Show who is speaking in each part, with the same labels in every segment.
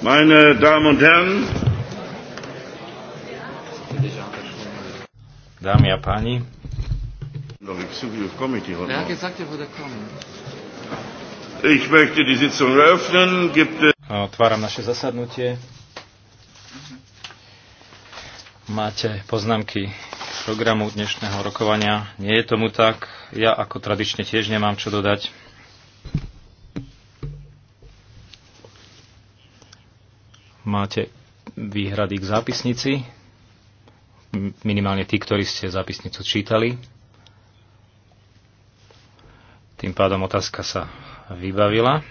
Speaker 1: Meine Damen und Herren,
Speaker 2: Dámy a páni, Otváram naše zasadnutie. Máte poznámky programu dnešného rokovania. Nie je tomu tak. Ja ako tradične tiež nemám čo dodať. máte výhrady k zápisnici, minimálne tí, ktorí ste zápisnicu čítali. Tým pádom otázka sa vybavila.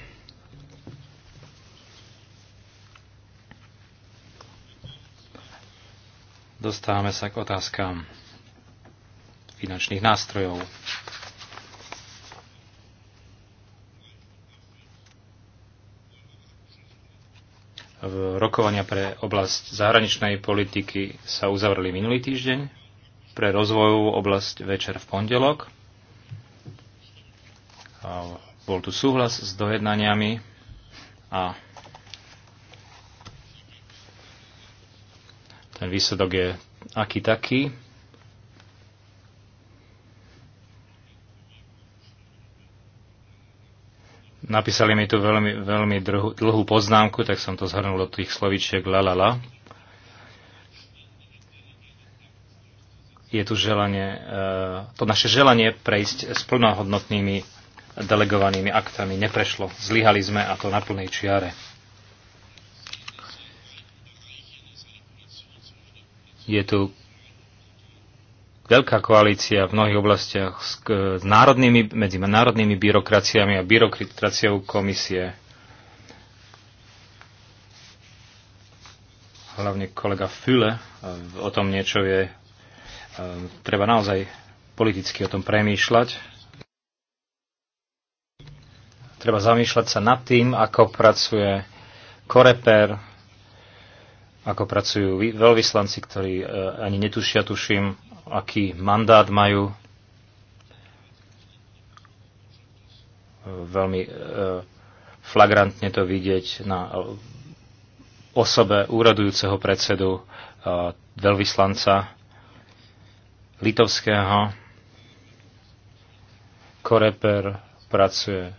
Speaker 2: Dostávame sa k otázkam finančných nástrojov. rokovania pre oblasť zahraničnej politiky sa uzavreli minulý týždeň, pre rozvojovú oblasť večer v pondelok. bol tu súhlas s dojednaniami a ten výsledok je aký taký. Napísali mi tu veľmi, veľmi dlhú, dlhú poznámku, tak som to zhrnul do tých slovíčiek la la la. Je tu želanie, eh, to naše želanie prejsť s plnohodnotnými delegovanými aktami neprešlo. Zlyhali sme a to na plnej čiare. Je tu veľká koalícia v mnohých oblastiach s, k, s národnými, medzi národnými byrokraciami a byrokraciou komisie. Hlavne kolega Füle eh, o tom niečo je. Eh, treba naozaj politicky o tom premýšľať. Treba zamýšľať sa nad tým, ako pracuje koreper, ako pracujú veľvyslanci, ktorí eh, ani netušia, tuším, aký mandát majú. Veľmi e, flagrantne to vidieť na osobe úradujúceho predsedu e, veľvyslanca litovského. Koreper pracuje e,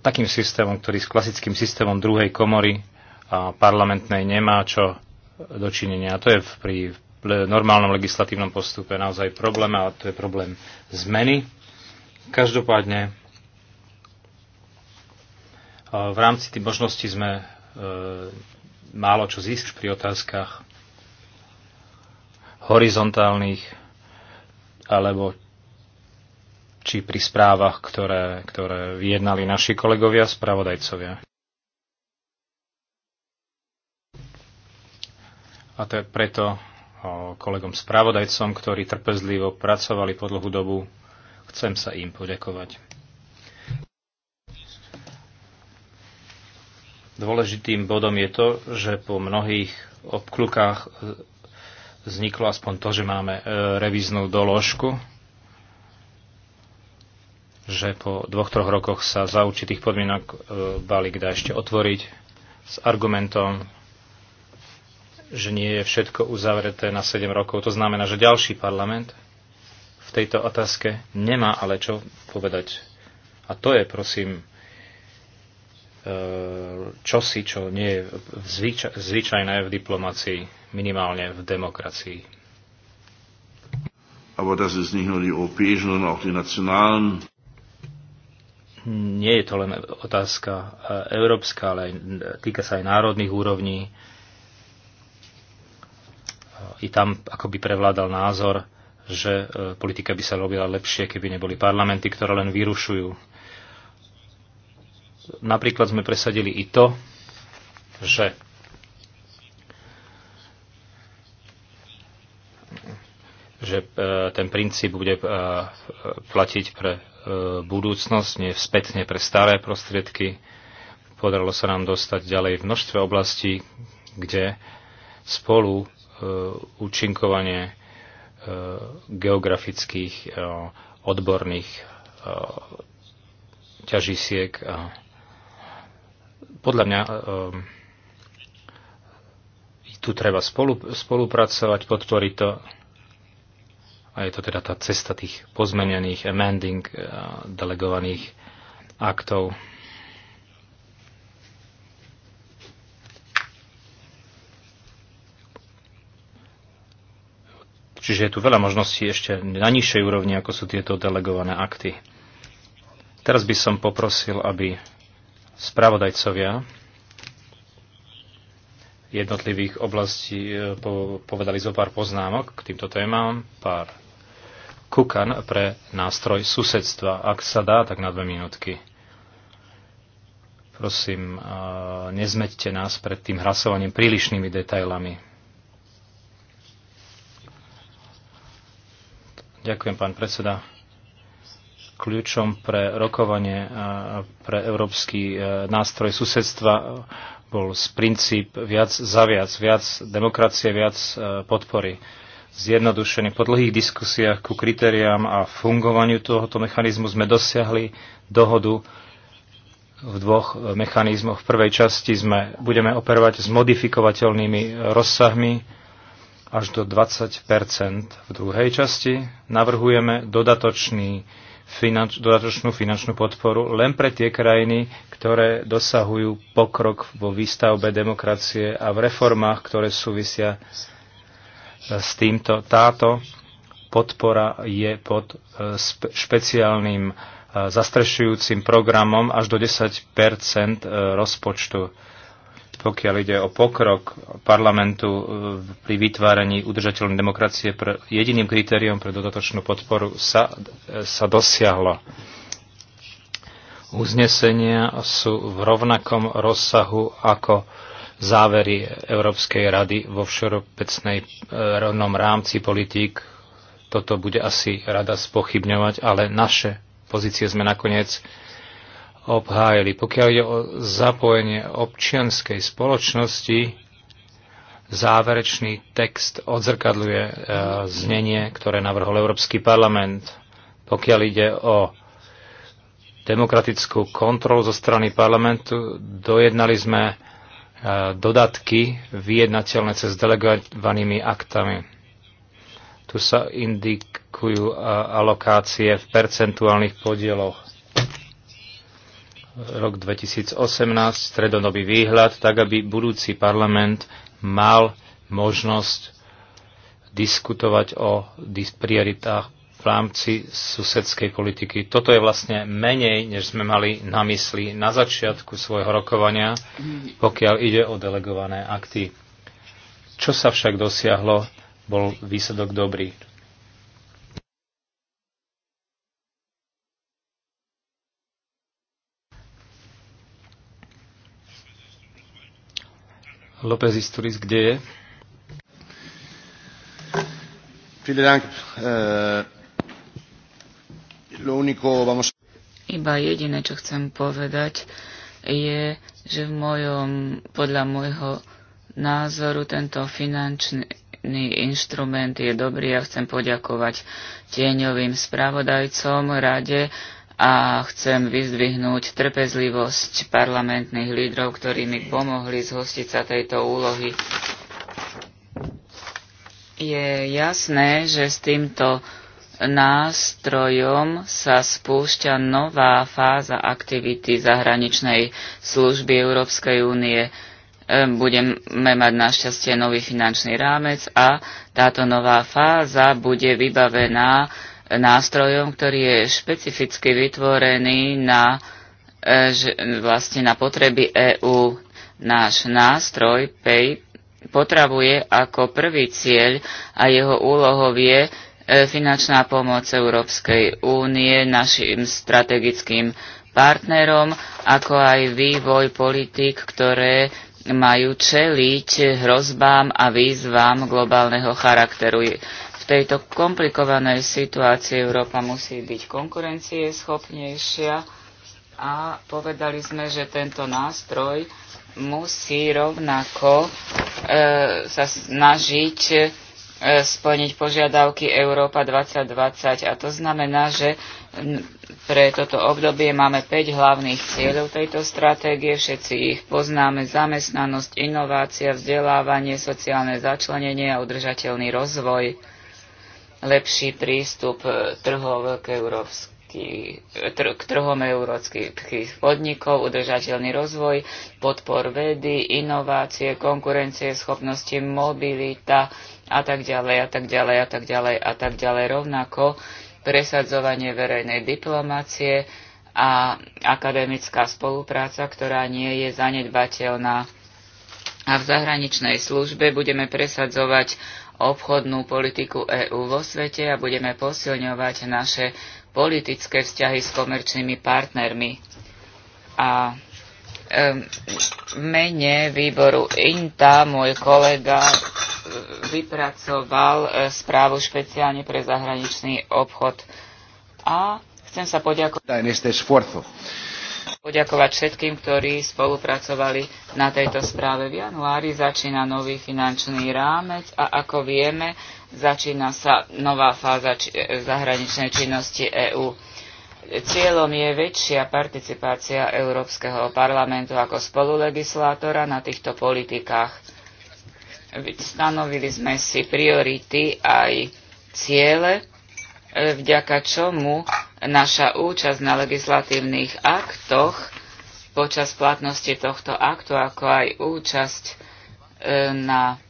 Speaker 2: takým systémom, ktorý s klasickým systémom druhej komory a parlamentnej nemá čo dočinenia. A to je pri normálnom legislatívnom postupe naozaj problém a to je problém zmeny. Každopádne e, v rámci tých možností sme e, málo čo získali pri otázkach horizontálnych alebo či pri správach, ktoré, ktoré vyjednali naši kolegovia, spravodajcovia. A to je preto kolegom spravodajcom, ktorí trpezlivo pracovali po dlhú dobu. Chcem sa im poďakovať. Dôležitým bodom je to, že po mnohých obklukách e, vzniklo aspoň to, že máme e, revíznu doložku, že po dvoch, troch rokoch sa za určitých podmienok e, balík dá ešte otvoriť s argumentom, že nie je všetko uzavreté na 7 rokov. To znamená, že ďalší parlament v tejto otázke nemá ale čo povedať. A to je, prosím, e, čosi, čo nie je zvyčajné v diplomácii, minimálne v demokracii.
Speaker 1: Aber das ist nicht nur die europäischen, sondern auch die nationalen.
Speaker 2: Nie je to len otázka e, európska, ale e, týka sa aj národných úrovní i tam akoby prevládal názor, že e, politika by sa robila lepšie, keby neboli parlamenty, ktoré len vyrušujú. Napríklad sme presadili i to, že že e, ten princíp bude e, platiť pre budúcnosť, nie spätne pre staré prostriedky. Podarilo sa nám dostať ďalej v množstve oblastí, kde spolu E, účinkovanie e, geografických e, odborných ťažisiek. Podľa mňa tu treba spolupracovať, podporiť to. A je to teda tá cesta tých pozmenených, amending, delegovaných aktov. Čiže je tu veľa možností ešte na nižšej úrovni, ako sú tieto delegované akty. Teraz by som poprosil, aby spravodajcovia jednotlivých oblastí e, povedali zo pár poznámok k týmto témam, pár kukan pre nástroj susedstva. Ak sa dá, tak na dve minútky. Prosím, nezmeďte nás pred tým hlasovaním prílišnými detailami. Ďakujem, pán predseda. Kľúčom pre rokovanie a pre európsky e, nástroj susedstva bol z princíp viac za viac, viac demokracie, viac e, podpory. Zjednodušene po dlhých diskusiách ku kritériám a fungovaniu tohoto mechanizmu sme dosiahli dohodu v dvoch e, mechanizmoch. V prvej časti sme, budeme operovať s modifikovateľnými rozsahmi až do 20 V druhej časti navrhujeme dodatočný finanč, dodatočnú finančnú podporu len pre tie krajiny, ktoré dosahujú pokrok vo výstavbe demokracie a v reformách, ktoré súvisia e, s týmto. Táto podpora je pod e, špeciálnym e, zastrešujúcim programom až do 10 rozpočtu pokiaľ ide o pokrok parlamentu e, pri vytváraní udržateľnej demokracie pre jediným kritériom pre dodatočnú podporu sa, e, sa dosiahlo. Uznesenia sú v rovnakom rozsahu ako závery Európskej rady vo všeobecnej e, rovnom rámci politík. Toto bude asi rada spochybňovať, ale naše pozície sme nakoniec obhájili. Pokiaľ ide o zapojenie občianskej spoločnosti, záverečný text odzrkadľuje e, znenie, ktoré navrhol Európsky parlament. Pokiaľ ide o demokratickú kontrolu zo strany parlamentu, dojednali sme e, dodatky vyjednateľné cez delegovanými aktami. Tu sa indikujú e, alokácie v percentuálnych podieloch rok 2018, stredonový výhľad, tak aby budúci parlament mal možnosť diskutovať o prioritách v rámci susedskej politiky. Toto je vlastne menej, než sme mali na mysli na začiatku svojho rokovania, pokiaľ ide o delegované akty. Čo sa však dosiahlo, bol výsledok dobrý. López Isturis, kde je?
Speaker 1: Eh,
Speaker 3: Iba jediné, čo chcem povedať, je, že v mojom, podľa môjho názoru tento finančný inštrument je dobrý a chcem poďakovať tieňovým spravodajcom, rade, a chcem vyzdvihnúť trpezlivosť parlamentných lídrov, ktorí mi pomohli zhostiť sa tejto úlohy. Je jasné, že s týmto nástrojom sa spúšťa nová fáza aktivity zahraničnej služby Európskej únie. Budeme mať našťastie nový finančný rámec a táto nová fáza bude vybavená nástrojom, ktorý je špecificky vytvorený na, e, vlastne na potreby EÚ. Náš nástroj PEI potrebuje ako prvý cieľ a jeho úlohou je e, finančná pomoc Európskej únie našim strategickým partnerom, ako aj vývoj politik, ktoré majú čeliť hrozbám a výzvám globálneho charakteru tejto komplikovanej situácii Európa musí byť konkurencieschopnejšia a povedali sme, že tento nástroj musí rovnako e, sa snažiť e, splniť požiadavky Európa 2020. A to znamená, že pre toto obdobie máme 5 hlavných cieľov tejto stratégie. Všetci ich poznáme. Zamestnanosť, inovácia, vzdelávanie, sociálne začlenenie a udržateľný rozvoj lepší prístup e, trhov k európskym e, k trhom európskych podnikov, udržateľný rozvoj, podpor vedy, inovácie, konkurencie, schopnosti, mobilita a tak ďalej a tak ďalej a tak ďalej a tak ďalej. Rovnako presadzovanie verejnej diplomácie a akademická spolupráca, ktorá nie je zanedbateľná. A v zahraničnej službe budeme presadzovať obchodnú politiku EÚ vo svete a budeme posilňovať naše politické vzťahy s komerčnými partnermi. A v mene výboru INTA môj kolega eh, vypracoval eh, správu špeciálne pre zahraničný obchod. A chcem sa poďakovať poďakovať všetkým, ktorí spolupracovali na tejto správe. V januári začína nový finančný rámec a ako vieme, začína sa nová fáza či- e, zahraničnej činnosti EÚ. Cieľom je väčšia participácia Európskeho parlamentu ako spolulegislátora na týchto politikách. Stanovili sme si priority aj ciele, e, vďaka čomu naša účasť na legislatívnych aktoch počas platnosti tohto aktu, ako aj účasť e, na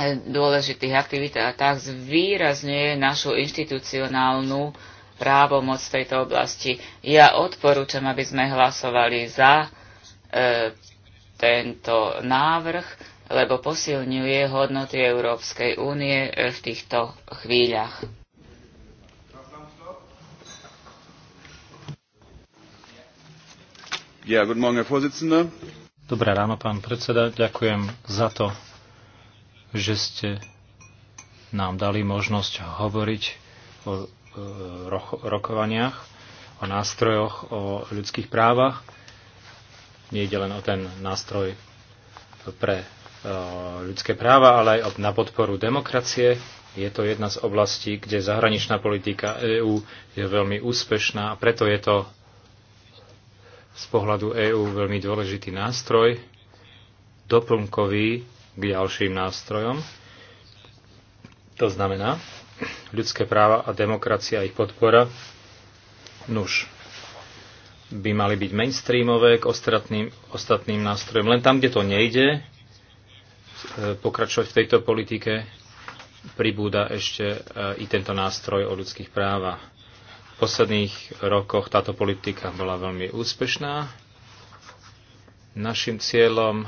Speaker 3: e, dôležitých aktivitách zvýrazňuje našu inštitucionálnu právomoc v tejto oblasti. Ja odporúčam, aby sme hlasovali za e, tento návrh, lebo posilňuje hodnoty Európskej únie e, v týchto chvíľach.
Speaker 2: Dobré ráno, pán predseda. Ďakujem za to, že ste nám dali možnosť hovoriť o e, rokovaniach, o nástrojoch, o ľudských právach. nie ide len o ten nástroj pre e, ľudské práva, ale aj na podporu demokracie. Je to jedna z oblastí, kde zahraničná politika EÚ je veľmi úspešná a preto je to z pohľadu EÚ veľmi dôležitý nástroj, doplnkový k ďalším nástrojom. To znamená ľudské práva a demokracia a ich podpora. Nuž, by mali byť mainstreamové k ostatným, ostatným nástrojom. Len tam, kde to nejde, e, pokračovať v tejto politike, pribúda ešte e, i tento nástroj o ľudských právach posledných rokoch táto politika bola veľmi úspešná. Našim cieľom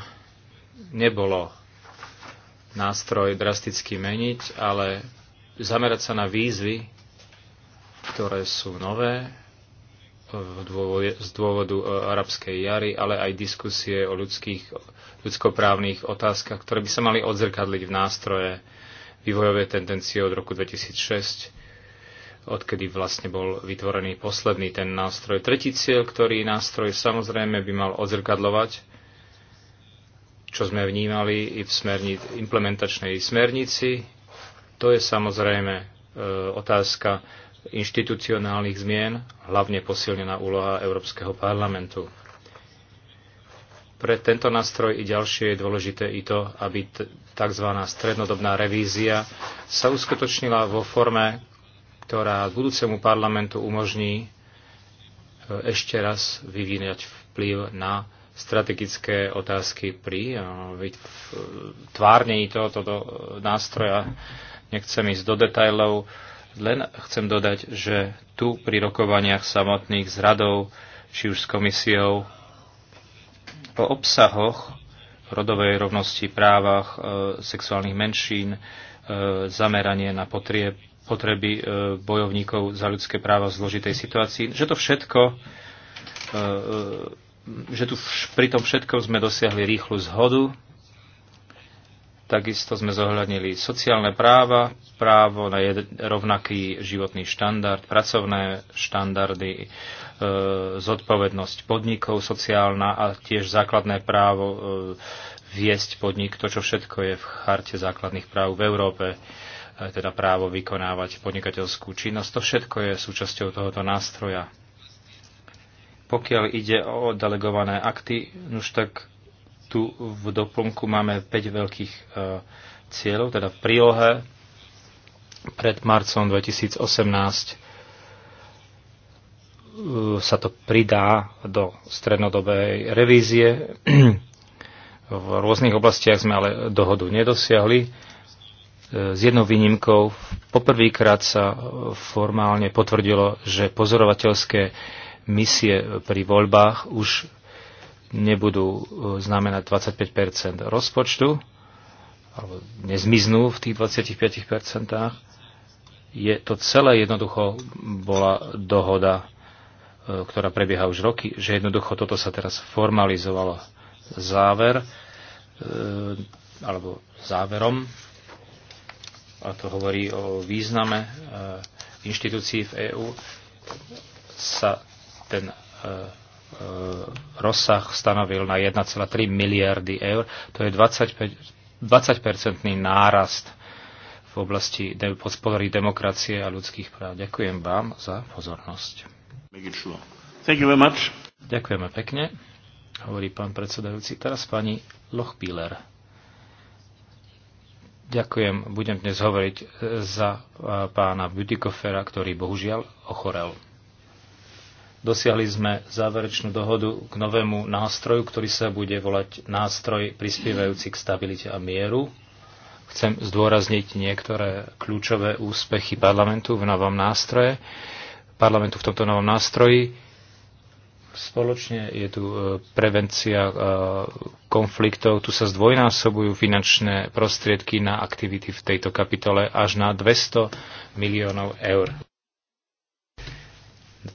Speaker 2: nebolo nástroj drasticky meniť, ale zamerať sa na výzvy, ktoré sú nové z dôvodu e, arabskej jary, ale aj diskusie o ľudských, ľudskoprávnych otázkach, ktoré by sa mali odzrkadliť v nástroje vývojové tendencie od roku 2006 odkedy vlastne bol vytvorený posledný ten nástroj. Tretí cieľ, ktorý nástroj samozrejme by mal odzrkadlovať, čo sme vnímali i v smerni- implementačnej smernici, to je samozrejme e, otázka inštitucionálnych zmien, hlavne posilnená úloha Európskeho parlamentu. Pre tento nástroj i ďalšie je dôležité i to, aby tzv. strednodobná revízia sa uskutočnila vo forme, ktorá budúcemu parlamentu umožní e, ešte raz vyvíjať vplyv na strategické otázky pri e, e, tvárnení tohoto nástroja. Nechcem ísť do detajlov, len chcem dodať, že tu pri rokovaniach samotných s radou, či už s komisiou, o obsahoch rodovej rovnosti, právach, sexuálnych menšín, zameranie na potrieb, potreby e, bojovníkov za ľudské práva v zložitej situácii, že to všetko, e, e, že tu pri tom všetkom sme dosiahli rýchlu zhodu, takisto sme zohľadnili sociálne práva, právo na rovnaký životný štandard, pracovné štandardy, zodpovednosť podnikov sociálna a tiež základné právo viesť podnik, to čo všetko je v charte základných práv v Európe. E, teda právo vykonávať podnikateľskú činnosť. To všetko je súčasťou tohoto nástroja. Pokiaľ ide o delegované akty, už tak tu v doplnku máme 5 veľkých e, cieľov, teda v prílohe pred marcom 2018 e, sa to pridá do strednodobej revízie. V rôznych oblastiach sme ale dohodu nedosiahli s jednou výnimkou poprvýkrát sa e, formálne potvrdilo, že pozorovateľské misie pri voľbách už nebudú e, znamenať 25 rozpočtu, alebo nezmiznú v tých 25 Je to celé jednoducho bola dohoda, e, ktorá prebieha už roky, že jednoducho toto sa teraz formalizovalo záver alebo záverom a to hovorí o význame e, inštitúcií v EÚ, sa ten e, e, rozsah stanovil na 1,3 miliardy eur. To je 20, 20-percentný nárast v oblasti podpory demokracie a ľudských práv. Ďakujem vám za pozornosť. Ďakujeme pekne, hovorí pán predsedajúci. Teraz pani Lochpíler. Ďakujem. Budem dnes hovoriť e, za e, pána Butikofera, ktorý bohužiaľ ochorel. Dosiahli sme záverečnú dohodu k novému nástroju, ktorý sa bude volať nástroj prispievajúci k stabilite a mieru. Chcem zdôrazniť niektoré kľúčové úspechy parlamentu v novom nástroje. Parlamentu v tomto novom nástroji Spoločne je tu e, prevencia e, konfliktov. Tu sa zdvojnásobujú finančné prostriedky na aktivity v tejto kapitole až na 200 miliónov eur.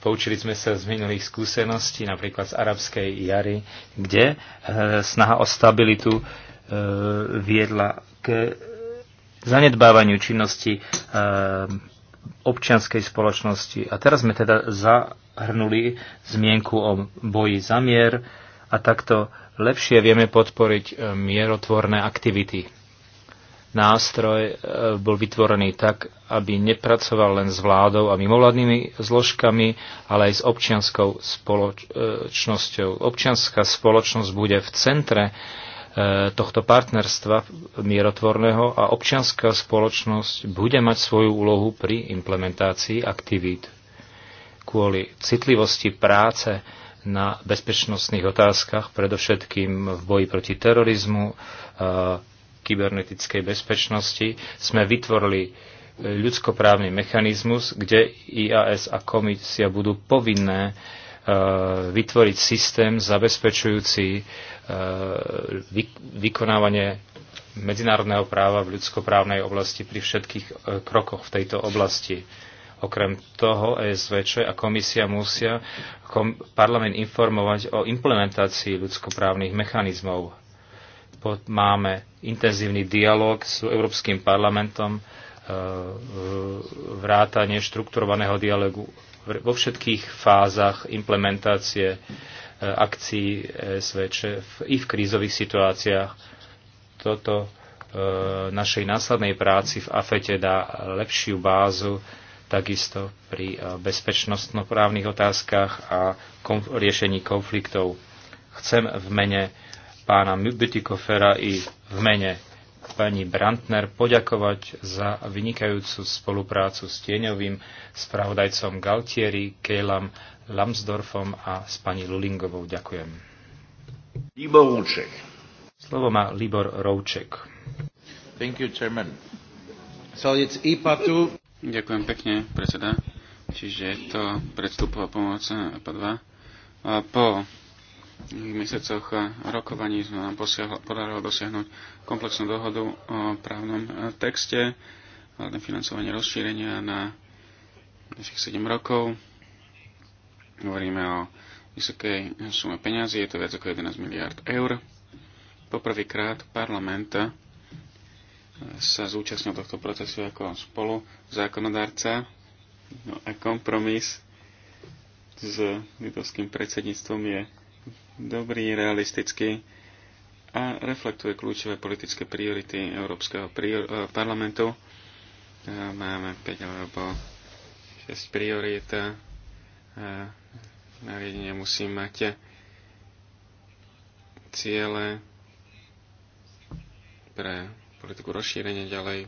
Speaker 2: Poučili sme sa z minulých skúseností, napríklad z arabskej jary, kde e, snaha o stabilitu viedla k zanedbávaniu činnosti občianskej spoločnosti. A teraz sme teda za hrnuli zmienku o boji za mier a takto lepšie vieme podporiť e, mierotvorné aktivity. Nástroj e, bol vytvorený tak, aby nepracoval len s vládou a mimovládnymi zložkami, ale aj s občianskou spoločnosťou. Občianská spoločnosť bude v centre e, tohto partnerstva mierotvorného a občianská spoločnosť bude mať svoju úlohu pri implementácii aktivít kvôli citlivosti práce na bezpečnostných otázkach, predovšetkým v boji proti terorizmu, kybernetickej bezpečnosti, sme vytvorili e, ľudskoprávny mechanizmus, kde IAS a komisia budú povinné e, vytvoriť systém zabezpečujúci e, vykonávanie medzinárodného práva v ľudskoprávnej oblasti pri všetkých krokoch v tejto oblasti. Okrem toho ESVČ a komisia musia kom- parlament informovať o implementácii ľudskoprávnych mechanizmov. Pod- máme intenzívny dialog s Európskym parlamentom, e, vrátanie štrukturovaného dialogu vo všetkých fázach implementácie e, akcií ESV v, i v krízových situáciách. Toto e, našej následnej práci v AFETE dá lepšiu bázu takisto pri eh, bezpečnostnoprávnych otázkach a konf- riešení konfliktov. Chcem v mene pána Mubitikofera i v mene pani Brantner poďakovať za vynikajúcu spoluprácu s tieňovým spravodajcom Galtieri, Kejlam, Lamsdorfom a s pani Lulingovou. Ďakujem. Libor Rouček. Slovo má Libor Rouček. Thank you, Chairman. So it's IPA e 2.
Speaker 4: Ďakujem pekne, predseda. Čiže je to predstupová pomoc EP2. Eh, A po mesiacoch eh, rokovaní sme nám podarilo dosiahnuť komplexnú dohodu o právnom eh, texte, hľadne financovanie rozšírenia na našich 7 rokov. Hovoríme o vysokej sume peňazí, je to viac ako 11 miliard eur. Poprvýkrát parlament sa zúčastnil tohto procesu ako spolu zákonodárca no a kompromis s litovským predsedníctvom je dobrý, realistický a reflektuje kľúčové politické priority Európskeho prior- eh, parlamentu. Eh, máme 5 alebo 6 priorít. Eh, nariadenie musí mať ciele pre politiku rozšírenia ďalej. E,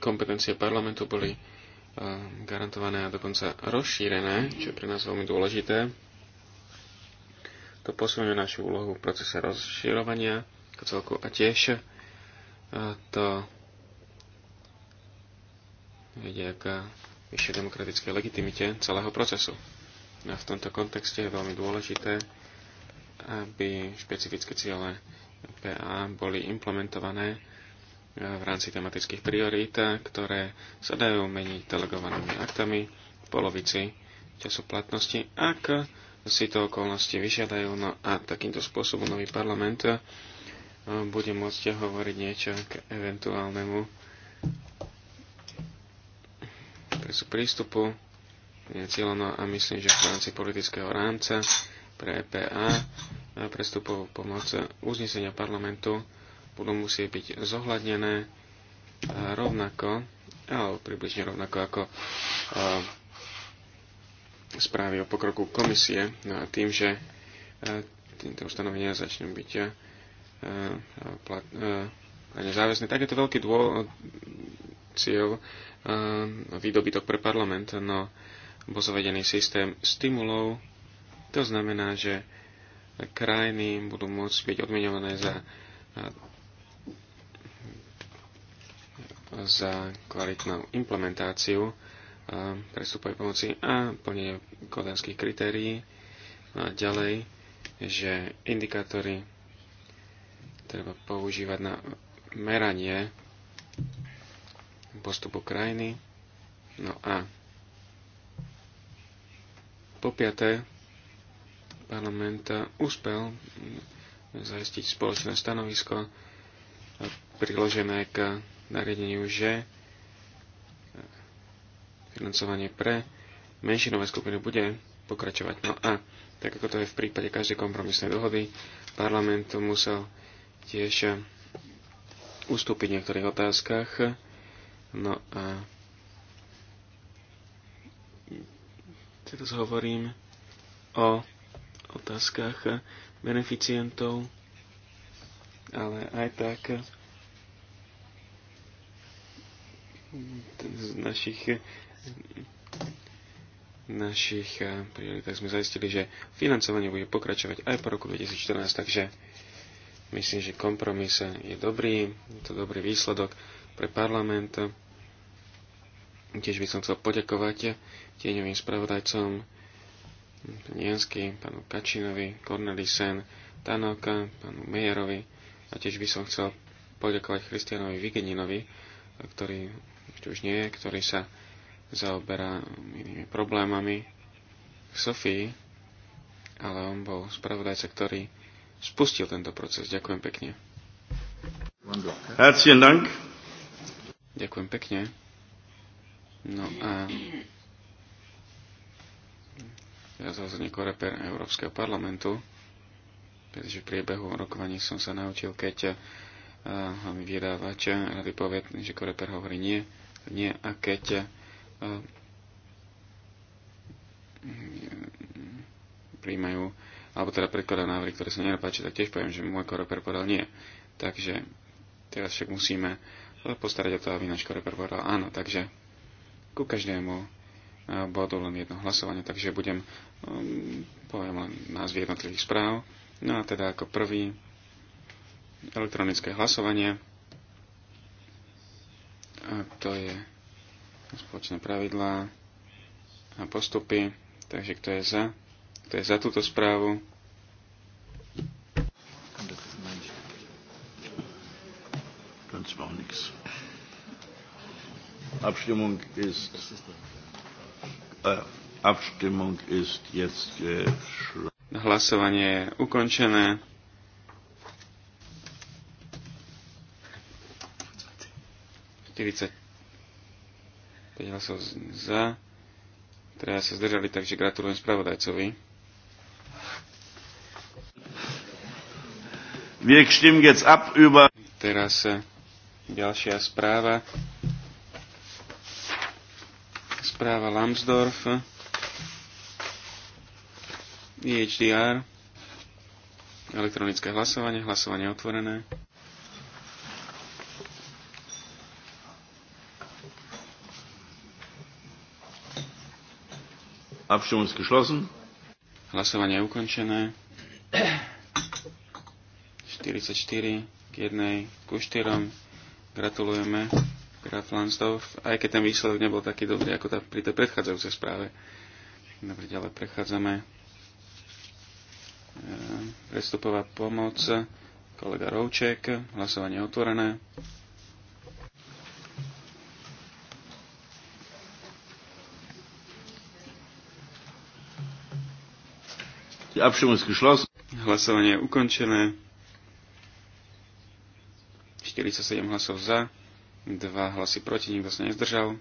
Speaker 4: kompetencie parlamentu boli e, garantované a dokonca rozšírené, čo je pre nás veľmi dôležité. To posilňuje našu úlohu v procese rozširovania ako celku a tiež e, to vedie k vyššej demokratickej legitimite celého procesu. A v tomto kontexte je veľmi dôležité, aby špecifické ciele PA boli implementované eh, v rámci tematických priorít, eh, ktoré sa dajú meniť delegovanými aktami v polovici času platnosti, ak si to okolnosti vyžiadajú. No a takýmto spôsobom nový parlament eh, bude môcť hovoriť niečo k eventuálnemu prístupu cieľono a myslím, že v rámci politického rámca pre EPA prestupovú pomoc uznesenia parlamentu budú musieť byť zohľadnené e, rovnako, alebo približne rovnako ako e, správy o pokroku komisie. No a tým, že e, týmto ustanovenia začnú byť nezáväzné, tak je to veľký dôl, cieľ výdobytok pre parlament. No, bol zavedený systém stimulov, to znamená, že krajiny budú môcť byť odmenované za, eh, za kvalitnú implementáciu eh, prestupovej pomoci a plne kodanských kritérií. No a ďalej, že indikátory treba používať na meranie postupu krajiny. No a po piaté, parlament uspel zajistiť spoločné stanovisko priložené k nariadeniu, že financovanie pre menšinové skupiny bude pokračovať. No a tak ako to je v prípade každej kompromisnej dohody, parlament musel tiež ustúpiť v niektorých otázkach. No a teraz hovorím o otázkach beneficientov, ale aj tak z našich našich eh, prioritách sme zaistili, že financovanie bude pokračovať aj po roku 2014, takže myslím, že kompromis je dobrý, je to dobrý výsledok pre parlament. Tiež by som chcel poďakovať tieňovým spravodajcom, Jensky, pánu Kačinovi, Cornelisen, Tanoka, pánu Mejerovi a tiež by som chcel poďakovať Christianovi Vigeninovi, ktorý ešte už nie je, ktorý sa zaoberá inými problémami v Sofii, ale on bol spravodajca, ktorý spustil tento proces. Ďakujem pekne. Herzlichen Dank. Ďakujem pekne. No a ja rozhodne koreper Európskeho parlamentu, pretože v priebehu rokovaní som sa naučil, keď eh, mi vydávač eh, rady povie, že koreper hovorí nie, nie a keď eh, príjmajú, alebo teda predkladá návrhy, ktoré sa nenapáči, tak tiež poviem, že môj koreper povedal nie. Takže teraz však musíme postarať o to, aby náš koreper povedal áno. Takže ku každému bodu len jedno hlasovanie, takže budem um, poviem len názvy jednotlivých správ. No a teda ako prvý elektronické hlasovanie. A to je spoločné pravidlá a postupy. Takže kto je za? Kto je za túto správu?
Speaker 1: Ganz war nichts. Abstimmung ist.
Speaker 4: Hlasovanie je ukončené. hlasov za. Teda sa zdržali, takže gratulujem spravodajcovi. Wir stimmen jetzt ab über... Teraz eh, ďalšia správa správa Lambsdorff, EHDR, elektronické hlasovanie, hlasovanie otvorené.
Speaker 1: Abstimmung ist geschlossen.
Speaker 4: Hlasovanie je ukončené. 44 k 1 ku 4. Gratulujeme. Graf Lansdorf, aj keď ten výsledok nebol taký dobrý ako tá, pri tej predchádzajúcej správe. Dobre, ďalej prechádzame. E, predstupová pomoc, kolega Rouček, hlasovanie otvorené. Hlasovanie je ukončené. 47 hlasov za, Dva hlasy proti, nikto sa nezdržal.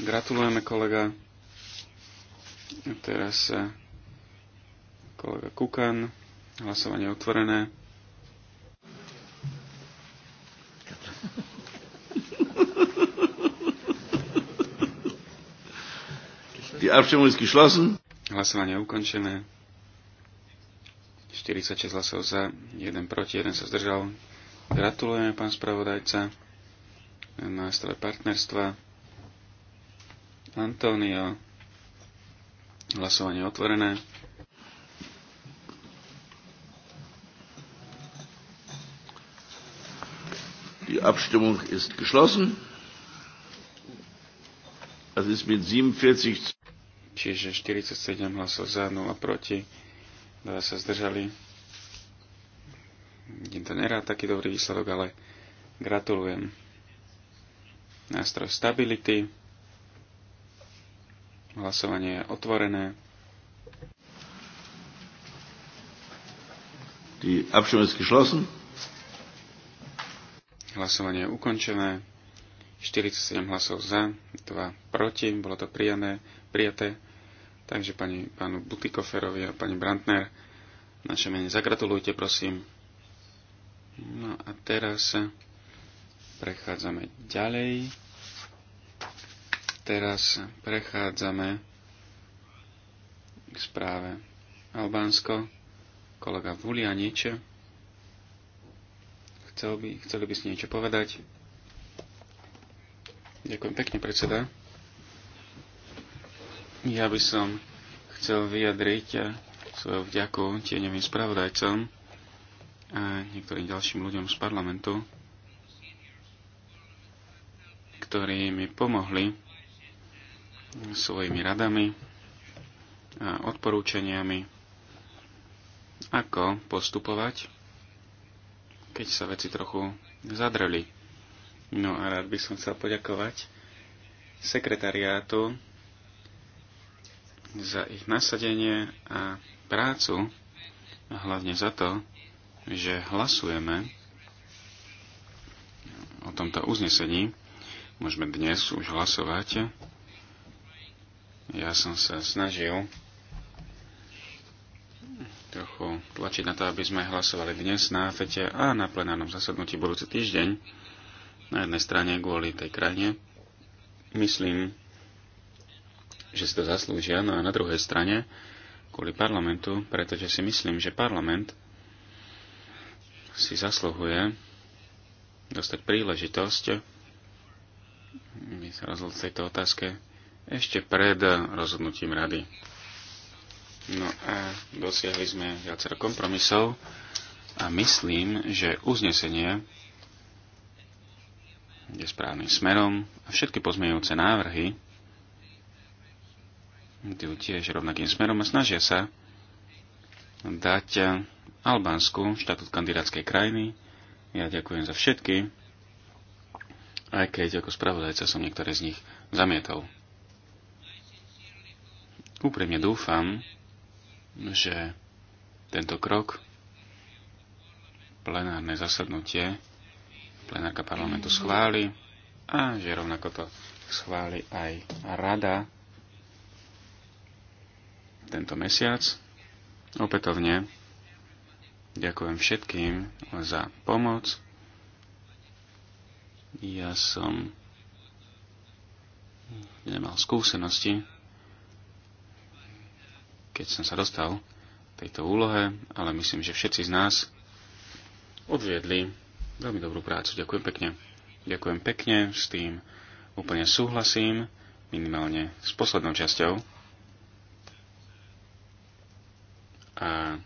Speaker 4: Gratulujeme, kolega. A teraz e, kolega Kukan. Hlasovanie otvorené.
Speaker 1: Die Abstimmung ist geschlossen.
Speaker 4: Hlasovanie ukončené. 46 hlasov za, 1 proti, 1 sa zdržal. Gratulujeme, pán spravodajca. na Nástroj partnerstva. Antonio. Hlasovanie otvorené. Die Abstimmung ist geschlossen. Das ist mit 47 Čiže 47 hlasov za, 0 proti, Dva sa zdržali. Nie to nerád, taký dobrý výsledok, ale gratulujem. Nástroj stability. Hlasovanie je otvorené.
Speaker 1: Die Abstimmung ist geschlossen.
Speaker 4: Hlasovanie je ukončené. 47 hlasov za, 2 proti, bolo to prijané, prijaté. Takže pani, pánu Butikoferovi a pani Brantner naše mene zagratulujte, prosím. No a teraz prechádzame ďalej. Teraz prechádzame k správe Albánsko. Kolega Vulianič. Chcel by, chceli by ste niečo povedať? Ďakujem pekne, predseda. Ja by som chcel vyjadriť svoju vďaku tieňovým spravodajcom a niektorým ďalším ľuďom z parlamentu, ktorí mi pomohli svojimi radami a odporúčaniami, ako postupovať, keď sa veci trochu zadreli. No a rád by som chcel poďakovať sekretariátu za ich nasadenie a prácu, a hlavne za to, že hlasujeme o tomto uznesení. Môžeme dnes už hlasovať. Ja som sa snažil trochu tlačiť na to, aby sme hlasovali dnes na fete a na plenárnom zasadnutí budúci týždeň. Na jednej strane kvôli tej krajine. Myslím, že si to zaslúžia, no a na druhej strane kvôli parlamentu, pretože si myslím, že parlament si zasluhuje dostať príležitosť sa rozhodl v tejto otázke ešte pred rozhodnutím rady. No a dosiahli sme viacero kompromisov a myslím, že uznesenie je správnym smerom a všetky pozmejúce návrhy idú tiež rovnakým smerom a snažia sa dať Albánsku, štatút kandidátskej krajiny. Ja ďakujem za všetky, aj keď ako spravodajca som niektoré z nich zamietol. Úprimne dúfam, že tento krok, plenárne zasadnutie, plenárka parlamentu schváli a že rovnako to schváli aj rada tento mesiac. Opätovne Ďakujem všetkým za pomoc. Ja som nemal skúsenosti, keď som sa dostal tejto úlohe, ale myslím, že všetci z nás odviedli veľmi dobrú prácu. Ďakujem pekne. Ďakujem pekne, s tým úplne súhlasím, minimálne s poslednou časťou. A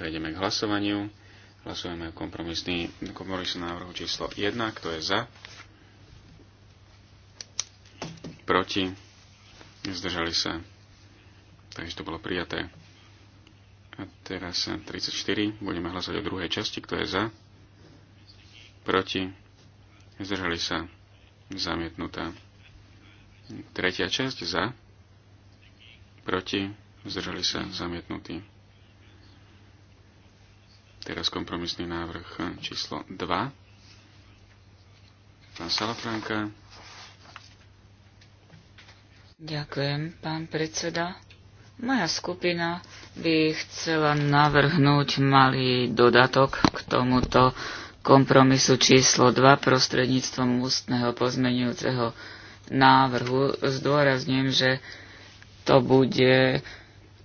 Speaker 4: Prejdeme k hlasovaniu. Hlasujeme o kompromisný, kompromisný návrhu číslo 1, kto je za, proti, zdržali sa. Takže to bolo prijaté. A teraz 34. Budeme hlasovať o druhej časti. Kto je za? Proti? Zdržali sa? Zamietnutá. Tretia časť za? Proti? Zdržali sa? Zamietnutí. Teraz kompromisný návrh eh, číslo 2. Pán Salafranka.
Speaker 3: Ďakujem, pán predseda. Moja skupina by chcela navrhnúť malý dodatok k tomuto kompromisu číslo 2 prostredníctvom ústneho pozmenujúceho návrhu. Zdôrazňujem, že to bude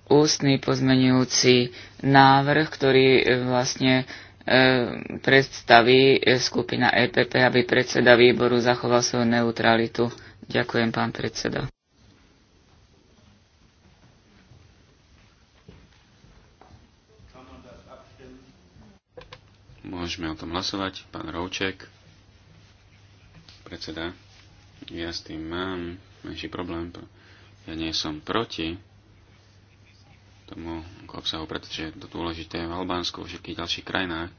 Speaker 3: ústny pozmenujúci návrh, ktorý e, vlastne e, predstaví e, skupina EPP, aby predseda výboru zachoval svoju neutralitu. Ďakujem, pán predseda.
Speaker 4: Môžeme o tom hlasovať. Pán Rouček, predseda, ja s tým mám menší problém. Ja nie som proti tomu obsahu, pretože je to dôležité v Albánsku, v všetkých ďalších krajinách,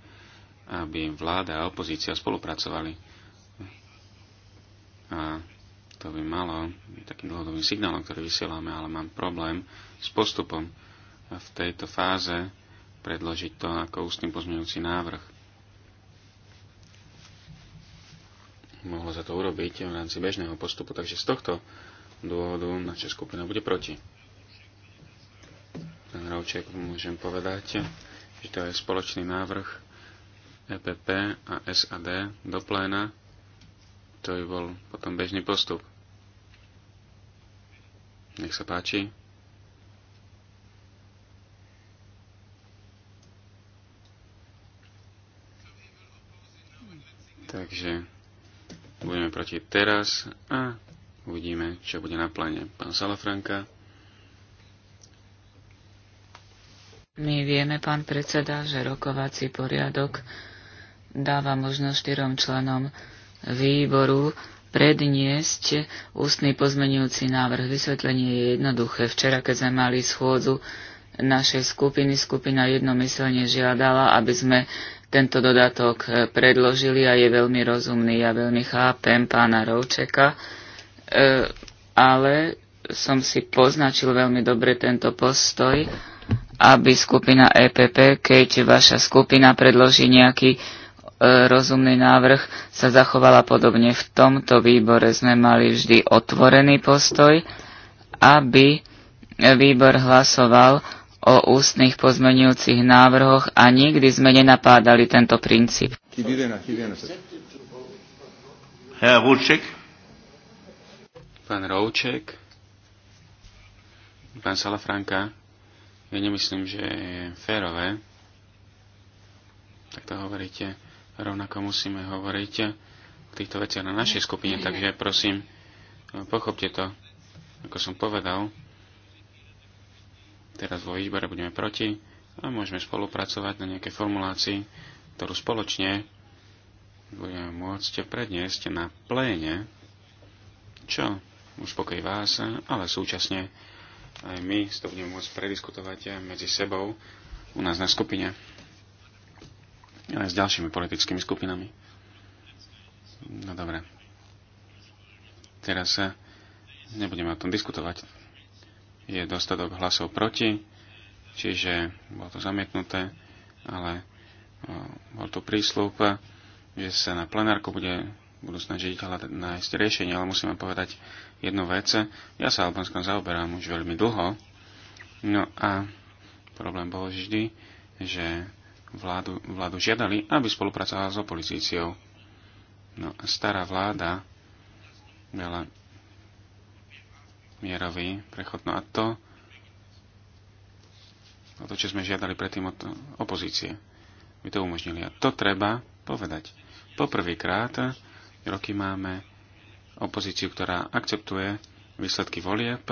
Speaker 4: aby vláda a opozícia spolupracovali. A to by malo takým dlhodobým signálom, ktorý vysielame, ale mám problém s postupom v tejto fáze predložiť to ako ústny pozmeňujúci návrh. Mohlo sa to urobiť v rámci bežného postupu, takže z tohto dôvodu naša skupina bude proti. Pán Rovček, môžem povedať, že to je spoločný návrh EPP a SAD do pléna. To by bol potom bežný postup. Nech sa páči. Takže budeme proti teraz a uvidíme, čo bude na pláne. Pán Salafranka.
Speaker 3: My vieme, pán predseda, že rokovací poriadok dáva možnosť štyrom členom výboru predniesť ústny pozmenujúci návrh. Vysvetlenie je jednoduché. Včera, keď sme mali schôdzu našej skupiny, skupina jednomyselne žiadala, aby sme tento dodatok predložili a je veľmi rozumný. Ja veľmi chápem pána Rovčeka, e, ale som si poznačil veľmi dobre tento postoj aby skupina EPP, keď vaša skupina predloží nejaký e, rozumný návrh, sa zachovala podobne. V tomto výbore sme mali vždy otvorený postoj, aby výbor hlasoval o ústnych pozmenujúcich návrhoch a nikdy sme nenapádali tento princíp. Herr Rouček.
Speaker 4: Pán Rouček. Pán Salafranka ja nemyslím, že je férové, tak to hovoríte, rovnako musíme hovoriť o týchto veciach na našej skupine, takže prosím, pochopte to, ako som povedal, teraz vo výbore budeme proti a môžeme spolupracovať na nejakej formulácii, ktorú spoločne budeme môcť predniesť na pléne, čo uspokojí vás, ale súčasne aj my si to budeme môcť prediskutovať eh, medzi sebou u nás na skupine aj s ďalšími politickými skupinami. No dobre. Teraz sa eh, nebudeme o tom diskutovať. Je dostatok hlasov proti, čiže bolo to zamietnuté, ale eh, bol tu prísľub, že sa na plenárku bude budú snažiť hľadať, nájsť riešenie, ale musíme povedať jednu vec. Ja sa Albánskom zaoberám už veľmi dlho. No a problém bol vždy, že vládu, vládu žiadali, aby spolupracovala s opozíciou. No a stará vláda dala mierový prechod. No a to, o to, čo sme žiadali predtým od opozície, by to umožnili. A to treba povedať. Poprvýkrát roky máme opozíciu, ktorá akceptuje výsledky volieb,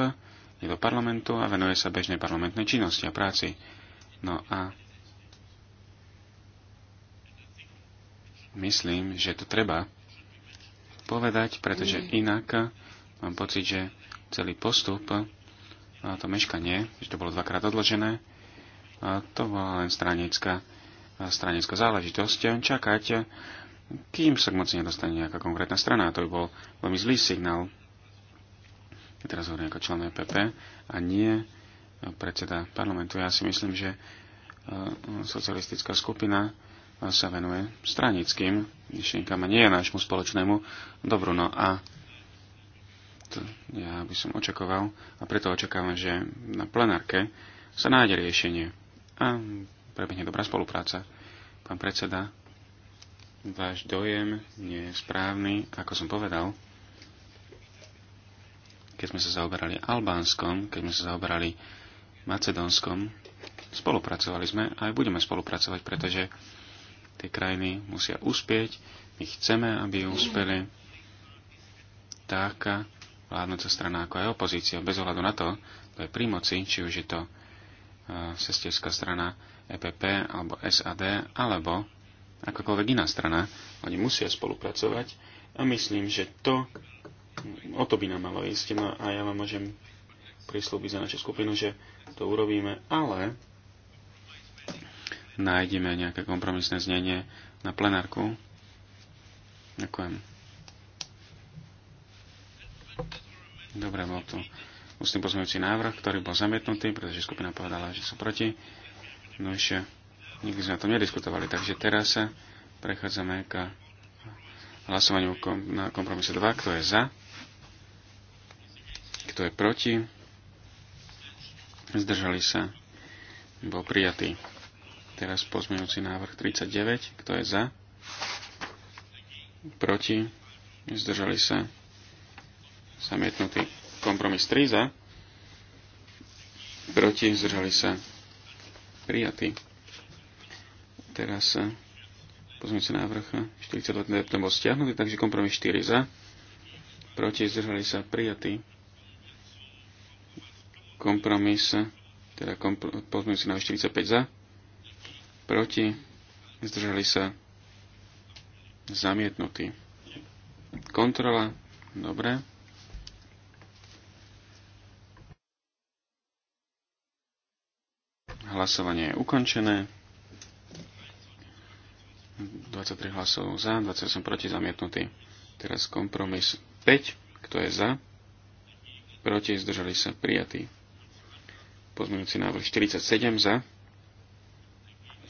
Speaker 4: je do parlamentu a venuje sa bežnej parlamentnej činnosti a práci. No a myslím, že to treba povedať, pretože mm. inak mám pocit, že celý postup, a to meškanie, že to bolo dvakrát odložené, a to bola len stranická, stranická záležitosť. Čakať kým sa k moci nedostane nejaká konkrétna strana. A to by bol veľmi zlý signál. Ja teraz hovorím ako člen EPP a nie predseda parlamentu. Ja si myslím, že e, socialistická skupina sa venuje stranickým myšlienkam a nie je nášmu spoločnému dobru. No a to ja by som očakoval a preto očakávam, že na plenárke sa nájde riešenie a prebehne dobrá spolupráca. Pán predseda, váš dojem nie je správny. Ako som povedal, keď sme sa zaoberali Albánskom, keď sme sa zaoberali Macedónskom, spolupracovali sme a aj budeme spolupracovať, pretože tie krajiny musia uspieť, my chceme, aby uspeli taká vládnúca strana ako aj opozícia, bez ohľadu na to, kto je pri moci, či už je to eh, sestierská strana EPP alebo SAD, alebo akákoľvek iná strana. Oni musia spolupracovať a myslím, že to, o to by nám malo ísť. No a ja vám môžem prislúbiť za našu skupinu, že to urobíme, ale nájdeme nejaké kompromisné znenie na plenárku. Ďakujem. Dobre, bol tu ústny pozmeňujúci návrh, ktorý bol zamietnutý, pretože skupina povedala, že sú proti. No ešte Nikdy sme o tom nediskutovali, takže teraz sa prechádzame k hlasovaniu na kompromise 2. Kto je za? Kto je proti? Zdržali sa. Bol prijatý. Teraz pozmeňujúci návrh 39. Kto je za? Proti? Zdržali sa. Zamietnutý. Kompromis 3 za. Proti? Zdržali sa. Prijatý. Teraz eh, pozmeňujúci návrh 42 eh, ten bol stiahnutý, takže kompromis 4 za. Proti zdržali sa prijatý kompromis, eh, teda kompr- pozmeňujúci návrh 45 za. Proti zdržali sa zamietnutý. Kontrola, dobre. Hlasovanie je ukončené. 23 hlasov za, 28 proti zamietnutý. Teraz kompromis 5, kto je za, proti zdržali sa prijatý. Pozmeňujúci návrh 47 za,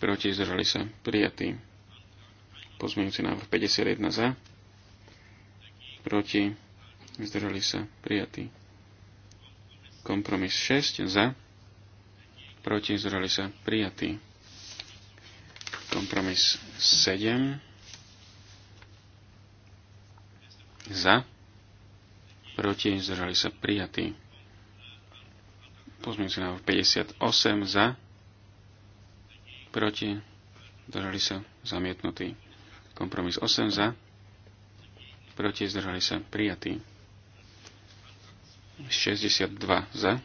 Speaker 4: proti zdržali sa prijatý. Pozmeňujúci návrh 51 za, proti zdržali sa prijatý. Kompromis 6 za, proti zdržali sa prijatý Kompromis 7. Za. Proti. Zdržali sa prijatí. si na 58. Za. Proti. Zdržali sa zamietnutí. Kompromis 8. Za. Proti. Zdržali sa prijatí. 62 za,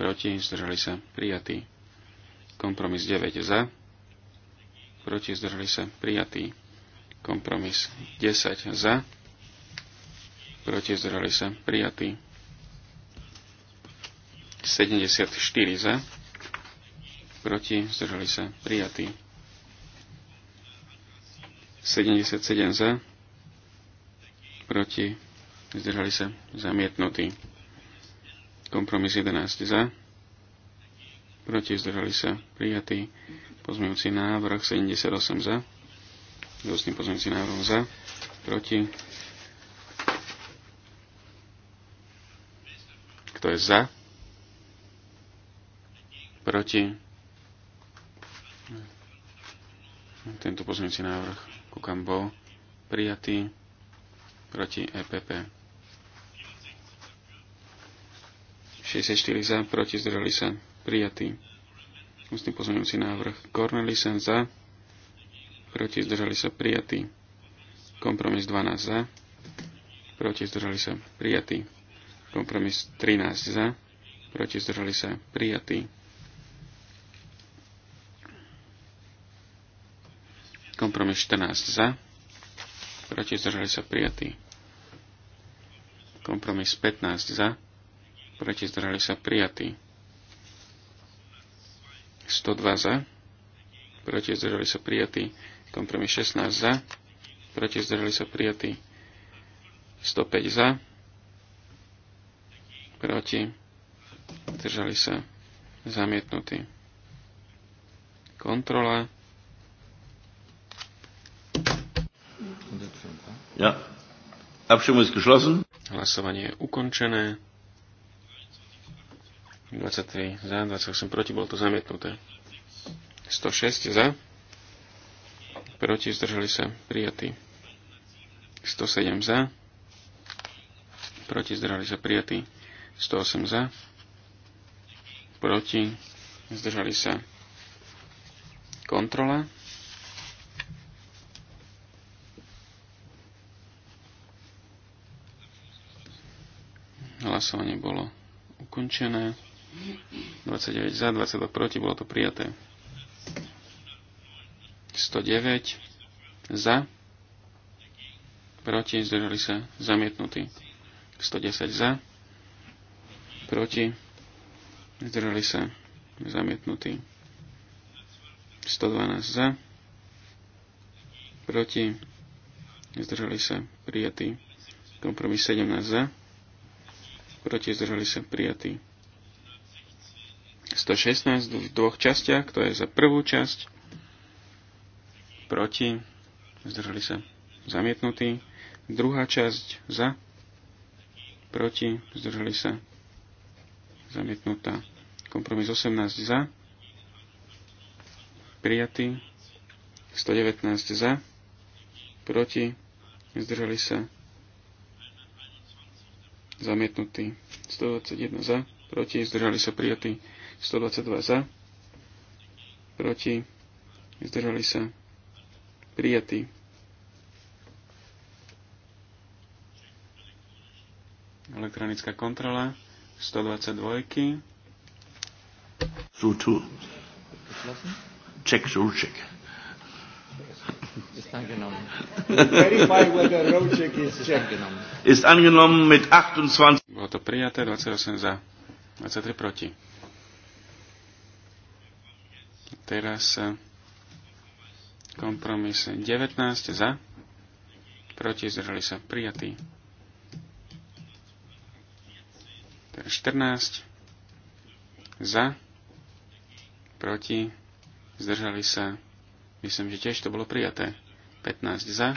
Speaker 4: proti, zdržali sa, prijatí. Kompromis 9 za, proti, zdržali sa prijatý. Kompromis 10 za, proti, zdržali sa prijatý. 74 za, proti, zdržali sa prijatý. 77 za, proti, zdržali sa zamietnutí. Kompromis 11 za, proti zdržali sa prijatý pozmeňujúci návrh 78 za, Dostný pozmeňujúci návrh za, proti. Kto je za? Proti. Tento pozmeňujúci návrh kúkam bol prijatý proti EPP. 64 za, proti zdržali sa prijatý. Ústny pozmeňujúci návrh sen za, proti zdržali sa prijatý. Kompromis 12 za, proti zdržali sa prijatý. Kompromis 13 za, proti zdržali sa prijatý. Kompromis 14 za, proti zdržali sa prijatý. Kompromis 15 za, proti zdržali sa prijatý 102 za, proti zdržali sa prijatí, kompromis 16 za, proti zdržali sa prijatí, 105 za, proti zdržali sa zamietnutí. Kontrola. Ja. Abstimmung ist geschlossen. Hlasovanie je ukončené. 23 za, 28 proti, bolo to zamietnuté. 106 za, proti, zdržali sa, prijatí. 107 za, proti, zdržali sa, prijatí. 108 za, proti, zdržali sa, kontrola. Hlasovanie bolo ukončené. 29 za, 22 proti, bolo to prijaté. 109 za, proti, zdržali sa zamietnutí. 110 za, proti, zdržali sa zamietnutí. 112 za, proti, zdržali sa prijatí. Kompromis 17 za, proti, zdržali sa prijatí. 116 v dvoch častiach, to je za prvú časť, proti, zdržali sa zamietnutí, druhá časť za, proti, zdržali sa zamietnutá, kompromis 18 za, prijatý, 119 za, proti, zdržali sa zamietnutí, 121 za, proti, zdržali sa prijatí, 122 za, proti, zdržali sa, prijatí. Elektronická kontrola 122.
Speaker 2: Súču. Ček, Ist angenommen. Verify whether is checked.
Speaker 4: Ist angenommen mit 28. Bolo to prijaté, 28 za, 23 proti teraz kompromis 19 za, proti zdržali sa prijatí. 14 teda za, proti zdržali sa, myslím, že tiež to bolo prijaté. 15 za,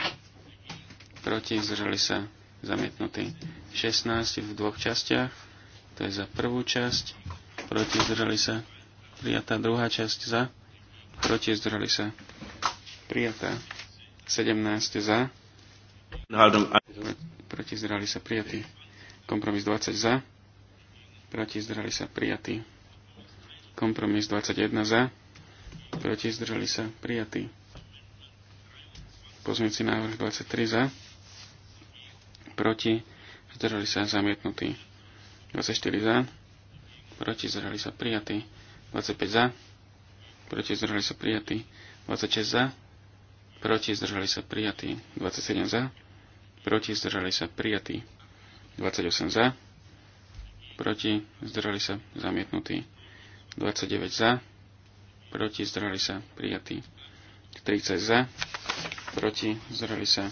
Speaker 4: proti zdržali sa zamietnutí. 16 v dvoch častiach, to je za prvú časť, proti zdržali sa prijatá druhá časť za, proti, zdržali sa, prijaté. 17 za, proti, zdržali sa, prijatý. Kompromis 20 za, proti, zdržali sa, prijatý. Kompromis 21 za, proti, zdržali sa, prijatý. Pozmeňujúci návrh 23 za, proti, zdržali sa, zamietnutý. 24 za, proti, zdržali sa, prijatý. 25 za, proti zdržali sa prijatí, 26 za, proti zdržali sa prijatí, 27 za, proti zdržali sa prijatí, 28 za, proti zdržali sa zamietnutí, 29 za, proti zdržali sa prijatí, 30 za, proti zdržali sa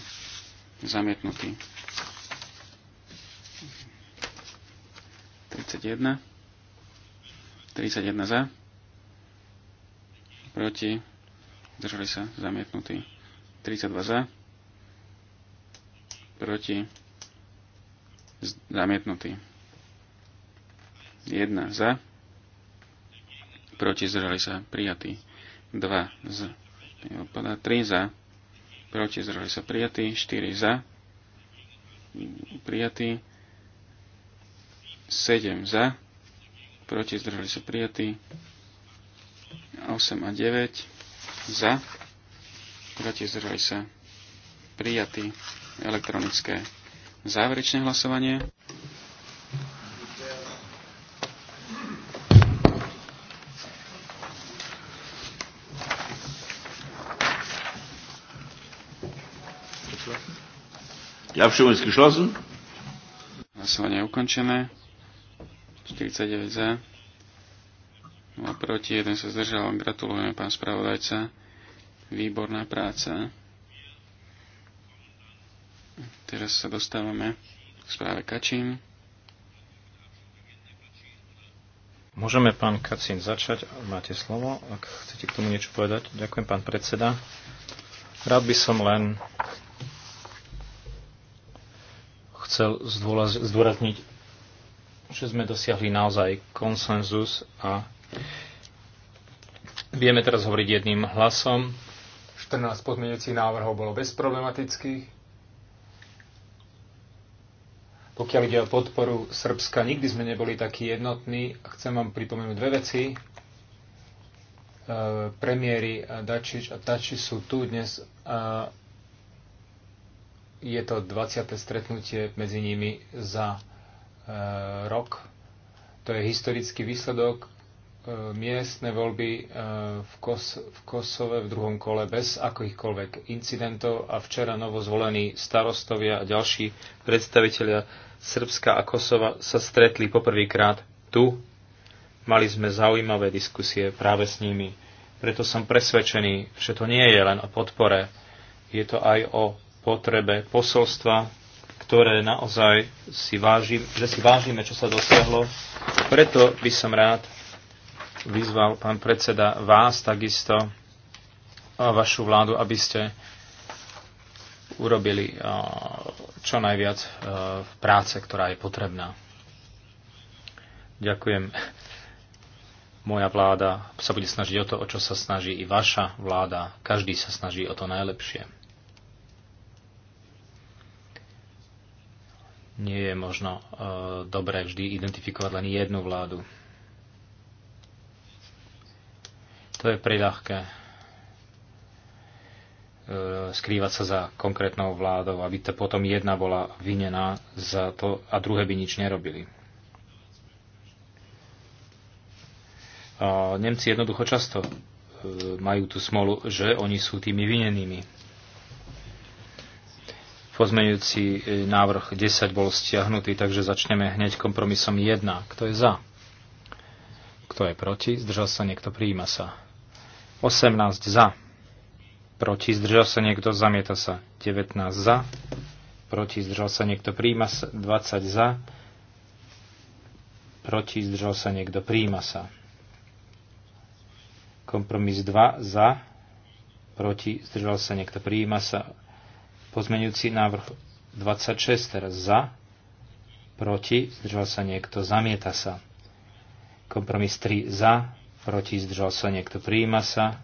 Speaker 4: zamietnutí. 31, 31 za, proti, zdržali sa, zamietnutí. 32 za, proti, zamietnutí. 1 za, proti, zdržali sa, prijatí. 2 z, odpadá 3 za, proti, zdržali sa, prijatí. 4 za, prijatí. 7 za, proti, zdržali sa, prijatí. 8 a 9 za, Bratia zdržali sa prijatí elektronické záverečné hlasovanie.
Speaker 2: Ja všetko ist geschlossen.
Speaker 4: Hlasovanie je ukončené. 49 za proti, jeden sa zdržal. Gratulujeme, pán spravodajca. Výborná práca. Teraz sa dostávame
Speaker 2: k správe Kačín. Môžeme, pán Kacín, začať. Máte slovo, ak chcete k tomu niečo povedať. Ďakujem, pán predseda. Rád by som len chcel zdôrazniť, že sme dosiahli naozaj konsenzus a Vieme teraz hovoriť jedným hlasom. 14 podmienujúcich návrhov bolo bezproblematických. Pokiaľ ide o podporu Srbska, nikdy sme neboli takí jednotní. Chcem vám pripomenúť dve veci. E, premiéry Dačič a Tači sú tu dnes. E, je to 20. stretnutie medzi nimi za e, rok. To je historický výsledok, E, miestne voľby e, v, Kos- v Kosove v druhom kole bez akýchkoľvek incidentov a včera novozvolení starostovia a ďalší predstavitelia Srbska a Kosova sa stretli poprvýkrát tu. Mali sme zaujímavé diskusie práve s nimi. Preto som presvedčený, že to nie je len o podpore, je to aj o potrebe posolstva, ktoré naozaj si vážim, že si vážime, čo sa dosiahlo. Preto by som rád vyzval pán predseda vás takisto a vašu vládu, aby ste urobili eh, čo najviac v eh, práce, ktorá je potrebná. Ďakujem. Moja vláda sa bude snažiť o to, o čo sa snaží i vaša vláda. Každý sa snaží o to najlepšie. Nie je možno e, dobre vždy identifikovať len jednu vládu. To je priľahké e, skrývať sa za konkrétnou vládou, aby to potom jedna bola vinená za to a druhé by nič nerobili. A Nemci jednoducho často e, majú tú smolu, že oni sú tými vinenými. Pozmeňujúci e, návrh 10 bol stiahnutý, takže začneme hneď kompromisom 1. Kto je za? Kto je proti? Zdržal sa niekto? Prijíma sa. 18 za. Proti zdržal sa niekto, zamieta sa. 19 za. Proti zdržal sa niekto, príjma sa. 20 za. Proti zdržal sa niekto, príjma sa. Kompromis 2 za. Proti zdržal sa niekto, príjma sa. Pozmenujúci návrh 26 teraz za. Proti zdržal sa niekto, zamieta sa. Kompromis 3 za proti, zdržal sa niekto, prijíma sa.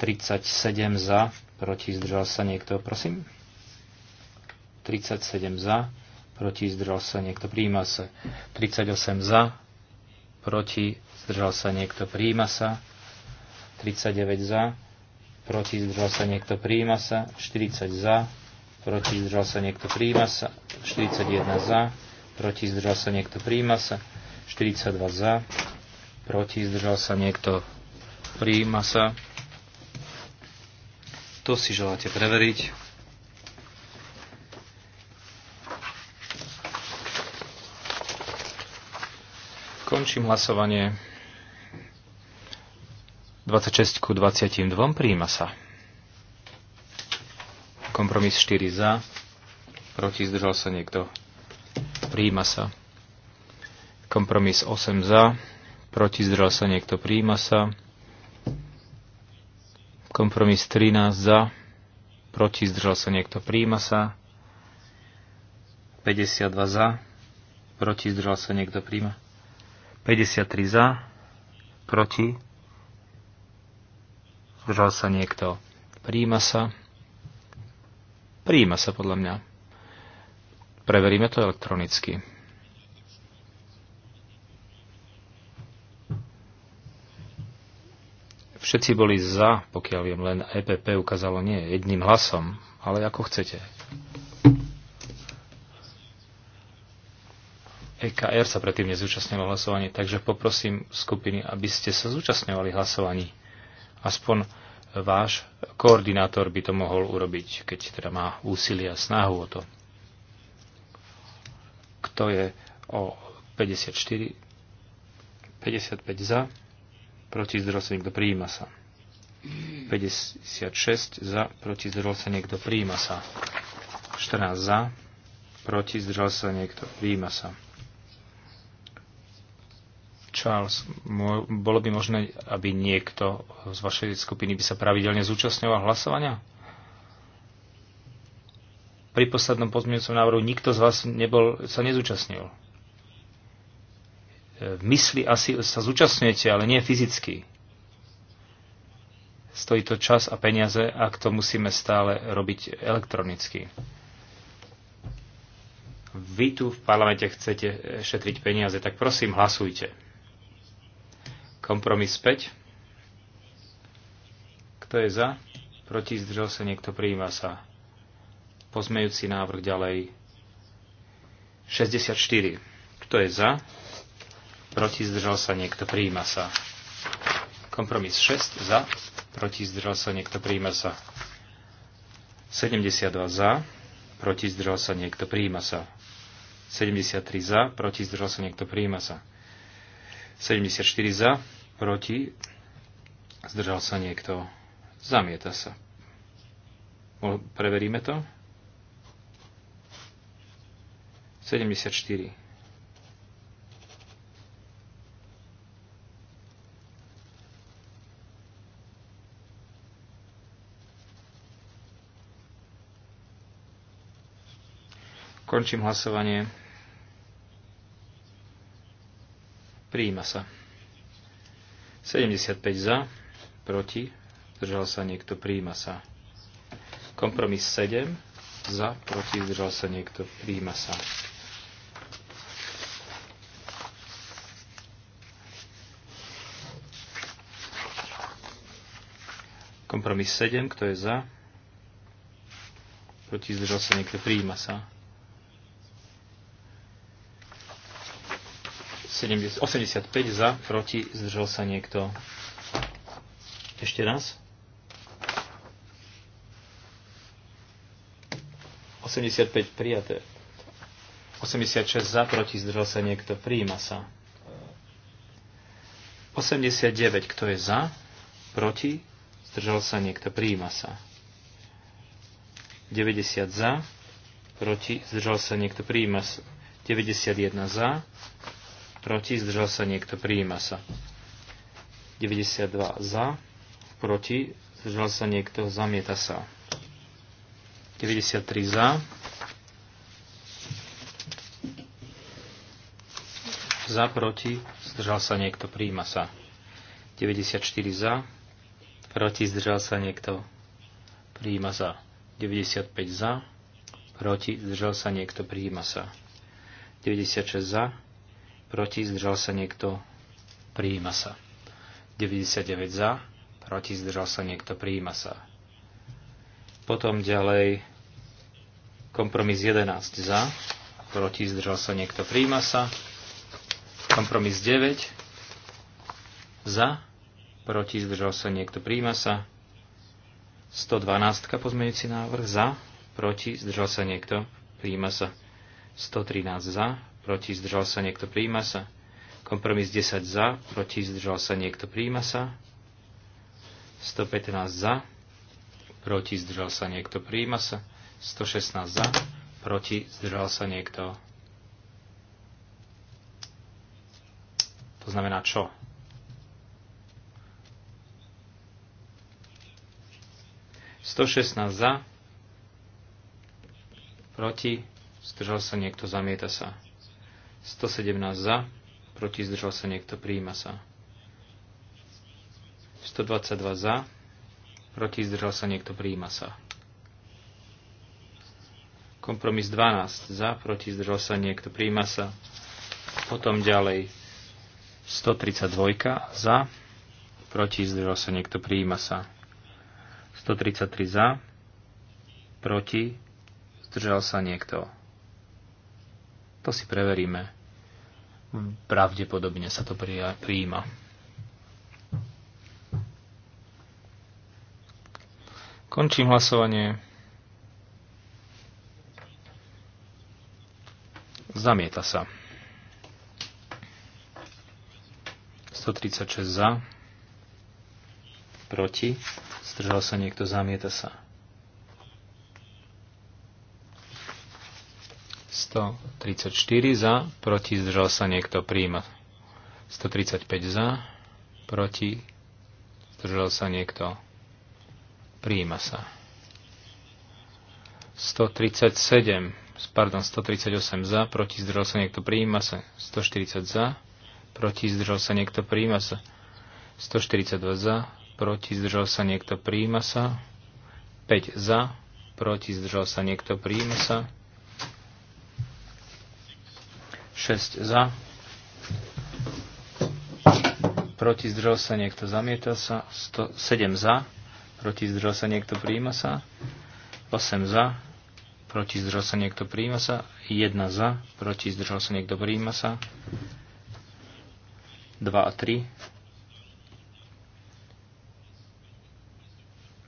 Speaker 2: 37 za, proti, zdržal sa niekto, prosím. 37 za, proti, zdržal sa niekto, prijíma sa. 38 za, proti, zdržal sa niekto, prijíma sa. 39 za, proti, zdržal sa niekto, prijíma sa. 40 za, proti, zdržal sa niekto, prijíma sa. 41 za, proti, zdržal sa niekto, prijíma sa. 42 za, proti, zdržal sa niekto, príjima sa. To si želáte preveriť. Končím hlasovanie. 26 ku 22 príjima sa. Kompromis 4 za. Proti zdržal sa niekto. Príjima sa. Kompromis 8 za proti, zdržal sa niekto, príjima sa. Kompromis 13 za, proti, zdržal sa niekto, príjima sa. 52 za, proti, zdržal sa niekto, príjima. 53 za, proti, zdržal sa niekto, príjima sa. Príjima sa podľa mňa. Preveríme to elektronicky. Všetci boli za, pokiaľ viem, len EPP ukázalo nie jedným hlasom, ale ako chcete. EKR sa predtým nezúčastnilo hlasovanie, takže poprosím skupiny, aby ste sa zúčastňovali hlasovaní. Aspoň váš koordinátor by to mohol urobiť, keď teda má úsilie a snahu o to. Kto je o 54, 55 za, proti zdržal niekto, prijíma sa. 56 za, proti zdržal sa niekto, prijíma sa. 14 za, proti zdržal sa niekto, prijíma sa. Charles, bolo by možné, aby niekto z vašej skupiny by sa pravidelne zúčastňoval hlasovania? Pri poslednom pozmeňujúcom návrhu nikto z vás nebol, sa nezúčastnil v mysli asi sa zúčastňujete, ale nie fyzicky. Stojí to čas a peniaze, ak to musíme stále robiť elektronicky. Vy tu v parlamente chcete eh, šetriť peniaze, tak prosím, hlasujte. Kompromis 5. Kto je za? Proti zdržal sa niekto, prijíma sa. Pozmejúci návrh ďalej. 64. Kto je za? proti, zdržal sa niekto, prijíma sa. Kompromis 6 za, proti, zdržal sa niekto, prijíma sa. 72 za, proti, zdržal sa niekto, prijíma sa. 73 za, proti, zdržal sa niekto, prijíma sa. 74 za, proti, zdržal sa niekto, zamieta sa. Preveríme to. 74. Končím hlasovanie. Prijíma sa. 75 za, proti, zdržal sa niekto, prijíma sa. Kompromis 7, za, proti, zdržal sa niekto, prijíma sa. Kompromis 7, kto je za? Proti, zdržal sa niekto, prijíma sa. 85 za, proti, zdržal sa niekto. Ešte raz. 85 prijaté. 86 za, proti, zdržal sa niekto. Prijíma sa. 89, kto je za, proti, zdržal sa niekto. Prijíma sa. 90 za, proti, zdržal sa niekto. Prijíma sa. 91 za, proti, zdržal sa niekto, prijíma sa. 92 za, proti, zdržal sa niekto, zamieta sa. 93 za, za, proti, zdržal sa niekto, prijíma sa. 94 za, proti, zdržal sa niekto, prijíma sa. 95 za, proti, zdržal sa niekto, prijíma sa. 96 za, proti, zdržal sa niekto, prijíma sa. 99 za, proti, zdržal sa niekto, prijíma sa. Potom ďalej kompromis 11 za, proti, zdržal sa niekto, prijíma sa. Kompromis 9 za, proti, zdržal sa niekto, prijíma sa. 112 pozmeňujúci návrh za, proti, zdržal sa niekto, prijíma sa. 113 za, proti zdržal sa niekto, príjma sa. Kompromis 10 za, proti zdržal sa niekto, príjma sa. 115 za, proti zdržal sa niekto, príjma sa. 116 za, proti zdržal sa niekto. To znamená čo? Sto šestnáct za, proti, zdržal sa niekto, zamieta sa. 117 za, proti zdržal sa niekto, príjima sa. 122 za, proti zdržal sa niekto, príjima sa. Kompromis 12 za, proti zdržal sa niekto, príjima sa. Potom ďalej 132 za, proti zdržal sa niekto, príjima sa. 133 za, proti zdržal sa niekto. To si preveríme. Pravdepodobne sa to prijíma. Končím hlasovanie. Zamieta sa. 136 za. Proti. Zdržal sa niekto, zamieta sa. 134 za, proti zdržal sa niekto príjma. 135 za, proti zdržal sa niekto príjma sa. 137, pardon, 138 za, proti zdržal sa niekto príjma sa. 140 za, proti zdržal sa niekto príjma sa. 142 za, proti zdržal sa niekto príjma sa. 5 za, proti zdržal sa niekto príjma sa. 6 za. Proti zdržal sa niekto, zamieta sa. 100, 7 za. Proti zdržal sa niekto, príjima sa. 8 za. Proti zdržal sa niekto, príjima sa. 1 za. Proti zdržal sa niekto, príjima sa. 2 a 3.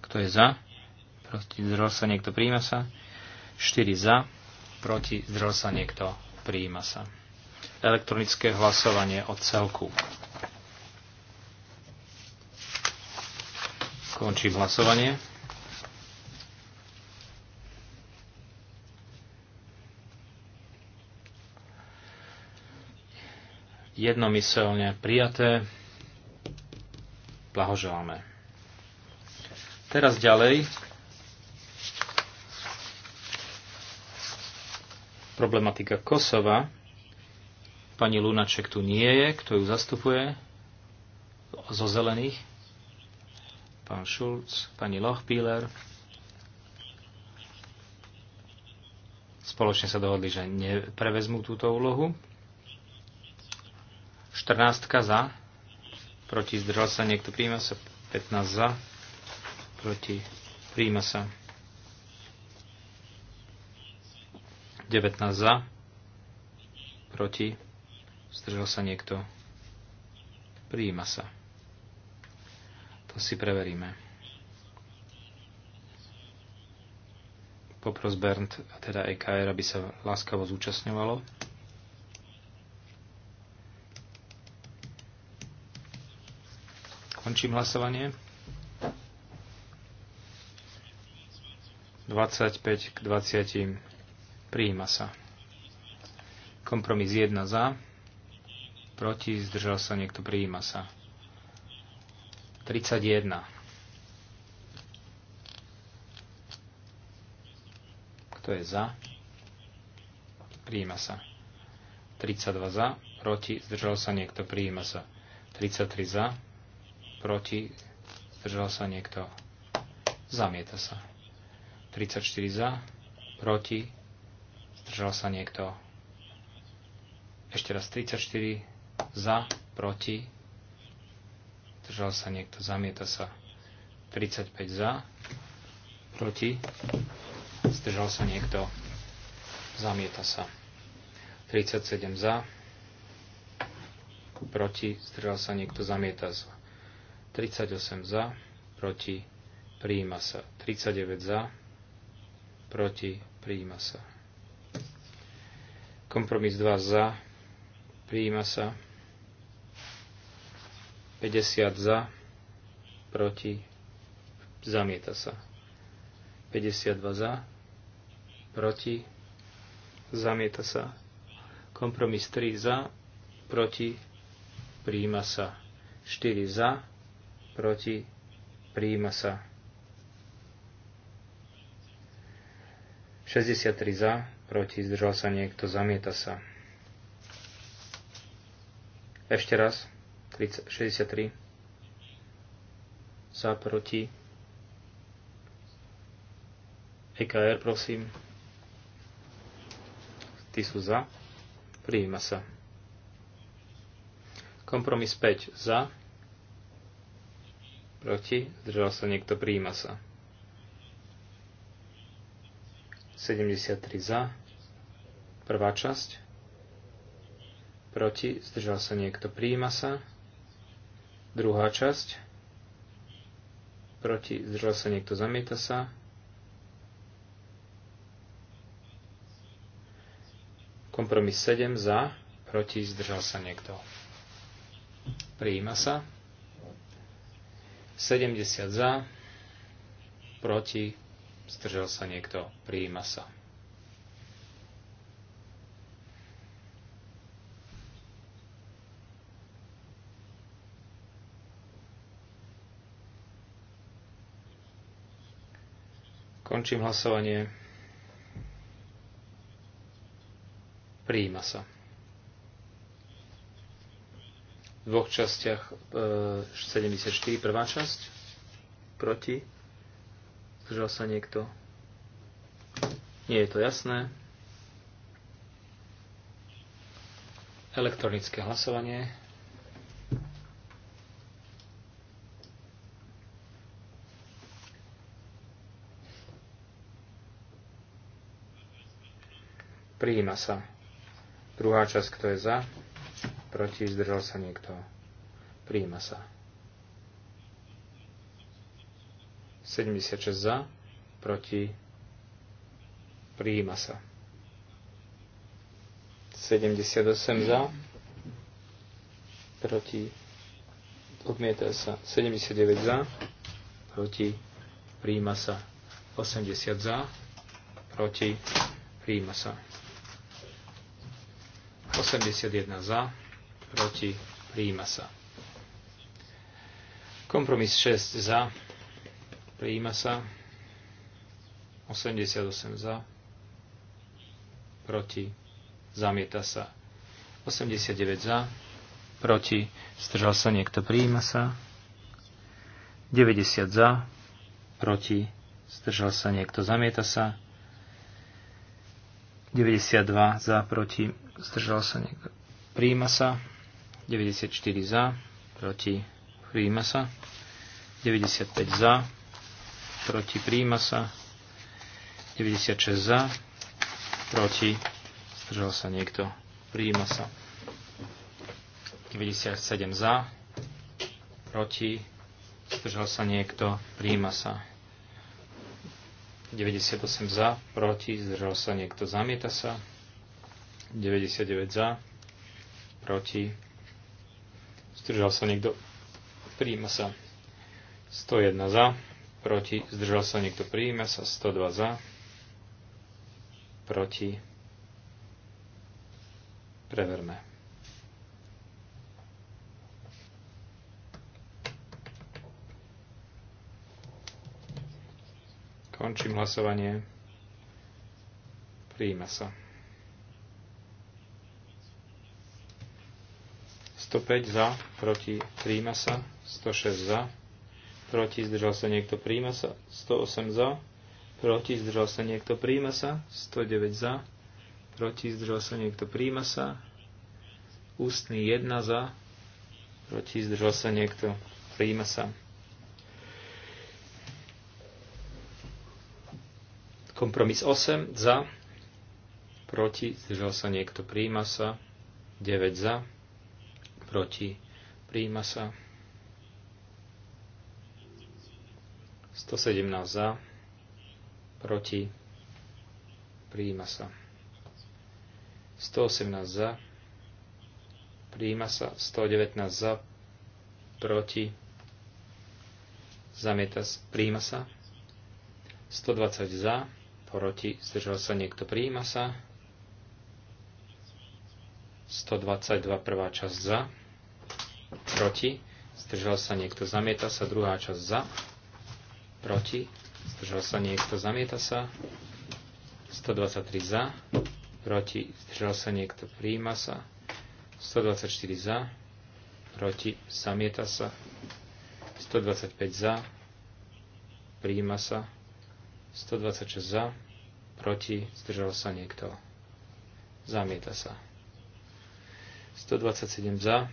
Speaker 2: Kto je za? Proti zdržal sa niekto, príjima sa. 4 za. Proti zdržal sa niekto, Prijíma sa. Elektronické hlasovanie o celku. Končím hlasovanie. Jednomyselne prijaté. Blahoželáme. Teraz ďalej problematika Kosova. Pani Lunaček tu nie je, kto ju zastupuje zo zelených. Pán Šulc, pani Lochpíler. Spoločne sa dohodli, že neprevezmú túto úlohu. 14 za, proti zdržal sa niekto, príjma sa 15 za, proti príjma sa 19 za, proti, zdržal sa niekto, prijíma sa. To si preveríme. Popros Bernd, a teda EKR, aby sa láskavo zúčastňovalo. Končím hlasovanie. 25 k 20 Prijíma sa. Kompromis 1 za. Proti. Zdržal sa niekto. Prijíma sa. 31. Kto je za? Prijíma sa. 32 za. Proti. Zdržal sa niekto. Prijíma sa. 33 za. Proti. Zdržal sa niekto. Zamieta sa. 34 za. Proti Zdržal sa niekto? Ešte raz 34 za, proti. Zdržal sa niekto? Zamieta sa. 35 za, proti. Zdržal sa niekto? Zamieta sa. 37 za, proti. Zdržal sa niekto? Zamieta sa. 38 za, proti. Prijíma sa. 39 za, proti. Prijíma sa. Kompromis 2 za. Prijíma sa. 50 za. Proti. Zamieta sa. 52 za. Proti. Zamieta sa. Kompromis 3 za. Proti. Prijíma sa. 4 za. Proti. Prijíma sa. 63 za proti, zdržal sa niekto, zamieta sa. Ešte raz, 63, za, proti, EKR, prosím, Ty sú za, prijíma sa. Kompromis 5 za, proti, zdržal sa niekto, prijíma sa. 73 za, prvá časť, proti, zdržal sa niekto, prijíma sa, druhá časť, proti, zdržal sa niekto, zamieta sa, kompromis 7 za, proti, zdržal sa niekto, prijíma sa, 70 za, proti, Zdržal sa niekto? Prijíma sa. Končím hlasovanie. Prijíma sa. V dvoch častiach e, 74. Prvá časť. Proti Zdržal sa niekto? Nie je to jasné. Elektronické hlasovanie. Prijíma sa. Druhá časť, kto je za, proti, zdržal sa niekto. Prijíma sa. 76 za, proti, prijíma sa. 78 za, proti, odmieta sa. 79 za, proti, prijíma sa. 80 za, proti, prijíma sa. 81 za, proti, prijíma sa. Kompromis 6 za, Prijíma sa. 88 za. Proti. Zamieta sa. 89 za. Proti. Zdržal sa niekto. Prijíma sa. 90 za. Proti. Zdržal sa niekto. Zamieta sa. 92 za. Proti. Zdržal sa niekto. Prijíma sa. 94 za. Proti. Prijíma sa. 95 za proti, príjma sa. 96 za, proti, zdržal sa niekto, príjma sa. 97 za, proti, zdržal sa niekto, príjma sa. 98 za, proti, zdržal sa niekto, zamieta sa. 99 za, proti, zdržal sa niekto, príjma sa. 101 za, proti, zdržal sa niekto, prijíma sa, 102 za, proti, preverme. Končím hlasovanie. Prijíma sa. 105 za, proti, prijíma sa, 106 za, proti, zdržal sa niekto, príjma sa, 108 za, proti, zdržal sa niekto, príjma sa, 109 za, proti, zdržal sa niekto, príjma sa, ústny 1 za, proti, zdržal sa niekto, príjma sa. Kompromis 8 za, proti, zdržal sa niekto, príjma sa, 9 za, proti, príjma sa. 117 za, proti, prijíma sa. 118 za, prijíma sa. 119 za, proti, zamieta, prijíma sa. 120 za, proti, zdržal sa niekto, prijíma sa. 122 prvá časť za, proti, zdržal sa niekto, zamieta sa druhá časť za, proti, zdržal sa niekto, zamieta sa. 123 za, proti, zdržal sa niekto, príjima sa. 124 za, proti, zamieta sa. 125 za, príjima sa. 126 za, proti, zdržal sa niekto. Zamieta sa. 127 za,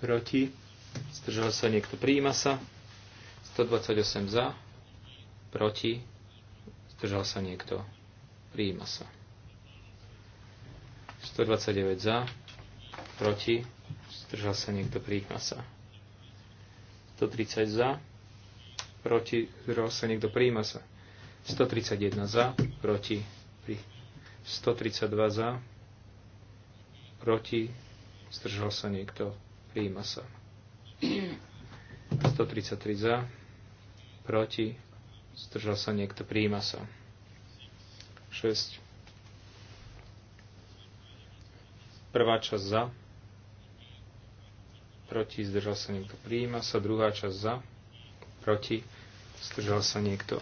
Speaker 2: proti, zdržal sa niekto, príjima sa. 128 za, proti, zdržal sa niekto, prijíma sa. 129 za, proti, zdržal sa niekto, prijíma sa. 130 za, proti, zdržal sa niekto, prijíma sa. 131 za, proti, pri, 132 za, proti, zdržal sa niekto, prijíma sa. 133 za, proti, zdržal sa niekto, príjima sa. 6. Prvá časť za, proti, zdržal sa niekto, príjima sa. Druhá časť za, proti, zdržal sa niekto.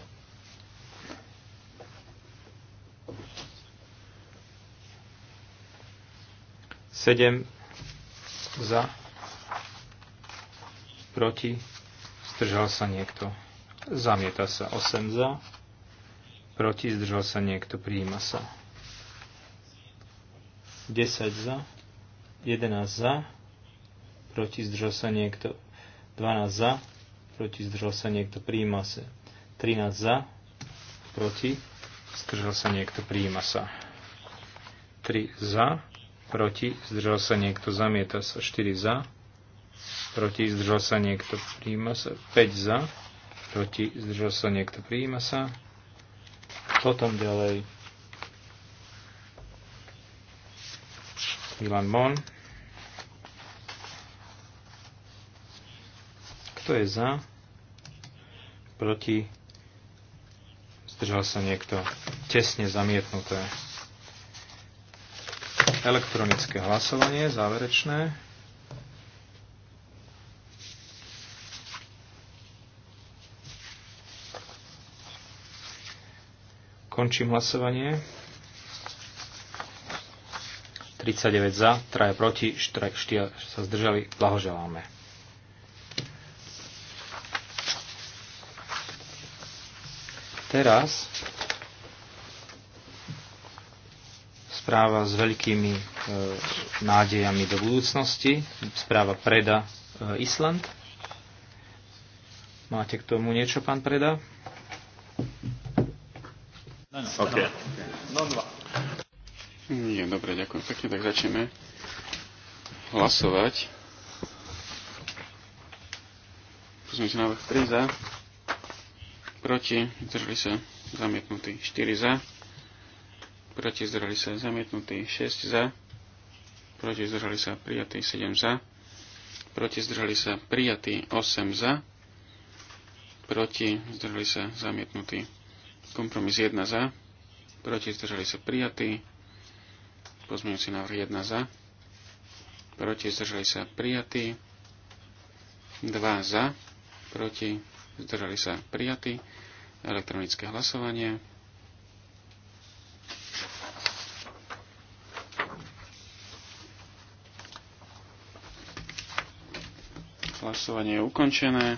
Speaker 2: Sedem za, proti, zdržal sa niekto. Zamieta sa 8 za. Proti zdržal sa niekto. Prijíma sa. 10 za. 11 za. Proti zdržal sa niekto. 12 za. Proti zdržal sa niekto. Prijíma sa. 13 za. Proti. Zdržal sa niekto. Prijíma sa. 3 za. Proti. Zdržal sa niekto. Zamieta sa. 4 za. Proti. Zdržal sa niekto. Prijíma sa. 5 za proti, zdržal sa niekto, prijíma sa. Potom ďalej Milan Mon. Kto je za? Proti? Zdržal sa niekto. Tesne zamietnuté. Elektronické hlasovanie, záverečné. Končím hlasovanie. 39 za, 3 proti, 4 sa zdržali. Blahoželáme. Teraz správa s veľkými e, nádejami do budúcnosti, správa Preda e, Island. Máte k tomu niečo, pán Preda? OK. Nie,
Speaker 4: dobre, ďakujem pekne, tak začneme hlasovať. Pozrieme si návrh 3 za, proti, zdržali sa zamietnutí 4 za, proti zdržali sa zamietnutí 6 za, proti zdržali sa prijatí 7 za, proti zdržali sa prijatí 8 za, proti zdržali sa zamietnutí kompromis 1 za, proti, zdržali sa prijatí. Pozmeňujúci návrh 1 za, proti, zdržali sa prijatí. 2 za, proti, zdržali sa prijatí. Elektronické hlasovanie. Hlasovanie je ukončené.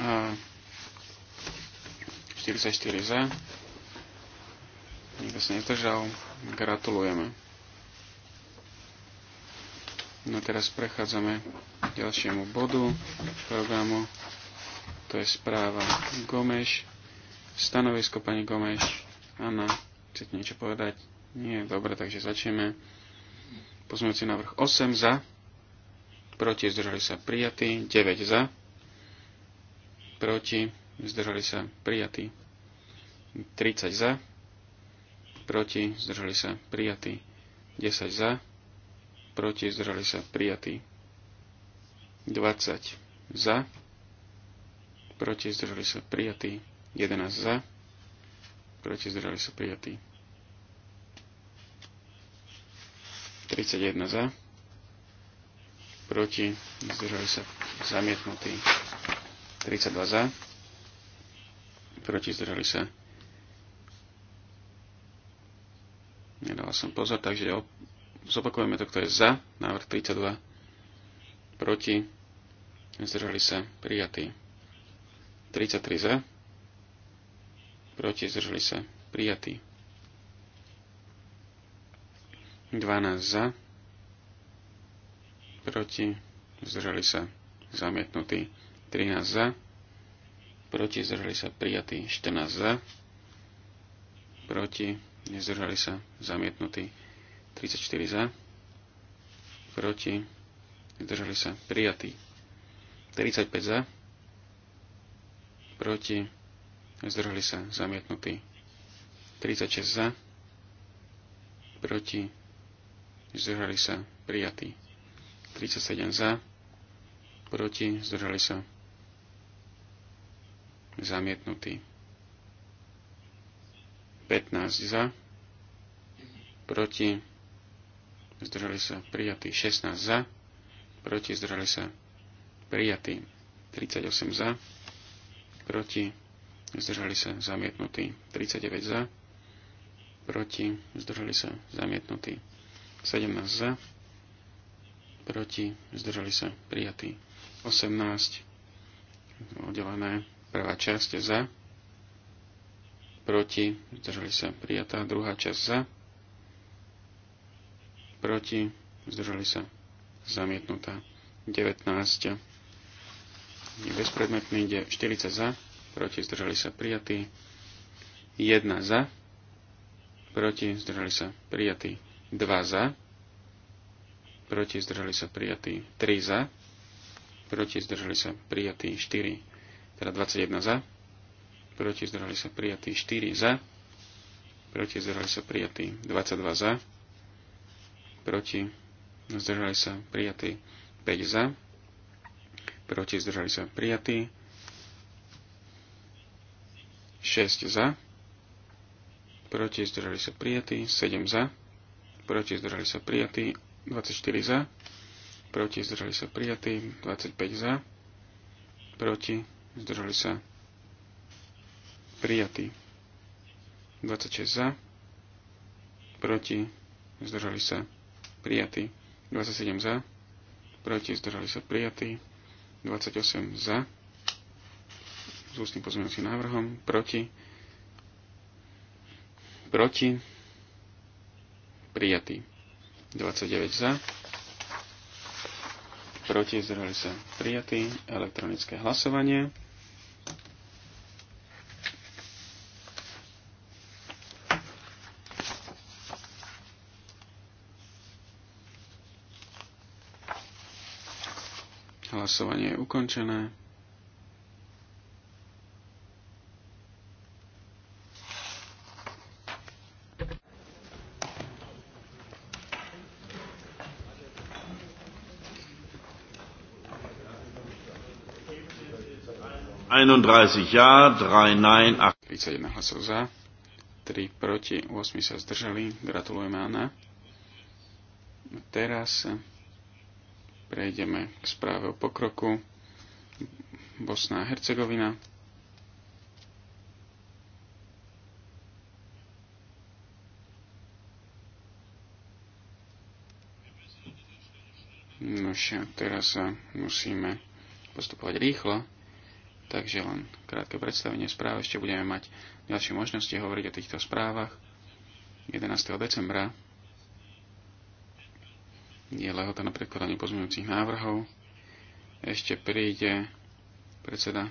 Speaker 4: A 44 za. Nikto sa nedržal. Gratulujeme. No teraz prechádzame k ďalšiemu bodu programu. To je správa Gomeš. Stanovisko pani Gomeš. Anna, chcete niečo povedať? Nie, dobre, takže začneme. Pozmeňujúci návrh 8 za. Proti zdržali sa prijatí. 9 za. Proti zdržali sa prijatí. 30 za, proti, zdržali sa, prijatí. 10 za, proti, zdržali sa, prijatí. 20 za, proti, zdržali sa, prijatí. 11 za, proti, zdržali sa, prijatí. 31 za, proti, zdržali sa, zamietnutí. 32 za, proti, zdržali sa, prijatí. Nedala som pozor, takže zopakujeme to, kto je za. Návrh 32. Proti. Zdržali sa. Prijatý. 33 za. Proti. Zdržali sa. Prijatý. 12 za. Proti. Zdržali sa. Zamietnutý. 13 za. Proti. Zdržali sa. Prijatý. 14 za. Proti Nezdržali sa. Zamietnutý. 34 za. Proti. Zdržali sa. Prijatý. 35 za. Proti. Zdržali sa. Zamietnutý. 36 za. Proti. Zdržali sa. Prijatý. 37 za. Proti. Zdržali sa. Zamietnutý. 15 za, proti, zdržali sa prijatí 16 za, proti, zdržali sa prijatí 38 za, proti, zdržali sa zamietnutí 39 za, proti, zdržali sa zamietnutí 17 za, proti, zdržali sa prijatí 18 oddelené prvá časť za, proti, zdržali sa prijatá, druhá časť za, proti, zdržali sa zamietnutá, 19 bezpredmetný, 40 za, proti, zdržali sa prijatí, 1 za, proti, zdržali sa prijatí, 2 za, proti, zdržali sa prijatí, 3 za, proti, zdržali sa prijatí, 4, teda 21 za, proti zdržali sa prijatí 4 za, proti zdržali sa prijatí 22 za, proti zdržali sa prijatí 5 za, proti zdržali sa prijatí 6 za, proti zdržali sa prijatí 7 za, proti zdržali sa prijatí 24 za, proti zdržali sa prijatí 25 za, proti zdržali sa prijatí prijatý. 26 za, proti, zdržali sa, prijatý. 27 za, proti, zdržali sa, prijatý. 28 za, s ústnym pozmeňujúcim návrhom, proti, proti, prijatý. 29 za, proti, zdržali sa, prijatý. Elektronické hlasovanie. Hlasovanie je ukončené. ja, 31 hlasov za, 3 proti, 8 sa zdržali. Gratulujeme, Anna. Teraz Prejdeme k správe o pokroku. Bosná a Hercegovina. No teraz sa musíme postupovať rýchlo, takže len krátke predstavenie správ. Ešte budeme mať ďalšie možnosti hovoriť o týchto správach. 11. decembra je lehota na predkladanie pozmeňujúcich návrhov. Ešte príde predseda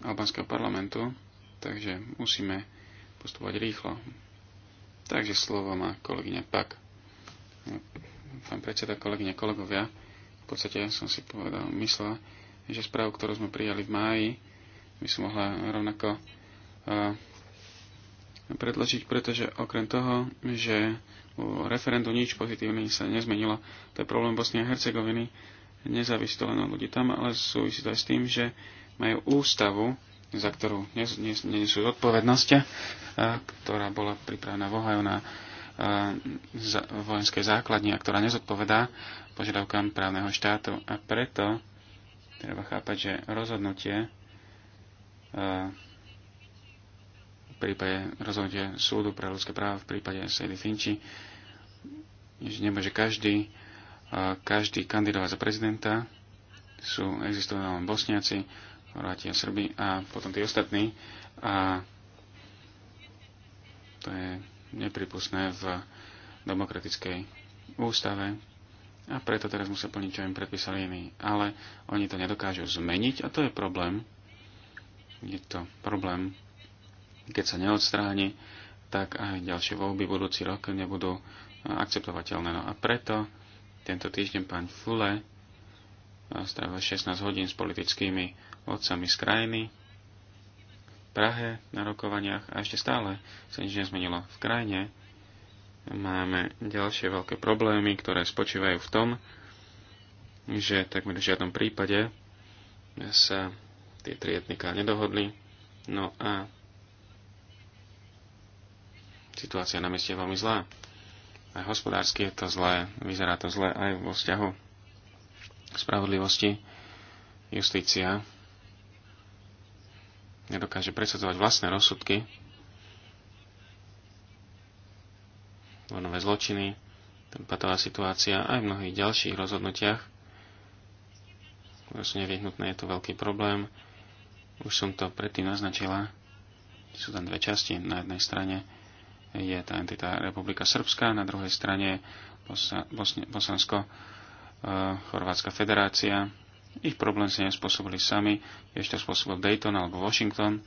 Speaker 4: albánskeho parlamentu, takže musíme postupovať rýchlo. Takže slovo má kolegyňa Pak. Pán predseda, kolegyňa, kolegovia, v podstate som si povedal, myslel, že správu, ktorú sme prijali v máji, by som mohla rovnako uh, predložiť, pretože okrem toho, že u referendu nič pozitívne sa nezmenilo, to je problém Bosny a Hercegoviny, nezávisí to len od ľudí tam, ale súvisí to aj s tým, že majú ústavu, za ktorú nesú zodpovednosť, ktorá bola pripravená v Ohio na vojenskej základni a ktorá nezodpovedá požiadavkám právneho štátu. A preto treba chápať, že rozhodnutie prípade rozhodnutia súdu pre ľudské práva v prípade Sejdy Finči, že nemôže každý, každý kandidovať za prezidenta, sú existujú len Bosniaci, Chorváti a Srbi a potom tí ostatní. A to je nepripustné v demokratickej ústave a preto teraz musia plniť, čo im predpísali iní. Ale oni to nedokážu zmeniť a to je problém. Je to problém keď sa neodstráni, tak aj ďalšie voľby budúci rok nebudú akceptovateľné. No a preto tento týždeň pán Fule e, strávil 16 hodín s politickými otcami z krajiny, v Prahe na rokovaniach a ešte stále sa nič nezmenilo. V krajine máme ďalšie veľké problémy, ktoré spočívajú v tom, že takmer v žiadnom prípade sa tie tri etniká nedohodli. No a situácia na meste je veľmi zlá. Aj hospodársky je to zlé, vyzerá to zlé aj vo vzťahu spravodlivosti. Justícia nedokáže presadzovať vlastné rozsudky, Vonové zločiny, ten patová situácia aj v mnohých ďalších rozhodnutiach, ktoré sú nevyhnutné, je to veľký problém. Už som to predtým naznačila. Sú tam dve časti. Na jednej strane je tá entita Republika Srbská, na druhej strane Bosansko, e, Chorvátska federácia. Ich problém si nespôsobili sami, ešte spôsobil Dayton alebo Washington.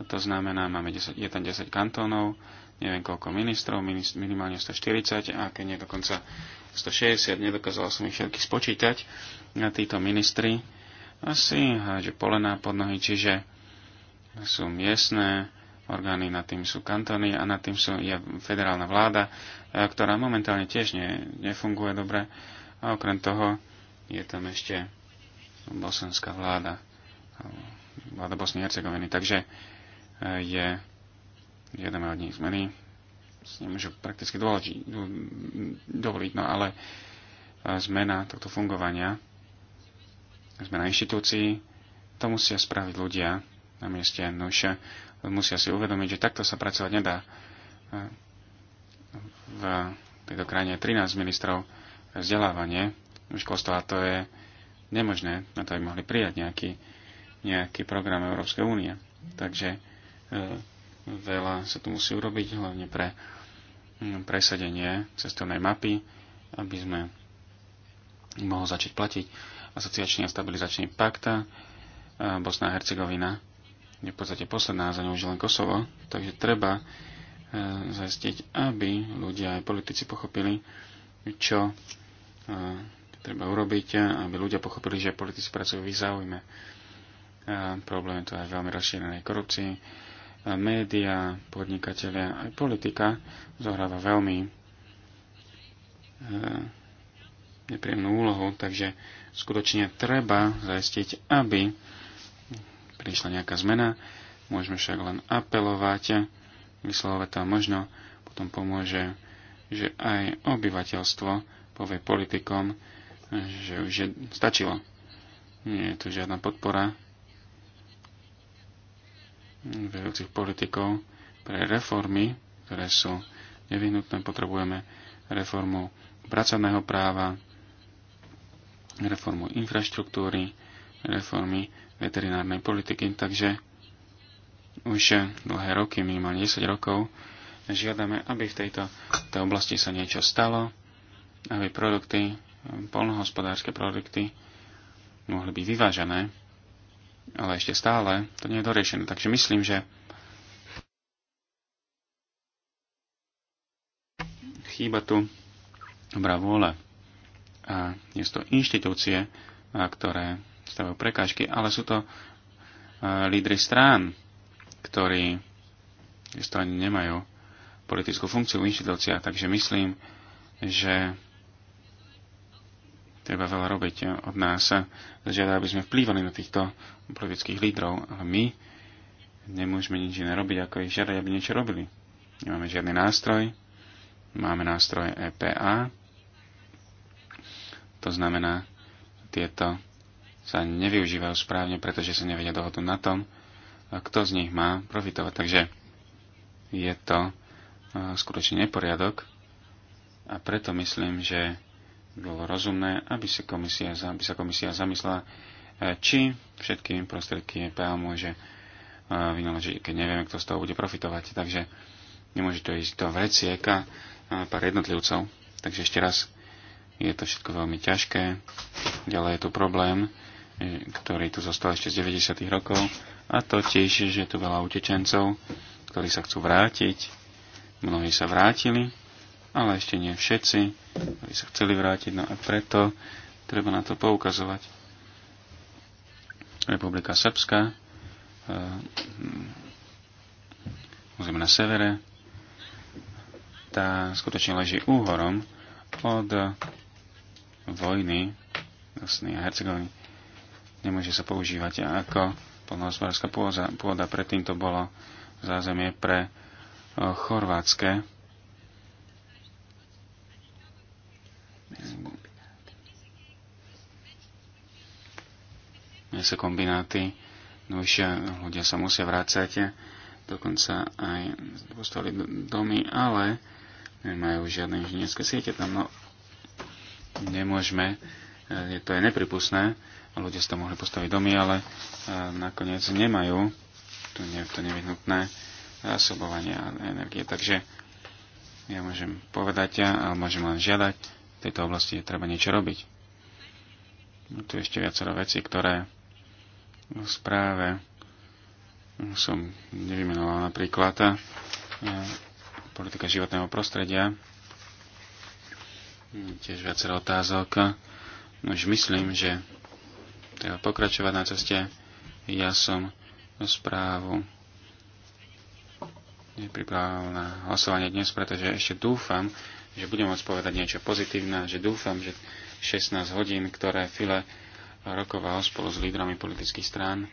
Speaker 4: To znamená, máme 10, je tam 10 kantónov, neviem koľko ministrov, minimálne 140 a keď nie dokonca 160, nedokázal som ich všetky spočítať na títo ministri. Asi že polená pod nohy, čiže sú miestne orgány, nad tým sú kantóny a nad tým sú, je federálna vláda, e, ktorá momentálne tiež ne, nefunguje dobre. A okrem toho je tam ešte bosenská vláda, vláda Bosny a Hercegoviny. Takže e, je, žiadame od nich zmeny, s nemôžu prakticky dovoliť, dovoliť, no ale e, zmena tohto fungovania, zmena inštitúcií, to musia spraviť ľudia na mieste. Nuša musia si uvedomiť, že takto sa pracovať nedá. V tejto krajine je 13 ministrov vzdelávanie školstva a to je nemožné, na to by mohli prijať nejaký, nejaký program Európskej únie. Takže e, veľa sa tu musí urobiť, hlavne pre presadenie cestovnej mapy, aby sme mohol začať platiť asociačný a stabilizačný pakt Bosna a Hercegovina je v podstate posledná za ňou už len Kosovo, takže treba e, zajistiť, aby ľudia aj politici pochopili, čo e, treba urobiť, aby ľudia pochopili, že politici pracujú v ich záujme. E, problém je to aj veľmi rozšírenej korupcii. E, média, podnikatelia, aj politika zohráva veľmi nepríjemnú úlohu, takže skutočne treba zajistiť, aby prišla nejaká zmena, môžeme však len apelovať, vyslovovať to možno, potom pomôže, že aj obyvateľstvo povie politikom, že už je, stačilo. Nie je tu žiadna podpora vedúcich politikov pre reformy, ktoré sú nevyhnutné. Potrebujeme reformu pracovného práva, reformu infraštruktúry, reformy veterinárnej politiky, takže už dlhé roky, minimálne 10 rokov, žiadame, aby v tejto tej oblasti sa niečo stalo, aby produkty, polnohospodárske produkty mohli byť vyvážené, ale ešte stále to nie je doriešené. Takže myslím, že chýba tu dobrá vôľa. A je to inštitúcie, ktoré stavajú prekážky, ale sú to e, lídry strán, ktorí isto ani nemajú politickú funkciu v inštitúciách, takže myslím, že treba veľa robiť od nás. žiada, aby sme vplývali na týchto politických lídrov, ale my nemôžeme nič iné robiť, ako ich žiadať, aby niečo robili. Nemáme žiadny nástroj, máme nástroj EPA, to znamená tieto sa nevyužívajú správne, pretože sa nevedia dohodnúť na tom, kto z nich má profitovať. Takže je to e, skutočne neporiadok a preto myslím, že bolo rozumné, aby sa komisia, aby sa komisia zamyslela, e, či všetky prostriedky EPA môže e, vynaložiť, keď nevieme, kto z toho bude profitovať. Takže nemôže to ísť do vrecieka pár jednotlivcov. Takže ešte raz, je to všetko veľmi ťažké. Ďalej je tu problém ktorý tu zostal ešte z 90. rokov, a to tiež, že je tu veľa utečencov, ktorí sa chcú vrátiť. Mnohí sa vrátili, ale ešte nie všetci, ktorí sa chceli vrátiť, no a preto treba na to poukazovať. Republika Srbska, územie e, na severe, tá skutočne leží úhorom od vojny Bosny a Hercegoviny nemôže sa používať ako polnohospodárska pôda. pôda. Predtým to bolo zázemie pre chorvátske Mese kombináty, no ľudia sa musia vrácať, dokonca aj postavili domy, ale nemajú žiadne inžinierské siete tam, no nemôžeme, e, to je nepripustné, ľudia si to mohli postaviť domy, ale e, nakoniec nemajú to, nie, to nevyhnutné zásobovanie energie. Takže ja môžem povedať, ale môžem len žiadať, v tejto oblasti je treba niečo robiť. No, tu ešte viacero vecí, ktoré v správe som nevymenoval napríklad e, politika životného prostredia, tiež viacero otázok. No už myslím, že treba pokračovať na ceste. Ja som správu nepripravil na hlasovanie dnes, pretože ešte dúfam, že budem môcť povedať niečo pozitívne, že dúfam, že 16 hodín, ktoré File rokoval spolu s lídrami politických strán,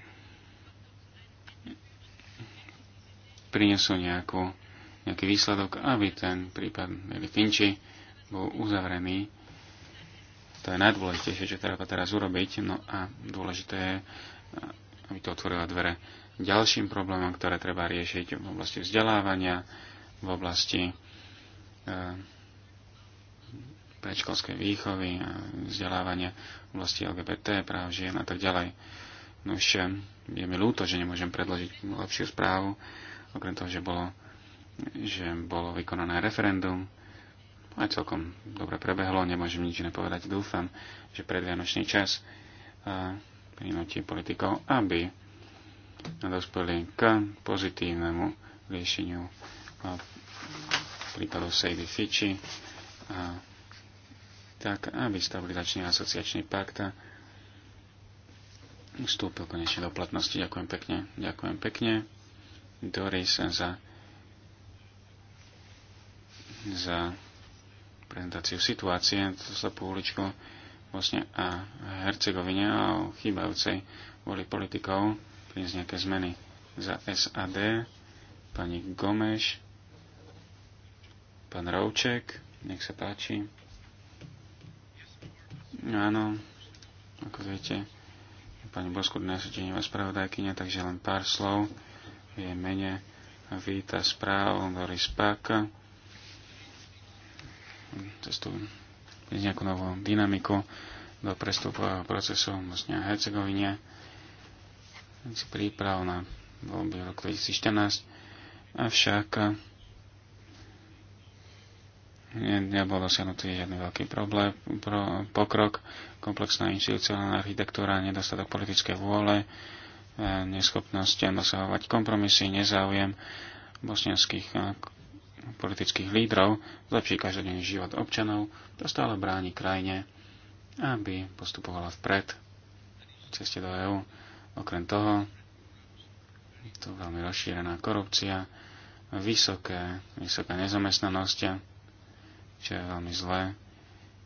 Speaker 4: prinesú nejakú, nejaký výsledok, aby ten prípad Mili Finči bol uzavrený to je najdôležitejšie, čo treba teraz urobiť. No a dôležité je, aby to otvorilo dvere ďalším problémom, ktoré treba riešiť v oblasti vzdelávania, v oblasti eh, predškolskej výchovy a vzdelávania v oblasti LGBT, práv žien a tak ďalej. No ešte je mi ľúto, že nemôžem predložiť lepšiu správu, okrem toho, že bolo, že bolo vykonané referendum, aj celkom dobre prebehlo, nemôžem nič nepovedať. Dúfam, že predvianočný čas prinúti politikov, aby dospeli k pozitívnemu riešeniu prípadov Sejdy Fiči, a, tak aby stabilizačný asociačný pakt vstúpil konečne do platnosti. Ďakujem pekne. Ďakujem pekne. Doris za za prezentáciu situácie to sa uličku vlastne a Hercegovine a o chýbajúcej boli politikov priniesť nejaké zmeny za SAD, pani Gomeš, pán Rouček, nech sa páči. Áno, ako viete, pani Bosku dnes vás spravodajkynia, takže len pár slov je mene. Víta správ Doris Páka cestu nejakú novú dynamiku do prestupového procesu v Bosne a Hercegovine, príprav na voľby v roku 2014, avšak nebol dosiahnutý žiadny veľký problém, pro, pokrok, komplexná inštitucionálna architektúra, nedostatok politické vôle, e, neschopnosť dosahovať kompromisy, nezáujem bosnianských politických lídrov zlepší každodenný život občanov, to stále bráni krajine, aby postupovala vpred v ceste do EÚ. Okrem toho, je to veľmi rozšírená korupcia, vysoké, vysoká nezamestnanosť, čo je veľmi zlé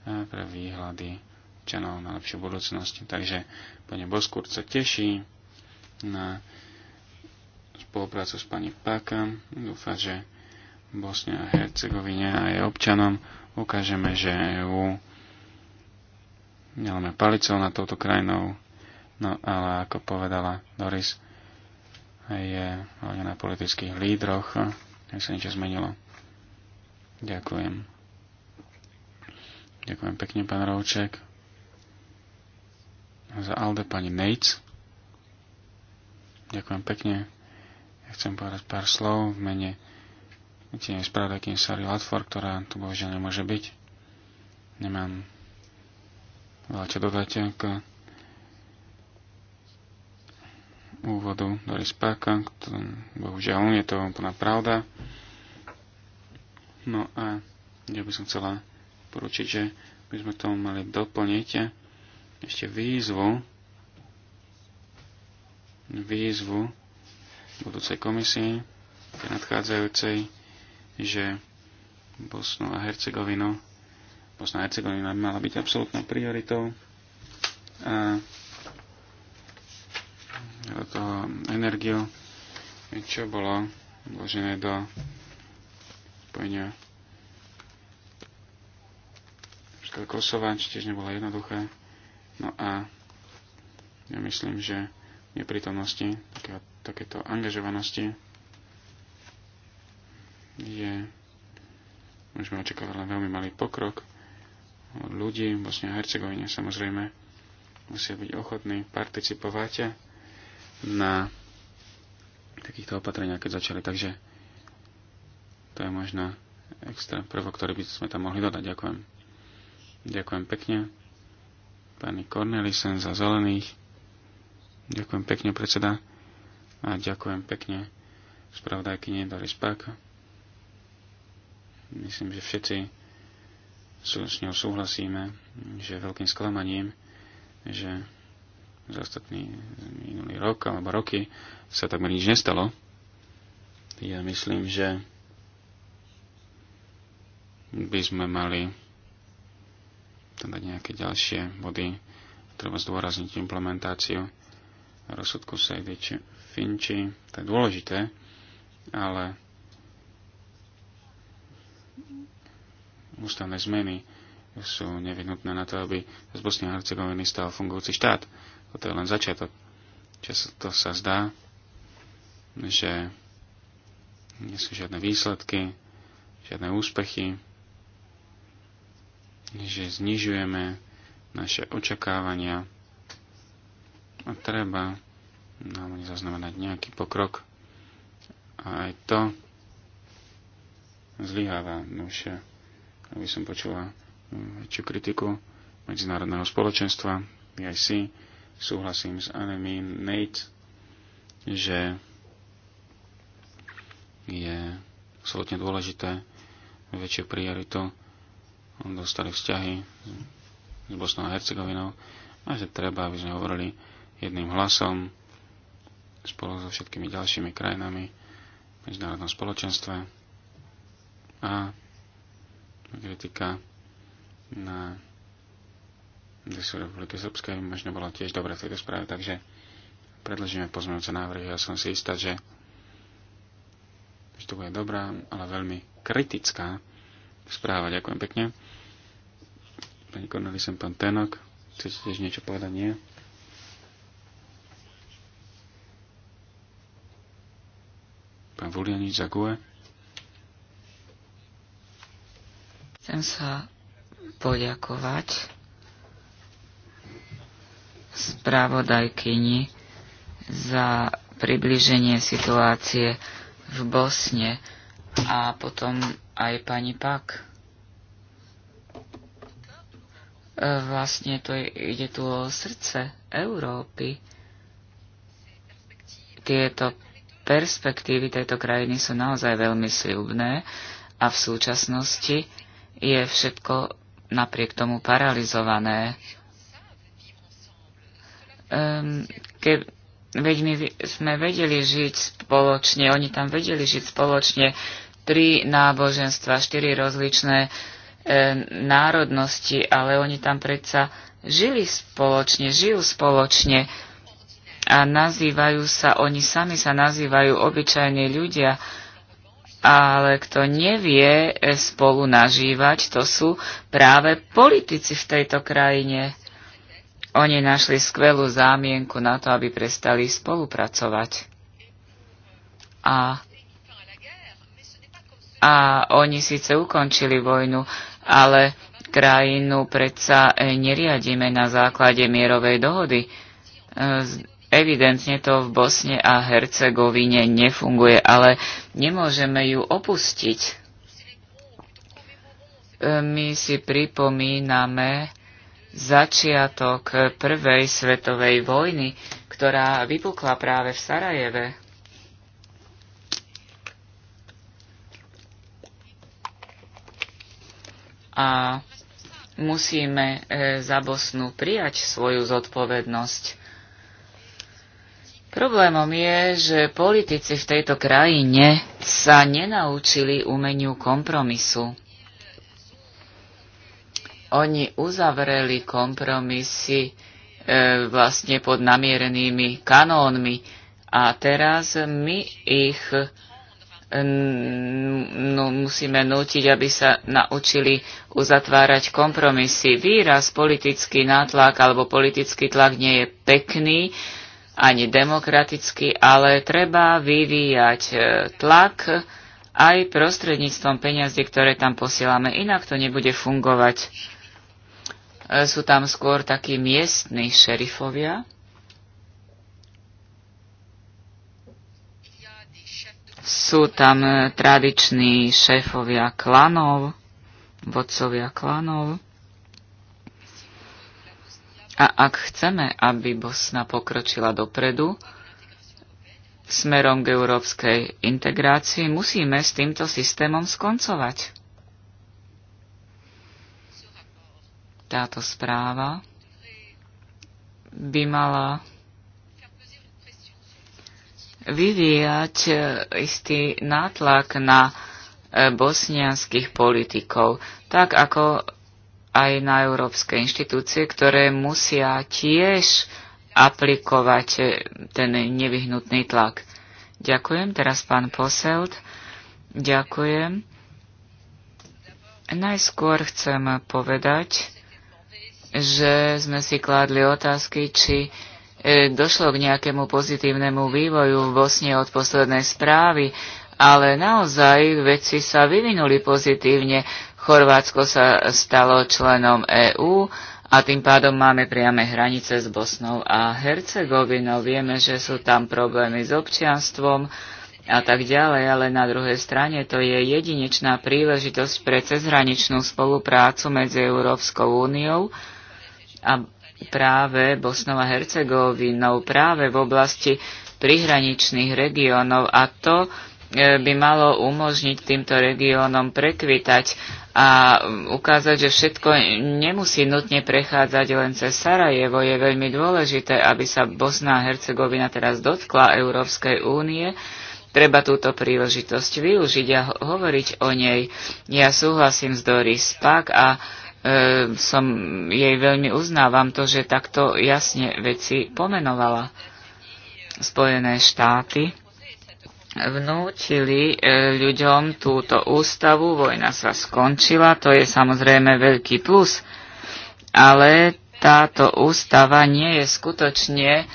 Speaker 4: pre výhľady občanov na lepšiu budúcnosť. Takže pani Boskúr sa teší na spoluprácu s pani Páka. Dúfa, že Bosne a Hercegovine a jej občanom ukážeme, že EU neláme palicou nad touto krajinou, no ale ako povedala Doris, je hlavne na politických lídroch, ak sa niečo zmenilo. Ďakujem. Ďakujem pekne, pán Rovček. Za Alde pani Nates. Ďakujem pekne. Ja chcem povedať pár slov v mene tiež pravda, kým Sari Latford, ktorá tu bohužiaľ nemôže byť. Nemám veľa čo dodať k úvodu Doris Páka, bohužiaľ je to úplná pravda. No a ja by som chcela poručiť, že by sme tomu mali doplniť ešte výzvu výzvu budúcej komisie tej nadchádzajúcej že Bosnu a Hercegovinu Bosna a Hercegovina by mala byť absolútnou prioritou a do toho energiu, čo bolo vložené do spojenia Kosova, či tiež nebolo jednoduché. No a ja myslím, že neprítomnosti, takéto angažovanosti je môžeme očakávať len veľmi malý pokrok ľudí v Bosne a Hercegovine samozrejme musia byť ochotní participovať na takýchto opatreniach, keď začali. Takže to je možno extra prvok, ktorý by sme tam mohli dodať. Ďakujem. Ďakujem pekne. Pani Cornelisen za zelených. Ďakujem pekne, predseda. A ďakujem pekne spravodajkyni Doris Páka. Myslím, že všetci sú, s ňou súhlasíme, že veľkým sklamaním, že za ostatný minulý rok alebo roky sa takmer nič nestalo. Ja myslím, že by sme mali teda nejaké ďalšie body. Treba zdôrazniť implementáciu rozsudku Sejdič Finči. To je dôležité, ale ústavné zmeny sú nevyhnutné na to, aby z Bosnia a Hercegoviny stal fungujúci štát. To je len začiatok. Často sa zdá, že nie sú žiadne výsledky, žiadne úspechy, že znižujeme naše očakávania a treba nám zaznamenať nejaký pokrok. A aj to zlyháva. No aby som počula mm, väčšiu kritiku medzinárodného spoločenstva, PIC, súhlasím s Anemi Nate, že je absolútne dôležité väčšiu prioritu dostali vzťahy s Bosnou a Hercegovinou a že treba, aby sme hovorili jedným hlasom spolu so všetkými ďalšími krajinami v medzinárodnom spoločenstve a kritika na republiky Srbskej možno bola tiež dobrá v tejto správe, takže predložíme pozmeňujúce návrhy. Ja som si istá, že, že to bude dobrá, ale veľmi kritická správa. Ďakujem pekne. Pani som pán Tenok, chcete tiež niečo povedať? Nie? Pán Vulianič za GUE.
Speaker 3: Chcem sa poďakovať správodajkyni za približenie situácie v Bosne a potom aj pani Pak. E, vlastne to ide tu o srdce Európy. Tieto perspektívy tejto krajiny sú naozaj veľmi sľubné a v súčasnosti je všetko napriek tomu paralizované. Keď ehm, ke, veď my sme vedeli žiť spoločne, oni tam vedeli žiť spoločne tri náboženstva, štyri rozličné e, národnosti, ale oni tam predsa žili spoločne, žijú spoločne a nazývajú sa, oni sami sa nazývajú obyčajní ľudia, ale kto nevie e, spolu nažívať, to sú práve politici v tejto krajine. Oni našli skvelú zámienku na to, aby prestali spolupracovať. A, a oni síce ukončili vojnu, ale krajinu predsa e, neriadíme na základe mierovej dohody. E, Evidentne to v Bosne a Hercegovine nefunguje, ale nemôžeme ju opustiť. E, my si pripomíname začiatok prvej svetovej vojny, ktorá vypukla práve v Sarajeve. A musíme e, za Bosnu prijať svoju zodpovednosť Problémom je, že politici v tejto krajine sa nenaučili umeniu kompromisu. Oni uzavreli kompromisy e, vlastne pod namierenými kanónmi a teraz my ich no, musíme nútiť, aby sa naučili uzatvárať kompromisy. Výraz politický nátlak alebo politický tlak nie je pekný, ani demokraticky, ale treba vyvíjať e, tlak aj prostredníctvom peňazí, ktoré tam posielame. Inak to nebude fungovať. E, sú tam skôr takí miestni šerifovia. Sú tam e, tradiční šéfovia klanov, vodcovia klanov. A ak chceme, aby Bosna pokročila dopredu smerom k európskej integrácii, musíme s týmto systémom skoncovať. Táto správa by mala vyvíjať e, istý nátlak na e, bosnianských politikov, tak ako aj na európske inštitúcie, ktoré musia tiež aplikovať eh, ten nevyhnutný tlak. Ďakujem. Teraz pán Poselt. Ďakujem. Najskôr chcem povedať, že sme si kládli otázky, či eh, došlo k nejakému pozitívnemu vývoju v Bosne od poslednej správy, ale naozaj veci sa vyvinuli pozitívne. Chorvátsko sa stalo členom EÚ a tým pádom máme priame hranice s Bosnou a Hercegovinou. Vieme, že sú tam problémy s občianstvom a tak ďalej, ale na druhej strane to je jedinečná príležitosť pre cezhraničnú spoluprácu medzi Európskou úniou a práve Bosnou a Hercegovinou, práve v oblasti prihraničných regiónov a to E, by malo umožniť týmto regiónom prekvitať a ukázať, že všetko nemusí nutne prechádzať len cez Sarajevo. Je veľmi dôležité, aby sa Bosná a Hercegovina teraz dotkla Európskej únie. Treba túto príležitosť využiť a hovoriť o nej. Ja súhlasím s Doris Pak a e, som jej veľmi uznávam to, že takto jasne veci pomenovala. Spojené štáty vnúčili e, ľuďom túto ústavu, vojna sa skončila, to je samozrejme veľký plus, ale táto ústava nie je skutočne, e,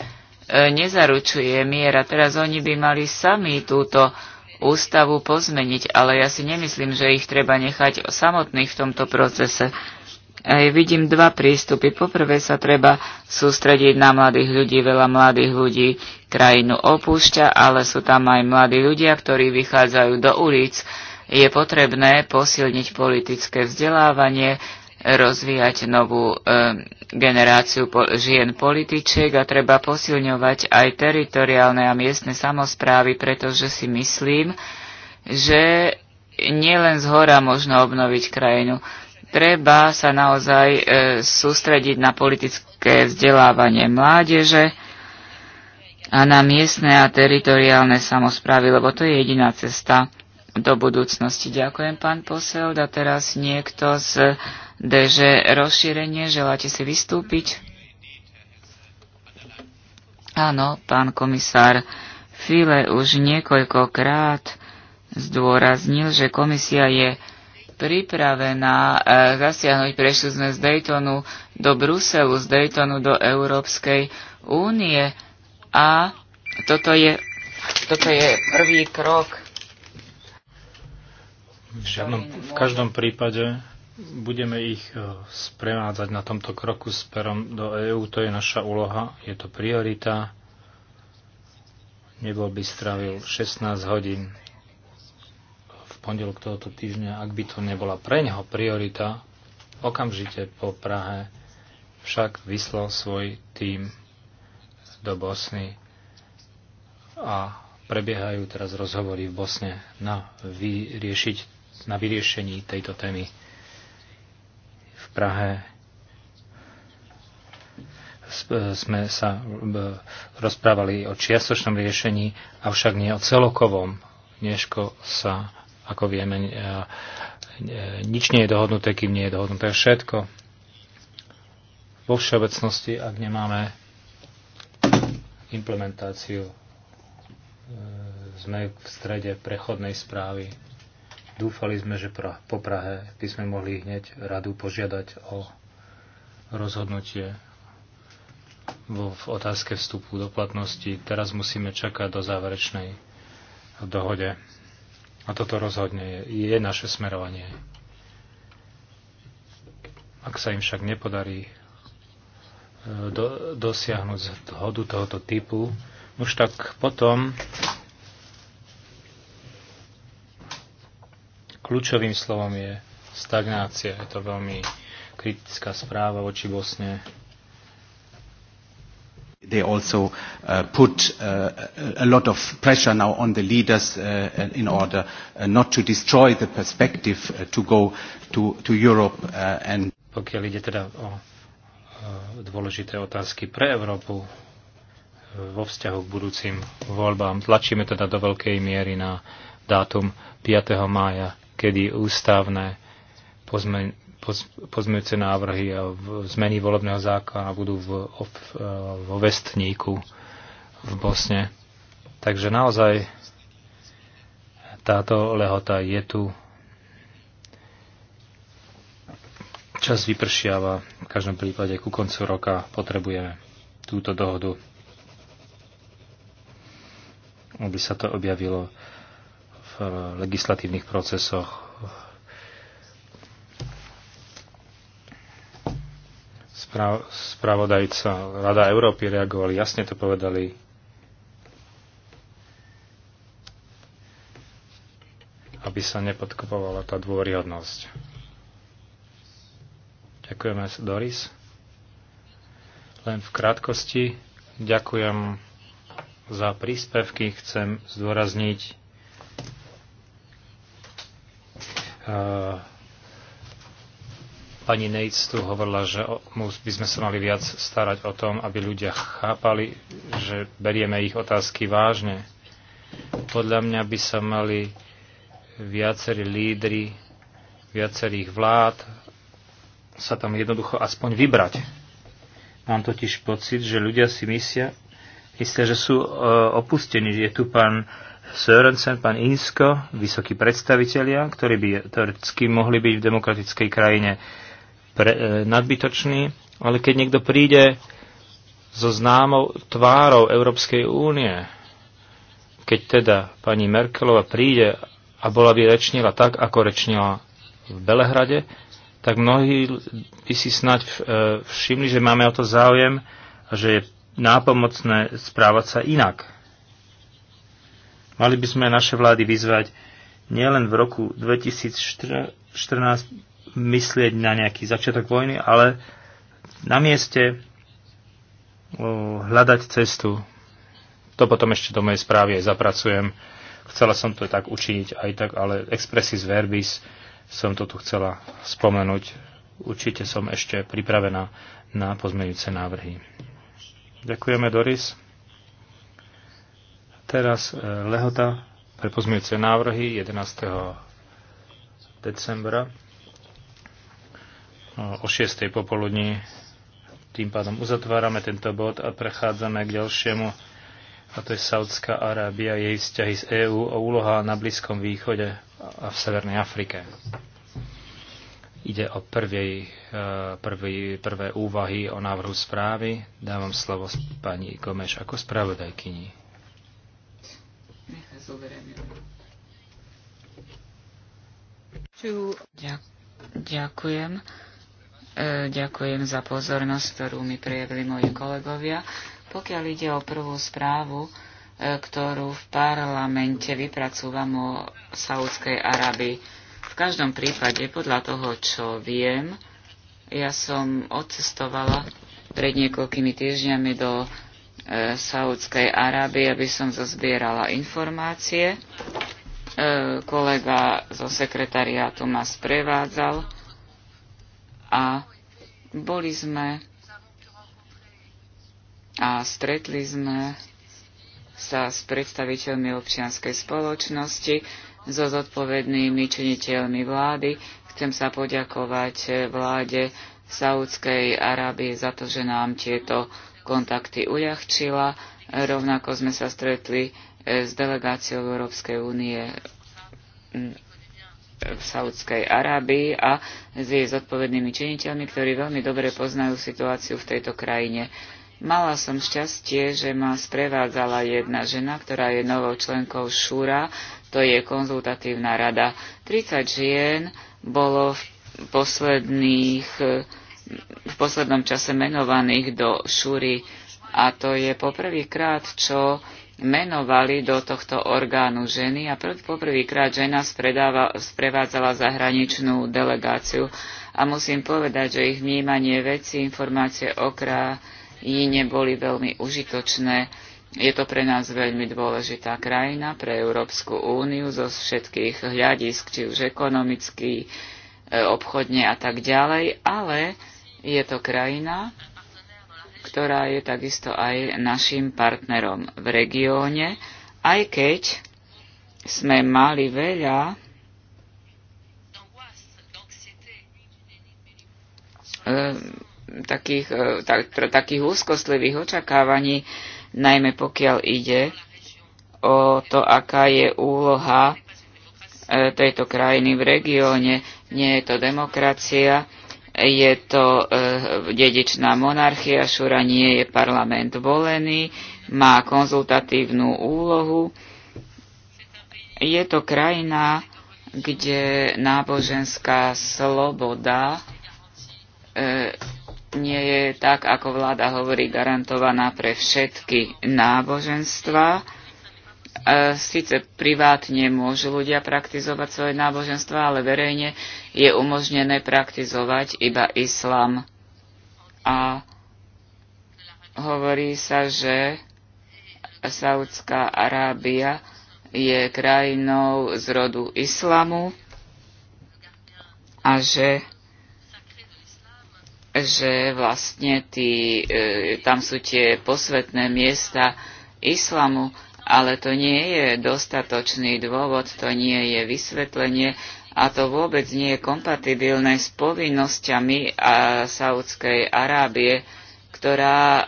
Speaker 3: nezaručuje miera. Teraz oni by mali sami túto ústavu pozmeniť, ale ja si nemyslím, že ich treba nechať samotných v tomto procese. Aj vidím dva prístupy. Poprvé sa treba sústrediť na mladých ľudí, veľa mladých ľudí krajinu opúšťa, ale sú tam aj mladí ľudia, ktorí vychádzajú do ulic. Je potrebné posilniť politické vzdelávanie, rozvíjať novú e, generáciu po, žien političiek a treba posilňovať aj teritoriálne a miestne samozprávy, pretože si myslím, že nielen z hora možno obnoviť krajinu. Treba sa naozaj e, sústrediť na politické vzdelávanie mládeže, a na miestne a teritoriálne samozprávy, lebo to je jediná cesta do budúcnosti. Ďakujem, pán posel. A teraz niekto z DŽ rozšírenie. Želáte si vystúpiť? Áno, pán komisár File už niekoľkokrát zdôraznil, že komisia je pripravená eh, zasiahnuť prešli sme z Daytonu do Bruselu, z Daytonu do Európskej únie a toto je, toto je prvý krok.
Speaker 2: V, žiadnom, v každom prípade budeme ich e, sprevádzať na tomto kroku smerom do EÚ. To je naša úloha, je to priorita. Nebol by stravil 16 hodín v pondelok tohoto týždňa, ak by to nebola pre neho priorita, okamžite po Prahe však vyslal svoj tým do Bosny a prebiehajú teraz rozhovory v Bosne na, vyriešiť, na vyriešení tejto témy v Prahe. E, sme sa e, rozprávali o čiastočnom riešení, avšak nie o celokovom. Dneško sa, ako vieme, e, nič nie je dohodnuté, kým nie je dohodnuté všetko. Vo všeobecnosti, ak nemáme implementáciu. E, sme v strede prechodnej správy. Dúfali sme, že po Prahe by sme mohli hneď radu požiadať o rozhodnutie v otázke vstupu do platnosti. Teraz musíme čakať do záverečnej dohode. A toto rozhodne je, je naše smerovanie. Ak sa im však nepodarí do, dosiahnuť zhodu tohoto typu, už tak potom kľúčovým slovom je stagnácia. Je to veľmi kritická správa voči Bosne. They also uh,
Speaker 4: put uh, a lot of pressure now on the leaders uh, in order uh, not
Speaker 2: to destroy the perspective uh, to go to, to Europe. Uh, and Pokiaľ ide teda o dôležité otázky pre Európu e, vo vzťahu k budúcim voľbám. Tlačíme teda do veľkej miery na dátum 5. mája, kedy ústavné pozme, návrhy a zmeny volebného zákona budú v, v, e, vo vestníku v Bosne. Takže naozaj táto lehota je tu Čas vypršiava. V každom prípade ku koncu roka potrebujeme túto dohodu, aby sa to objavilo v legislatívnych procesoch. Spravodajca Rada Európy reagovali, jasne to povedali, aby sa nepodkopovala tá dôryhodnosť. Ďakujeme, Doris. Len v krátkosti ďakujem za príspevky. Chcem zdôrazniť eh, pani Nates tu hovorila, že by sme sa mali viac starať o tom, aby ľudia chápali, že berieme ich otázky vážne. Podľa mňa by sa mali viacerí lídry viacerých vlád sa tam jednoducho aspoň vybrať. Mám totiž pocit, že ľudia si myslia, myslia že sú e, opustení. Je tu pán Sörensen, pán Insko, vysokí predstavitelia, ktorí by teoreticky mohli byť v demokratickej krajine pre, e, nadbytoční, ale keď niekto príde so známou tvárou Európskej únie, keď teda pani Merkelova príde a bola by rečnila tak, ako rečnila v Belehrade, tak mnohí by si snáď e, všimli, že máme o to záujem a že je nápomocné správať sa inak. Mali by sme naše vlády vyzvať nielen v roku 2014 myslieť na nejaký začiatok vojny, ale na mieste hľadať cestu. To potom ešte do mojej správy aj zapracujem. Chcela som to tak učiniť aj tak, ale expressis verbis som to tu chcela spomenúť. Určite som ešte pripravená na pozmeňujúce návrhy. Ďakujeme, Doris. Teraz e, lehota pre pozmeňujúce návrhy 11. decembra no, o 6. popoludní. Tým pádom uzatvárame tento bod a prechádzame k ďalšiemu, a to je Saudská Arábia, jej vzťahy z EÚ o úloha na Blízkom východe v Severnej Afrike. Ide o prvej, e, prvej, prvé úvahy o návrhu správy. Dávam slovo pani Gomeš ako spravodajkyni.
Speaker 3: Ďakujem. E, ďakujem za pozornosť, ktorú mi prejavili moji kolegovia. Pokiaľ ide o prvú správu, ktorú v parlamente vypracúva o Saudskej Arabii. V každom prípade, podľa toho, čo viem, ja som odcestovala pred niekoľkými týždňami do e, Saudskej Arábie, aby som zozbierala informácie. E, kolega zo sekretariátu ma sprevádzal a boli sme a stretli sme sa s predstaviteľmi občianskej spoločnosti, so zodpovednými činiteľmi vlády. Chcem sa poďakovať eh, vláde Saudskej Arábie za to, že nám tieto kontakty uľahčila. Rovnako sme sa stretli eh, s delegáciou Európskej únie mm, v Saudskej Arábii a s jej zodpovednými činiteľmi, ktorí veľmi dobre poznajú situáciu v tejto krajine. Mala som šťastie, že ma sprevádzala jedna žena, ktorá je novou členkou Šúra, to je konzultatívna rada. 30 žien bolo v, posledných, v poslednom čase menovaných do Šúry a to je poprvýkrát, čo menovali do tohto orgánu ženy a prv, poprvýkrát žena spredáva, sprevádzala zahraničnú delegáciu. A musím povedať, že ich vnímanie veci, informácie o krajine, neboli veľmi užitočné. Je to pre nás veľmi dôležitá krajina, pre Európsku úniu zo všetkých hľadisk, či už ekonomicky, e, obchodne a tak ďalej, ale je to krajina, ktorá je takisto aj našim partnerom v regióne, aj keď sme mali veľa e, takých, e, tak, takých úzkostlivých očakávaní, najmä pokiaľ ide o to, aká je úloha e, tejto krajiny v regióne. Nie je to demokracia, je to e, dedičná monarchia, Šura nie je parlament volený, má konzultatívnu úlohu. Je to krajina, kde náboženská sloboda nie je tak, ako vláda hovorí, garantovaná pre všetky náboženstva. E, Sice privátne môžu ľudia praktizovať svoje náboženstva, ale verejne je umožnené praktizovať iba islám. A hovorí sa, že Saudská Arábia je krajinou z rodu islamu a že že vlastne tí, e, tam sú tie posvetné miesta islamu, ale to nie je dostatočný dôvod, to nie je vysvetlenie a to vôbec nie je kompatibilné s povinnosťami a Saudskej Arábie, ktorá e,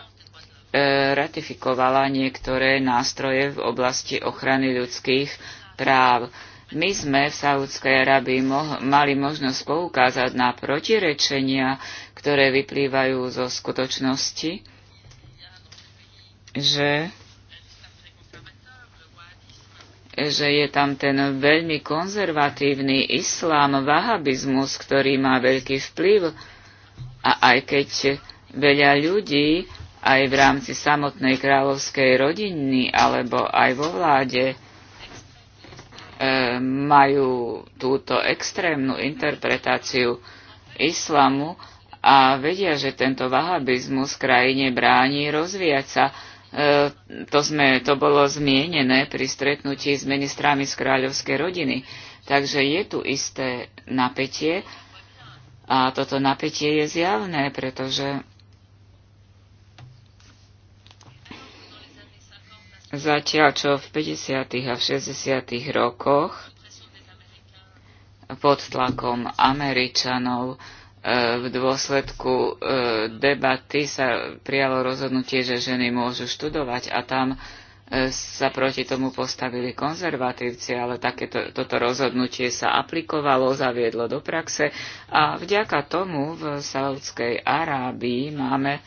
Speaker 3: ratifikovala niektoré nástroje v oblasti ochrany ľudských práv. My sme v Saudskej Arabii mo- mali možnosť poukázať na protirečenia, ktoré vyplývajú zo skutočnosti, že, že je tam ten veľmi konzervatívny islám, vahabizmus, ktorý má veľký vplyv a aj keď veľa ľudí aj v rámci samotnej kráľovskej rodiny alebo aj vo vláde e, majú túto extrémnu interpretáciu islamu, a vedia, že tento vahabizmus krajine bráni rozvíjať sa. E, to, sme, to bolo zmienené pri stretnutí s ministrami z kráľovskej rodiny. Takže je tu isté napätie a toto napätie je zjavné, pretože zatiaľ čo v 50. a 60. rokoch pod tlakom Američanov E, v dôsledku e, debaty sa prijalo rozhodnutie, že ženy môžu študovať a tam e, sa proti tomu postavili konzervatívci, ale takéto, toto rozhodnutie sa aplikovalo, zaviedlo do praxe a vďaka tomu v Saudskej Arábii máme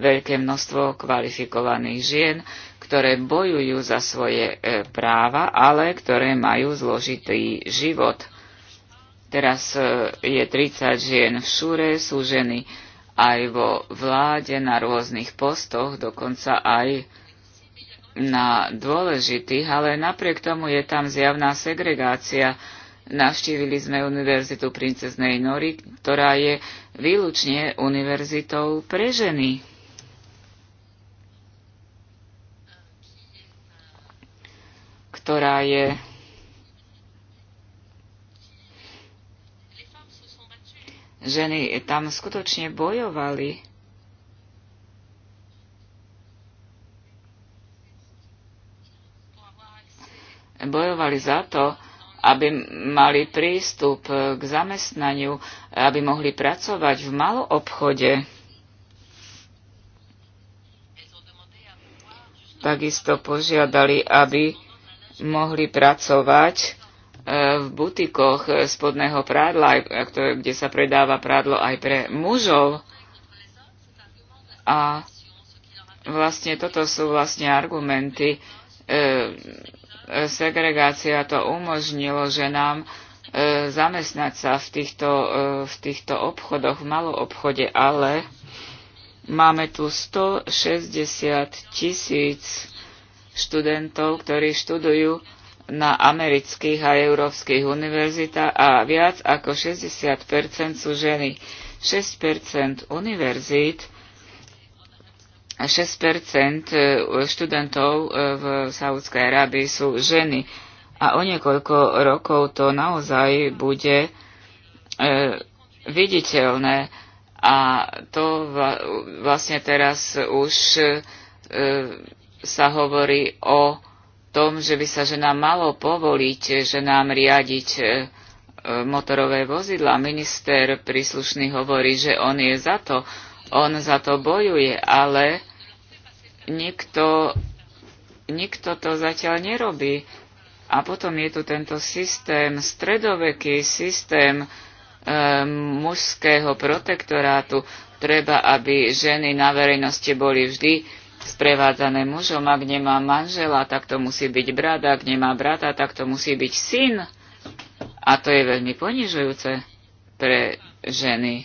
Speaker 3: veľké množstvo kvalifikovaných žien, ktoré bojujú za svoje práva, ale ktoré majú zložitý život Teraz e, je 30 žien v Šure, sú ženy aj vo vláde, na rôznych postoch, dokonca aj na dôležitých, ale napriek tomu je tam zjavná segregácia. Navštívili sme Univerzitu princeznej Nory, ktorá je výlučne univerzitou pre ženy. ktorá je ženy tam skutočne bojovali. Bojovali za to, aby mali prístup k zamestnaniu, aby mohli pracovať v maloobchode. Takisto požiadali, aby mohli pracovať E, v butikoch spodného prádla, kde sa predáva prádlo aj pre mužov. A vlastne toto sú vlastne argumenty. E, e, segregácia to umožnilo ženám zamestnať sa v týchto, v týchto obchodoch, v malom obchode, ale máme tu 160 tisíc študentov, ktorí študujú na amerických a európskych univerzitách a viac ako 60 sú ženy. 6 univerzít a 6 e, študentov e, v Saudskej Arábii sú ženy. A o niekoľko rokov to naozaj bude e, viditeľné. A to vlastne teraz už sa hovorí o tom, že by sa ženám malo povoliť, že nám riadiť e, e, motorové vozidla. Minister príslušný hovorí, že on je za to, on za to bojuje, ale nikto, nikto to zatiaľ nerobí. A potom je tu tento systém, stredoveký systém e, mužského protektorátu. Treba, aby ženy na verejnosti boli vždy sprevádzané mužom. Ak nemá manžela, tak to musí byť brat. Ak nemá brata, tak to musí byť syn. A to je veľmi ponižujúce pre ženy.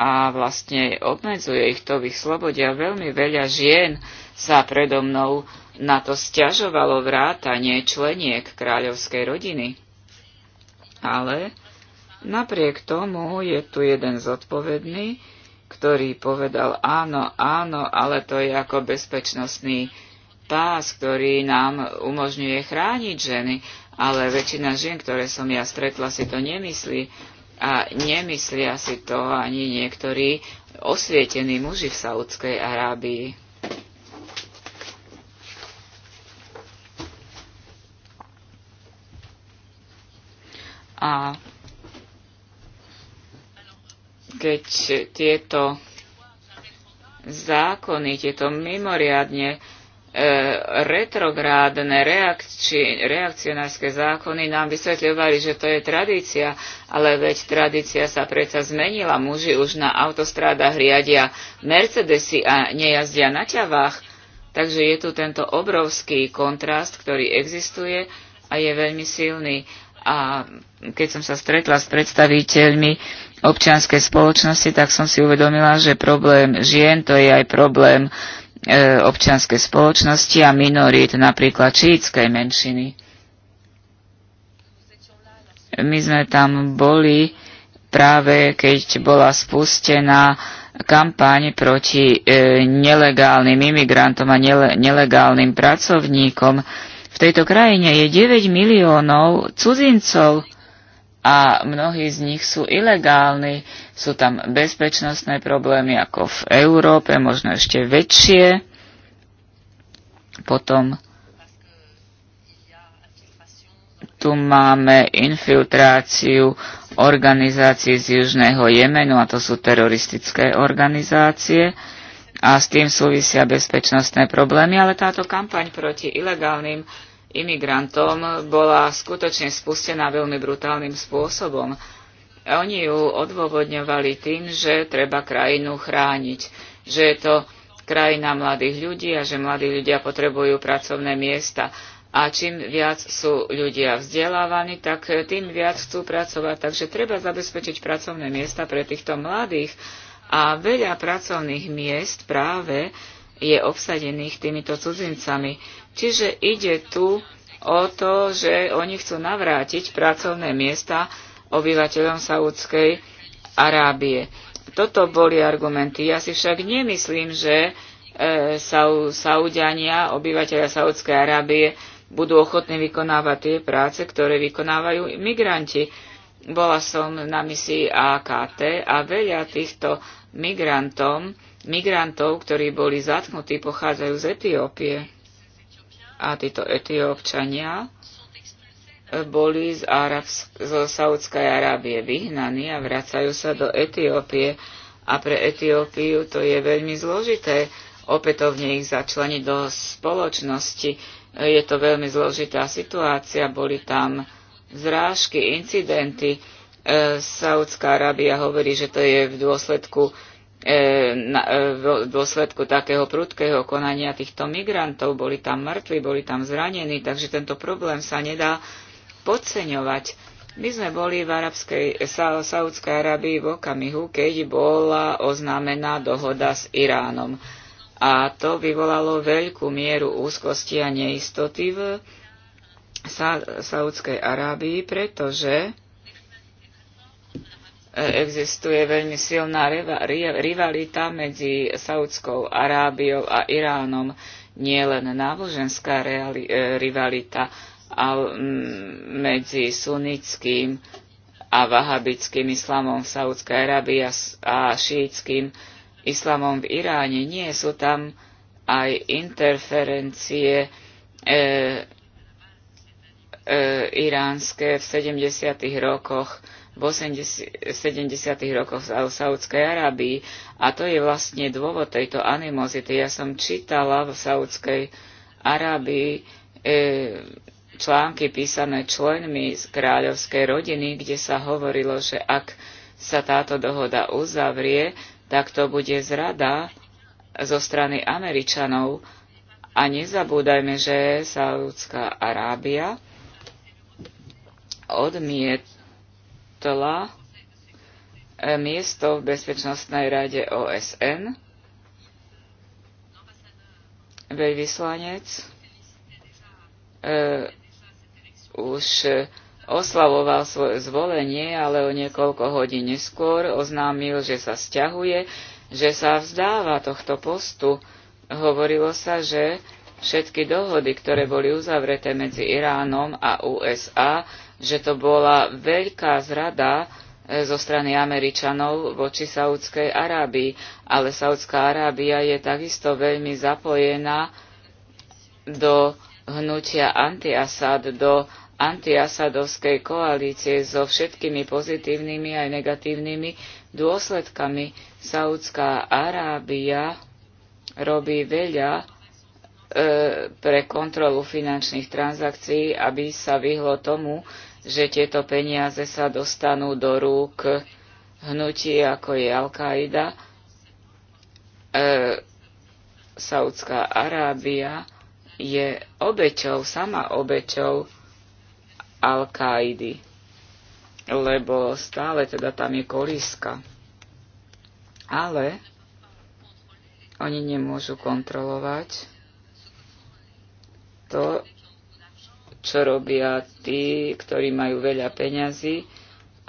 Speaker 3: A vlastne obmedzuje ich to v ich slobode a veľmi veľa žien sa predo mnou na to stiažovalo vrátanie členiek kráľovskej rodiny. Ale napriek tomu je tu jeden zodpovedný, ktorý povedal áno, áno, ale to je ako bezpečnostný pás, ktorý nám umožňuje chrániť ženy, ale väčšina žien, ktoré som ja stretla, si to nemyslí a nemyslia si to ani niektorí osvietení muži v Saudskej Arábii. A keď tieto zákony, tieto mimoriadne e, retrográdne reakci, reakcionárske zákony nám vysvetľovali, že to je tradícia, ale veď tradícia sa predsa zmenila. Muži už na autostrádach riadia Mercedesy a nejazdia na ťavách. Takže je tu tento obrovský kontrast, ktorý existuje a je veľmi silný. A keď som sa stretla s predstaviteľmi občianskej spoločnosti, tak som si uvedomila, že problém žien to je aj problém e, občianskej spoločnosti a minorít, napríklad čítskej menšiny. My sme tam boli práve keď bola spustená kampaň proti e, nelegálnym imigrantom a nele, nelegálnym pracovníkom. V tejto krajine je 9 miliónov cudzincov a mnohí z nich sú ilegálni. Sú tam bezpečnostné problémy ako v Európe, možno ešte väčšie. Potom tu máme infiltráciu organizácií z Južného Jemenu, a to sú teroristické organizácie, a s tým súvisia bezpečnostné problémy, ale táto kampaň proti ilegálnym imigrantom, bola skutočne spustená veľmi brutálnym spôsobom. Oni ju odôvodňovali tým, že treba krajinu chrániť, že je to krajina mladých ľudí a že mladí ľudia potrebujú pracovné miesta. A čím viac sú ľudia vzdelávaní, tak tým viac chcú pracovať. Takže treba zabezpečiť pracovné miesta pre týchto mladých. A veľa pracovných miest práve je obsadených týmito cudzincami. Čiže ide tu o to, že oni chcú navrátiť pracovné miesta obyvateľom Saudskej Arábie. Toto boli argumenty. Ja si však nemyslím, že e, Saudiania, obyvateľia Saudskej Arábie, budú ochotní vykonávať tie práce, ktoré vykonávajú migranti. Bola som na misii AKT a veľa týchto migrantom, migrantov, ktorí boli zatknutí, pochádzajú z Etiópie a títo etiópčania boli z, Arabsk- zo Saudskej Arábie vyhnaní a vracajú sa do Etiópie a pre Etiópiu to je veľmi zložité opätovne ich začleniť do spoločnosti. Je to veľmi zložitá situácia, boli tam zrážky, incidenty. E, Saudská Arábia hovorí, že to je v dôsledku E, e, v dôsledku takého prudkého konania týchto migrantov. Boli tam mŕtvi, boli tam zranení, takže tento problém sa nedá podceňovať. My sme boli v Arabskej, Saudskej Arabii v okamihu, keď bola oznámená dohoda s Iránom. A to vyvolalo veľkú mieru úzkosti a neistoty v Saudskej Arábii, pretože E, existuje veľmi silná rivalita medzi Saudskou Arábiou a Iránom. Nie len náboženská e, rivalita, ale mm, medzi sunnickým a vahabickým islamom v Saudskej Arábii a šítským islamom v Iráne. Nie sú tam aj interferencie e, e, iránske v 70. rokoch v 70. rokoch v Saudskej Arábii. A to je vlastne dôvod tejto animozity. Ja som čítala v Saudskej Arábii e, články písané členmi z kráľovskej rodiny, kde sa hovorilo, že ak sa táto dohoda uzavrie, tak to bude zrada zo strany Američanov. A nezabúdajme, že Saudská Arábia odmiet, dostala e, miesto v Bezpečnostnej rade OSN. Veľvyslanec e, už oslavoval svoje zvolenie, ale o niekoľko hodín neskôr oznámil, že sa stiahuje, že sa vzdáva tohto postu. Hovorilo sa, že všetky dohody, ktoré boli uzavreté medzi Iránom a USA, že to bola veľká zrada e, zo strany Američanov voči Saudskej Arábii, ale Saudská Arábia je takisto veľmi zapojená do hnutia anti-Assad, do antiasadovskej koalície so všetkými pozitívnymi aj negatívnymi dôsledkami. Saudská Arábia robí veľa e, pre kontrolu finančných transakcií, aby sa vyhlo tomu, že tieto peniaze sa dostanú do rúk hnutí ako je Al-Qaida, e, Saudská Arábia je obeťou, sama obeťou al qaidi lebo stále teda tam je kolíska. Ale oni nemôžu kontrolovať to, čo robia tí, ktorí majú veľa peňazí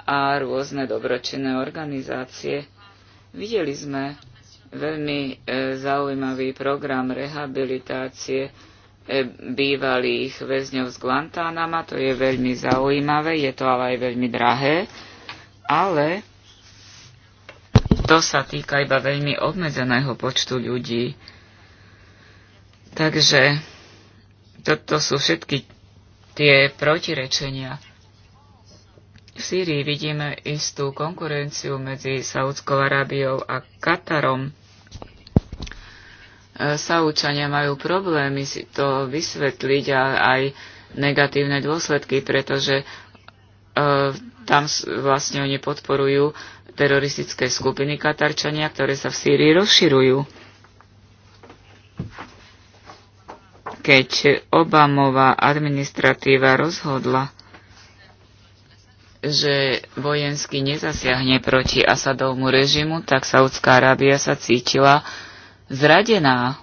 Speaker 3: a rôzne dobročinné organizácie. Videli sme veľmi e, zaujímavý program rehabilitácie e, bývalých väzňov z Guantánama, to je veľmi zaujímavé, je to ale aj veľmi drahé, ale to sa týka iba veľmi obmedzeného počtu ľudí. Takže toto sú všetky tie protirečenia. V Sýrii vidíme istú konkurenciu medzi Saudskou Arábiou a Katarom. E, Saúčania majú problémy si to vysvetliť a aj negatívne dôsledky, pretože e, tam vlastne oni podporujú teroristické skupiny Katarčania, ktoré sa v Sýrii rozširujú. keď Obamová administratíva rozhodla, že vojensky nezasiahne proti Asadovmu režimu, tak Saudská Arábia sa cítila zradená.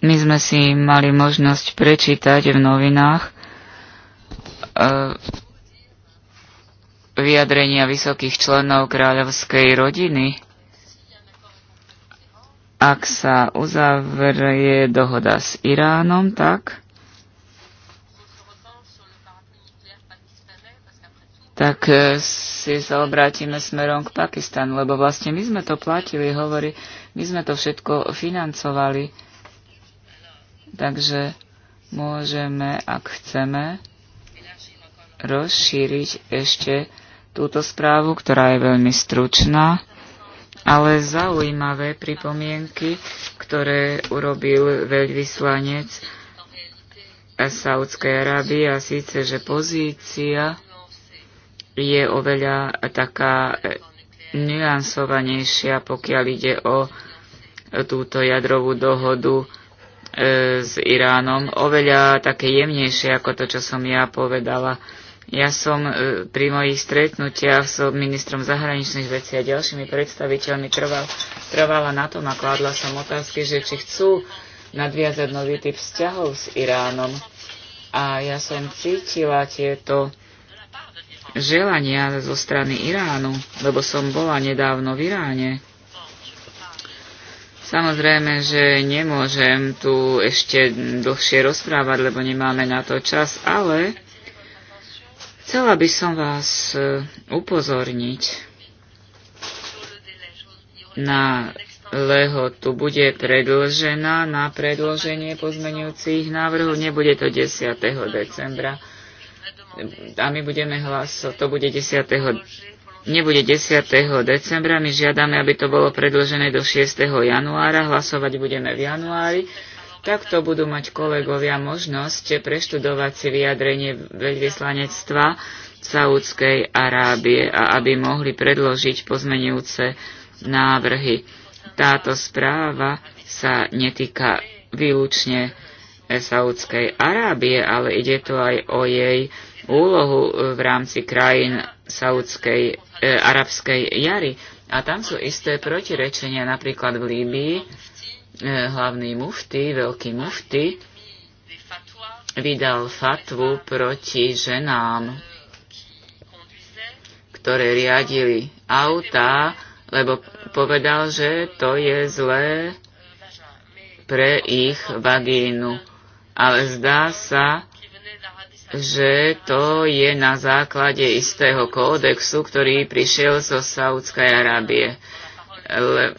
Speaker 3: My sme si mali možnosť prečítať v novinách e, vyjadrenia vysokých členov kráľovskej rodiny, ak sa uzavrie dohoda s Iránom, tak tak e, si sa obrátime smerom k Pakistanu, lebo vlastne my sme to platili, hovorí, my sme to všetko financovali. Takže môžeme, ak chceme, rozšíriť ešte túto správu, ktorá je veľmi stručná, ale zaujímavé pripomienky, ktoré urobil veľvyslanec Saudskej Arábie a síce, že pozícia je oveľa taká e, nuansovanejšia, pokiaľ ide o túto jadrovú dohodu e, s Iránom. Oveľa také jemnejšie ako to, čo som ja povedala. Ja som e, pri mojich stretnutiach s ministrom zahraničných vecí a ďalšími predstaviteľmi trval, trvala na tom a kladla som otázky, že či chcú nadviazať nový typ vzťahov s Iránom. A ja som cítila tieto želania zo strany Iránu, lebo som bola nedávno v Iráne. Samozrejme, že nemôžem tu ešte dlhšie rozprávať, lebo nemáme na to čas, ale Chcela by som vás e, upozorniť na tu bude predlžená na predloženie pozmenujúcich návrhov. Nebude to 10. decembra. A my budeme hlasovať, to bude 10. Nebude 10. decembra, my žiadame, aby to bolo predložené do 6. januára, hlasovať budeme v januári Takto budú mať kolegovia možnosť preštudovať si vyjadrenie veľvyslanectva Saúdskej Arábie a aby mohli predložiť pozmenujúce návrhy. Táto správa sa netýka výlučne Saúdskej Arábie, ale ide tu aj o jej úlohu v rámci krajín Saúdskej e, arabskej jary. A tam sú isté protirečenia, napríklad v Líbii E, hlavný mufty, veľký mufty, vydal fatvu proti ženám, ktoré riadili autá, lebo povedal, že to je zlé pre ich vagínu. Ale zdá sa, že to je na základe istého kódexu, ktorý prišiel zo Saudskej Arábie. Le-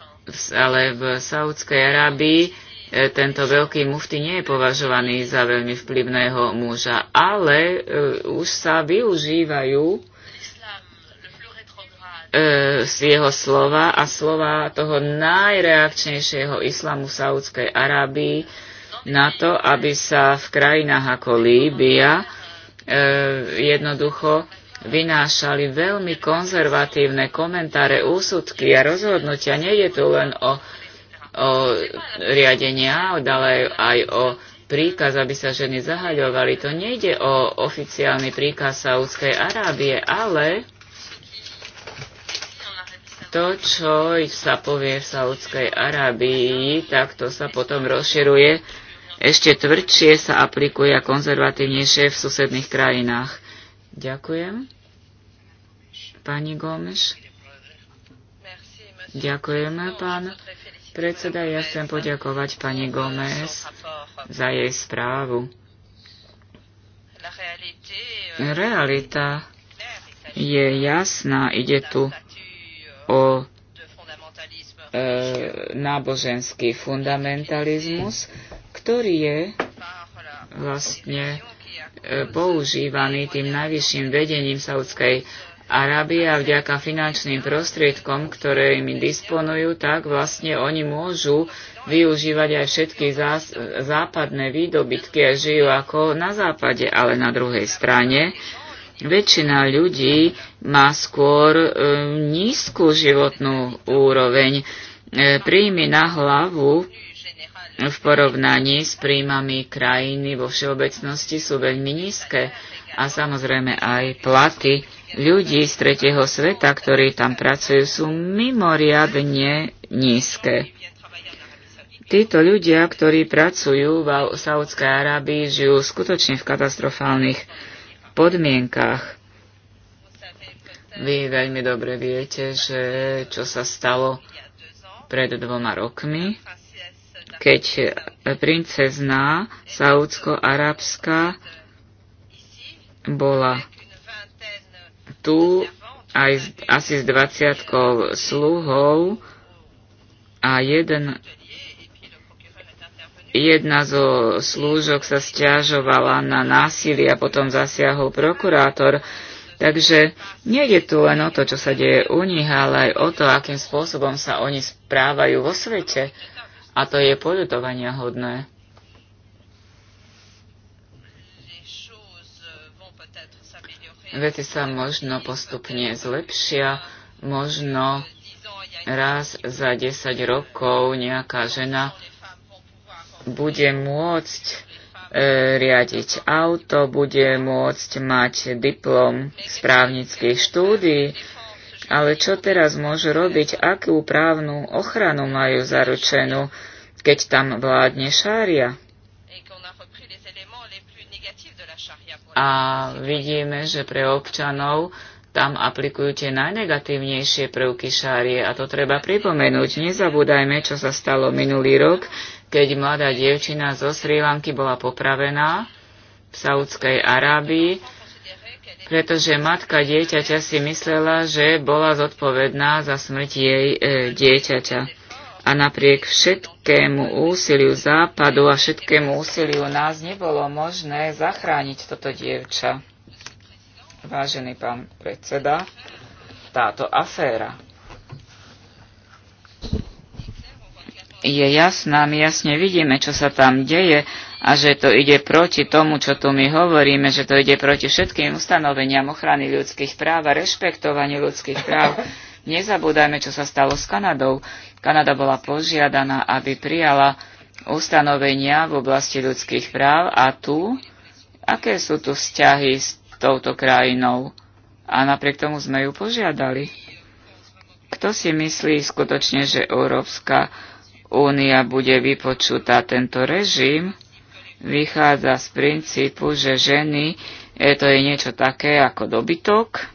Speaker 3: ale v Saudskej Arábii e, tento veľký mufty nie je považovaný za veľmi vplyvného muža, ale e, už sa využívajú e, z jeho slova a slova toho najreakčnejšieho islamu v Saudskej Arábii na to, aby sa v krajinách ako Líbia jednoducho vynášali veľmi konzervatívne komentáre, úsudky a rozhodnutia. je tu len o, o riadenia, ale aj o príkaz, aby sa ženy zahaľovali. To nejde o oficiálny príkaz Saudskej Arábie, ale to, čo sa povie v Saudskej Arábii, tak to sa potom rozširuje, ešte tvrdšie sa aplikuje a konzervatívnejšie v susedných krajinách. Ďakujem. Pani Gómez. Ďakujeme, pán predseda. Ja chcem poďakovať pani Gómez za jej správu. Realita je jasná. Ide tu o e, náboženský fundamentalizmus, ktorý je vlastne E, používaný tým najvyšším vedením Saudskej Arábie a vďaka finančným prostriedkom, ktoré im disponujú, tak vlastne oni môžu využívať aj všetky zás, západné výdobytky a žijú ako na západe, ale na druhej strane väčšina ľudí má skôr e, nízku životnú úroveň. E, príjmy na hlavu v porovnaní s príjmami krajiny vo všeobecnosti sú veľmi nízke a samozrejme aj platy ľudí z tretieho sveta, ktorí tam pracujú, sú mimoriadne nízke. Títo ľudia, ktorí pracujú v Saudskej Arábii, žijú skutočne v katastrofálnych podmienkách. Vy veľmi dobre viete, že čo sa stalo pred dvoma rokmi keď princezná saúdsko-arabská bola tu aj z, asi s dvaciatkou sluhov a jeden, jedna zo slúžok sa stiažovala na násilie a potom zasiahol prokurátor. Takže nie je tu len o to, čo sa deje u nich, ale aj o to, akým spôsobom sa oni správajú vo svete. A to je poľutovania hodné. Veci sa možno postupne zlepšia, možno raz za 10 rokov nejaká žena bude môcť e, riadiť auto, bude môcť mať diplom správnických štúdií, ale čo teraz môžu robiť, akú právnu ochranu majú zaručenú, keď tam vládne šária? A vidíme, že pre občanov tam aplikujú tie najnegatívnejšie prvky šárie a to treba pripomenúť. Nezabúdajme, čo sa stalo minulý rok, keď mladá dievčina zo Sri Lanky bola popravená v Saudskej Arábii pretože matka dieťaťa si myslela, že bola zodpovedná za smrť jej e, dieťaťa. A napriek všetkému úsiliu západu a všetkému úsiliu nás nebolo možné zachrániť toto dievča. Vážený pán predseda, táto aféra je jasná, my jasne vidíme, čo sa tam deje a že to ide proti tomu, čo tu my hovoríme, že to ide proti všetkým ustanoveniam ochrany ľudských práv a rešpektovaniu ľudských práv. Nezabúdajme, čo sa stalo s Kanadou. Kanada bola požiadaná, aby prijala ustanovenia v oblasti ľudských práv a tu, aké sú tu vzťahy s touto krajinou. A napriek tomu sme ju požiadali. Kto si myslí skutočne, že Európska únia bude vypočutá tento režim? vychádza z princípu, že ženy e, to je niečo také ako dobytok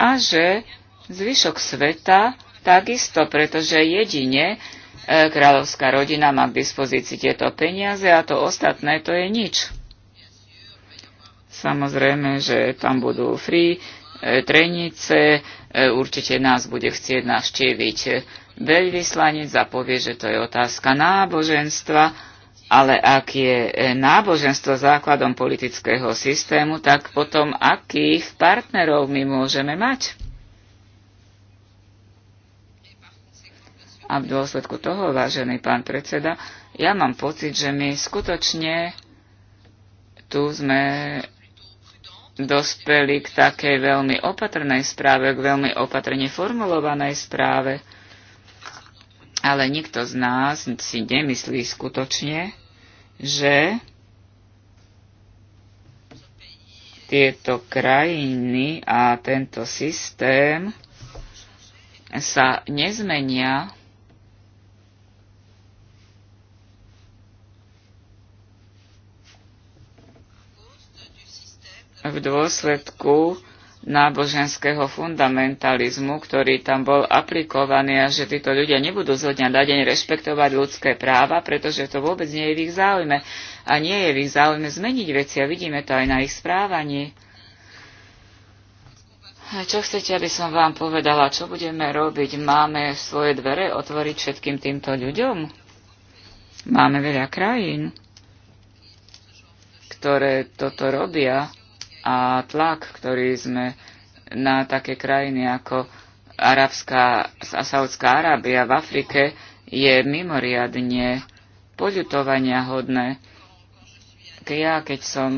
Speaker 3: a že zvyšok sveta takisto, pretože jedine e, kráľovská rodina má k dispozícii tieto peniaze a to ostatné to je nič. Samozrejme, že tam budú free e, trenice, určite nás bude chcieť navštíviť veľvyslanec a povie, že to je otázka náboženstva ale ak je e, náboženstvo základom politického systému, tak potom akých partnerov my môžeme mať? A v dôsledku toho, vážený pán predseda, ja mám pocit, že my skutočne tu sme dospeli k takej veľmi opatrnej správe, k veľmi opatrne formulovanej správe. Ale nikto z nás si nemyslí skutočne, že tieto krajiny a tento systém sa nezmenia v dôsledku náboženského fundamentalizmu, ktorý tam bol aplikovaný a že títo ľudia nebudú zo dňa na deň rešpektovať ľudské práva, pretože to vôbec nie je v ich záujme. A nie je v ich záujme zmeniť veci a vidíme to aj na ich správaní. Čo chcete, aby som vám povedala, čo budeme robiť? Máme svoje dvere otvoriť všetkým týmto ľuďom? Máme veľa krajín, ktoré toto robia a tlak, ktorý sme na také krajiny ako Arabská a Saudská Arábia v Afrike, je mimoriadne poľutovania hodné. Ja, keď som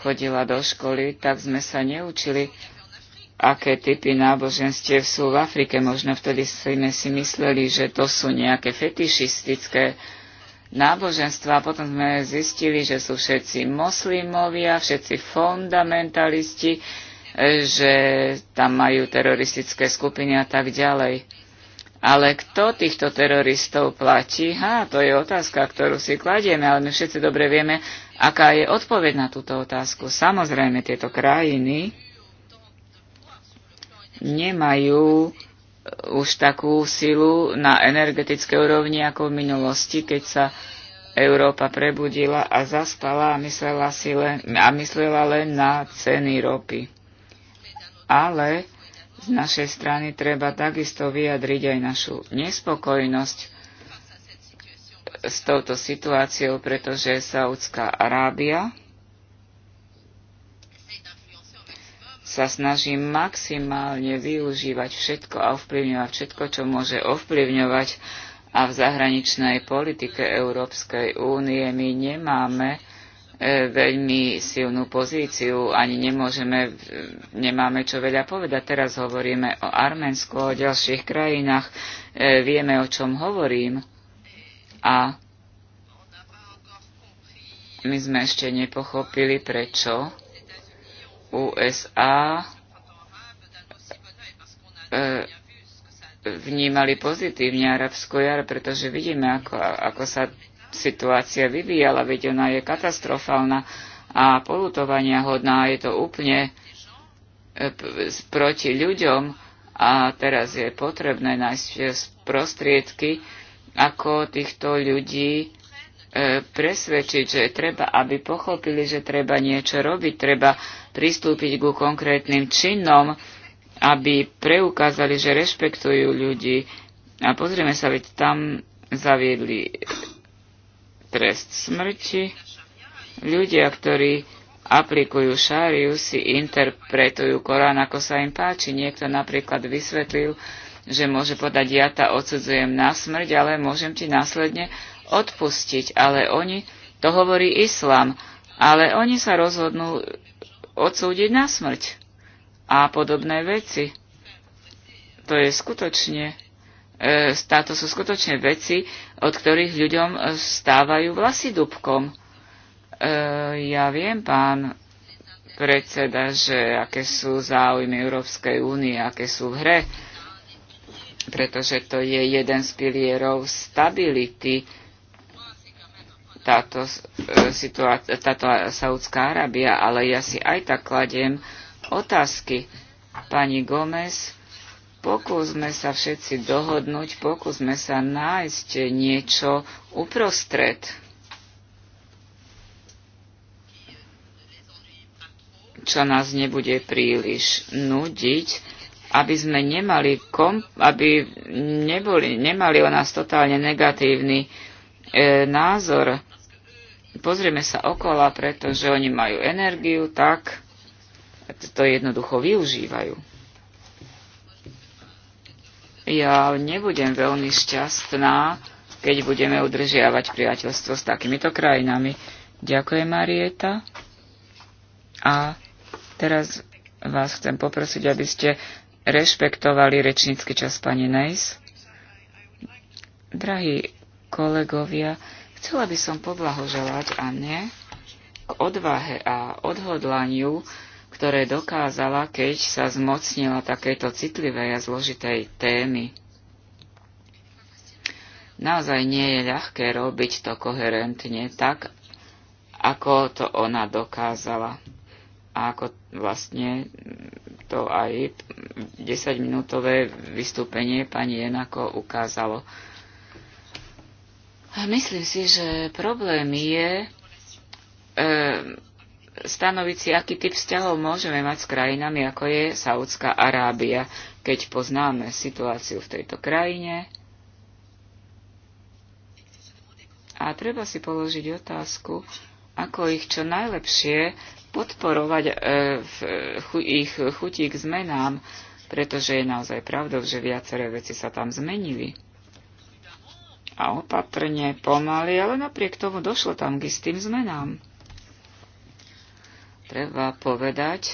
Speaker 3: chodila do školy, tak sme sa neučili, aké typy náboženstiev sú v Afrike. Možno vtedy sme si mysleli, že to sú nejaké fetišistické náboženstva a potom sme zistili, že sú všetci moslimovia, všetci fundamentalisti, e, že tam majú teroristické skupiny a tak ďalej. Ale kto týchto teroristov platí? Ha, to je otázka, ktorú si kladieme, ale my všetci dobre vieme, aká je odpoveď na túto otázku. Samozrejme, tieto krajiny nemajú už takú silu na energetické úrovni ako v minulosti, keď sa Európa prebudila a zaspala a myslela, si len, a myslela len na ceny ropy. Ale z našej strany treba takisto vyjadriť aj našu nespokojnosť s touto situáciou, pretože Saudská Arábia sa snažím maximálne využívať všetko a ovplyvňovať všetko, čo môže ovplyvňovať. A v zahraničnej politike Európskej únie my nemáme e, veľmi silnú pozíciu, ani nemôžeme, nemáme čo veľa povedať. Teraz hovoríme o Arménsku, o ďalších krajinách, e, vieme, o čom hovorím. A my sme ešte nepochopili, prečo USA e, vnímali pozitívne arabskú jar, pretože vidíme, ako, ako sa situácia vyvíjala, veď ona je katastrofálna a polutovania hodná, je to úplne e, proti ľuďom a teraz je potrebné nájsť e, prostriedky, ako týchto ľudí presvedčiť, že treba, aby pochopili, že treba niečo robiť, treba pristúpiť ku konkrétnym činnom, aby preukázali, že rešpektujú ľudí. A pozrieme sa, veď tam zaviedli trest smrti. Ľudia, ktorí aplikujú šáriu, si interpretujú Korán, ako sa im páči. Niekto napríklad vysvetlil, že môže podať ja ta odsudzujem na smrť, ale môžem ti následne odpustiť. Ale oni, to hovorí islám, ale oni sa rozhodnú odsúdiť na smrť a podobné veci. To je skutočne, e, táto sú skutočne veci, od ktorých ľuďom stávajú vlasy dubkom. E, ja viem, pán predseda, že aké sú záujmy Európskej únie, aké sú v hre, pretože to je jeden z pilierov stability, táto, e, situácia, táto Saudská Arábia, ale ja si aj tak kladiem otázky. Pani Gomez, pokúsme sa všetci dohodnúť, pokúsme sa nájsť niečo uprostred. čo nás nebude príliš nudiť, aby sme nemali, kom, aby neboli, nemali o nás totálne negatívny e, názor pozrieme sa okola, pretože oni majú energiu, tak to jednoducho využívajú. Ja nebudem veľmi šťastná, keď budeme udržiavať priateľstvo s takýmito krajinami. Ďakujem, Marieta. A teraz vás chcem poprosiť, aby ste rešpektovali rečnícky čas pani Nejs. Drahí kolegovia, Chcela by som poblahoželať Anne k odvahe a odhodlaniu, ktoré dokázala, keď sa zmocnila takéto citlivej a zložitej témy. Naozaj nie je ľahké robiť to koherentne tak, ako to ona dokázala. A ako vlastne to aj 10-minútové vystúpenie pani Jenako ukázalo. Myslím si, že problém je e, stanoviť si, aký typ vzťahov môžeme mať s krajinami, ako je Saudská Arábia, keď poznáme situáciu v tejto krajine. A treba si položiť otázku, ako ich čo najlepšie podporovať e, v, ich chutí k zmenám, pretože je naozaj pravdou, že viaceré veci sa tam zmenili a opatrne, pomaly, ale napriek tomu došlo tam k istým zmenám. Treba povedať,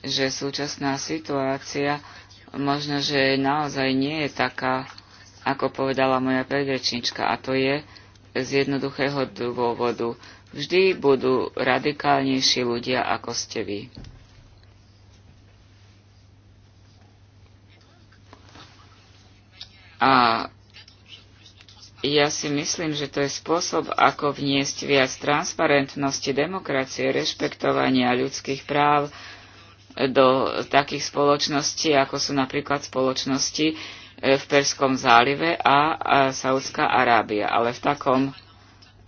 Speaker 3: že súčasná situácia možno, že naozaj nie je taká, ako povedala moja predrečnička, a to je z jednoduchého dôvodu. Vždy budú radikálnejší ľudia, ako ste vy. A ja si myslím, že to je spôsob, ako vniesť viac transparentnosti, demokracie, rešpektovania ľudských práv do takých spoločností, ako sú napríklad spoločnosti e, v Perskom zálive a, a Saudská Arábia. Ale v takom,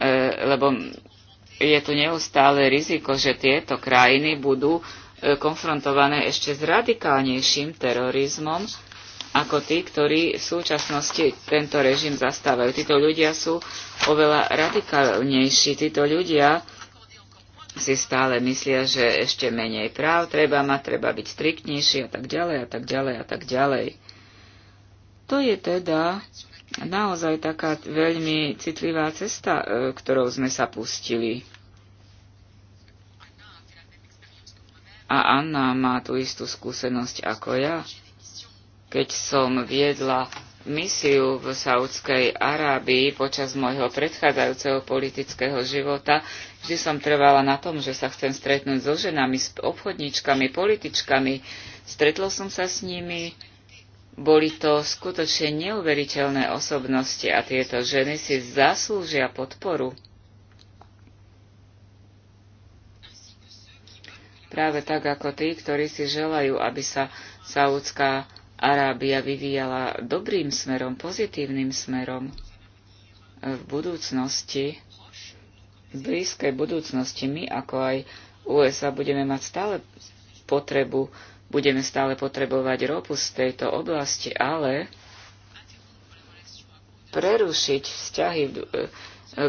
Speaker 3: e, lebo je tu neustále riziko, že tieto krajiny budú e, konfrontované ešte s radikálnejším terorizmom, ako tí, ktorí v súčasnosti tento režim zastávajú. Títo ľudia sú oveľa radikálnejší. Títo ľudia si stále myslia, že ešte menej práv treba mať, treba byť striktnejší a tak ďalej a tak ďalej a tak ďalej. To je teda naozaj taká veľmi citlivá cesta, e, ktorou sme sa pustili. A Anna má tú istú skúsenosť ako ja. Keď som viedla misiu v Saudskej Arábii počas môjho predchádzajúceho politického života, vždy som trvala na tom, že sa chcem stretnúť so ženami, s obchodníčkami, političkami. Stretlo som sa s nimi, boli to skutočne neuveriteľné osobnosti a tieto ženy si zaslúžia podporu. Práve tak ako tí, ktorí si želajú, aby sa Saudská Arábia vyvíjala dobrým smerom, pozitívnym smerom v budúcnosti, v blízkej budúcnosti my, ako aj USA, budeme mať stále potrebu, budeme stále potrebovať ropu z tejto oblasti, ale prerušiť vzťahy e,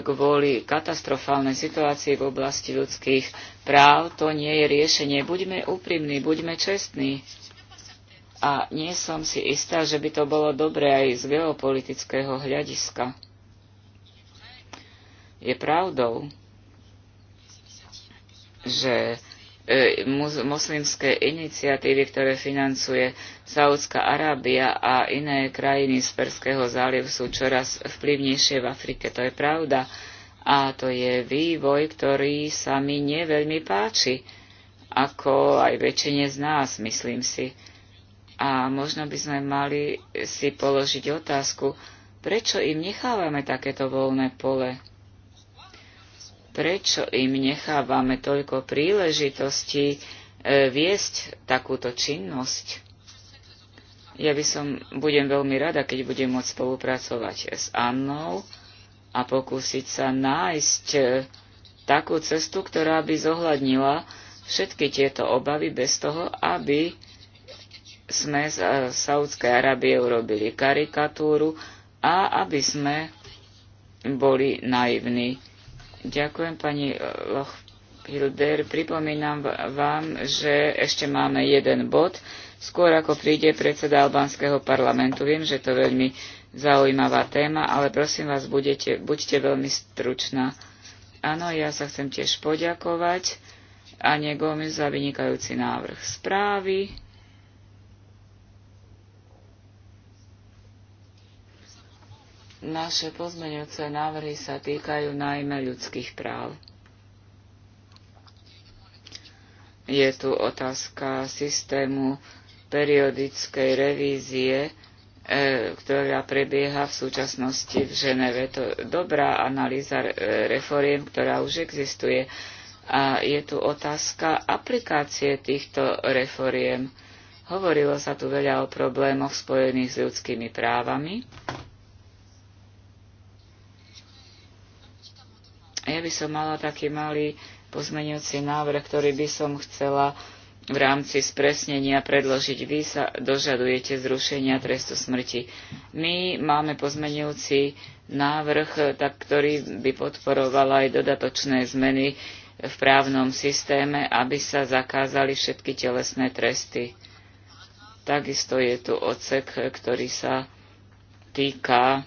Speaker 3: kvôli katastrofálnej situácii v oblasti ľudských práv, to nie je riešenie. Buďme úprimní, buďme čestní a nie som si istá, že by to bolo dobré aj z geopolitického hľadiska. Je pravdou, že e, moslimské iniciatívy, ktoré financuje Saudská Arábia a iné krajiny z Perského zálivu sú čoraz vplyvnejšie v Afrike. To je pravda. A to je vývoj, ktorý sa mi neveľmi páči, ako aj väčšine z nás, myslím si. A možno by sme mali si položiť otázku, prečo im nechávame takéto voľné pole? Prečo im nechávame toľko príležitostí e, viesť takúto činnosť? Ja by som, budem veľmi rada, keď budem môcť spolupracovať s Annou a pokúsiť sa nájsť e, takú cestu, ktorá by zohľadnila všetky tieto obavy bez toho, aby sme z eh, Saudskej Arábie urobili karikatúru a aby sme boli naivní. Ďakujem pani eh, Lochhilder. Pripomínam vám, že ešte máme jeden bod. Skôr ako príde predseda albánskeho parlamentu, viem, že to je veľmi zaujímavá téma, ale prosím vás, budete, buďte veľmi stručná. Áno, ja sa chcem tiež poďakovať a Gomes za vynikajúci návrh správy. Naše pozmeňujúce návrhy sa týkajú najmä ľudských práv. Je tu otázka systému periodickej revízie, e, ktorá prebieha v súčasnosti v Ženeve. To dobrá analýza reforiem, ktorá už existuje. A je tu otázka aplikácie týchto reforiem. Hovorilo sa tu veľa o problémoch spojených s ľudskými právami Ja by som mala taký malý pozmenujúci návrh, ktorý by som chcela v rámci spresnenia predložiť. Vy sa dožadujete zrušenia trestu smrti. My máme pozmenujúci návrh, tak, ktorý by podporoval aj dodatočné zmeny v právnom systéme, aby sa zakázali všetky telesné tresty. Takisto je tu odsek, ktorý sa týka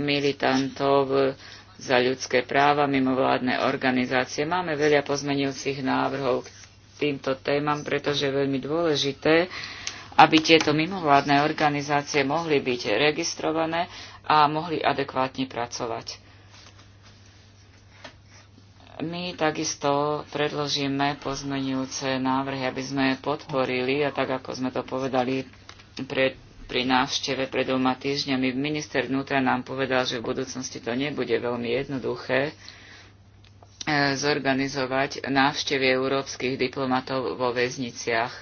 Speaker 3: militantov za ľudské práva, mimovládne organizácie. Máme veľa pozmenujúcich návrhov k týmto témam, pretože je veľmi dôležité, aby tieto mimovládne organizácie mohli byť registrované a mohli adekvátne pracovať. My takisto predložíme pozmenujúce návrhy, aby sme podporili, a tak ako sme to povedali pred pri návšteve pred dvoma týždňami minister vnútra nám povedal, že v budúcnosti to nebude veľmi jednoduché eh, zorganizovať návštevy európskych diplomatov vo väzniciach.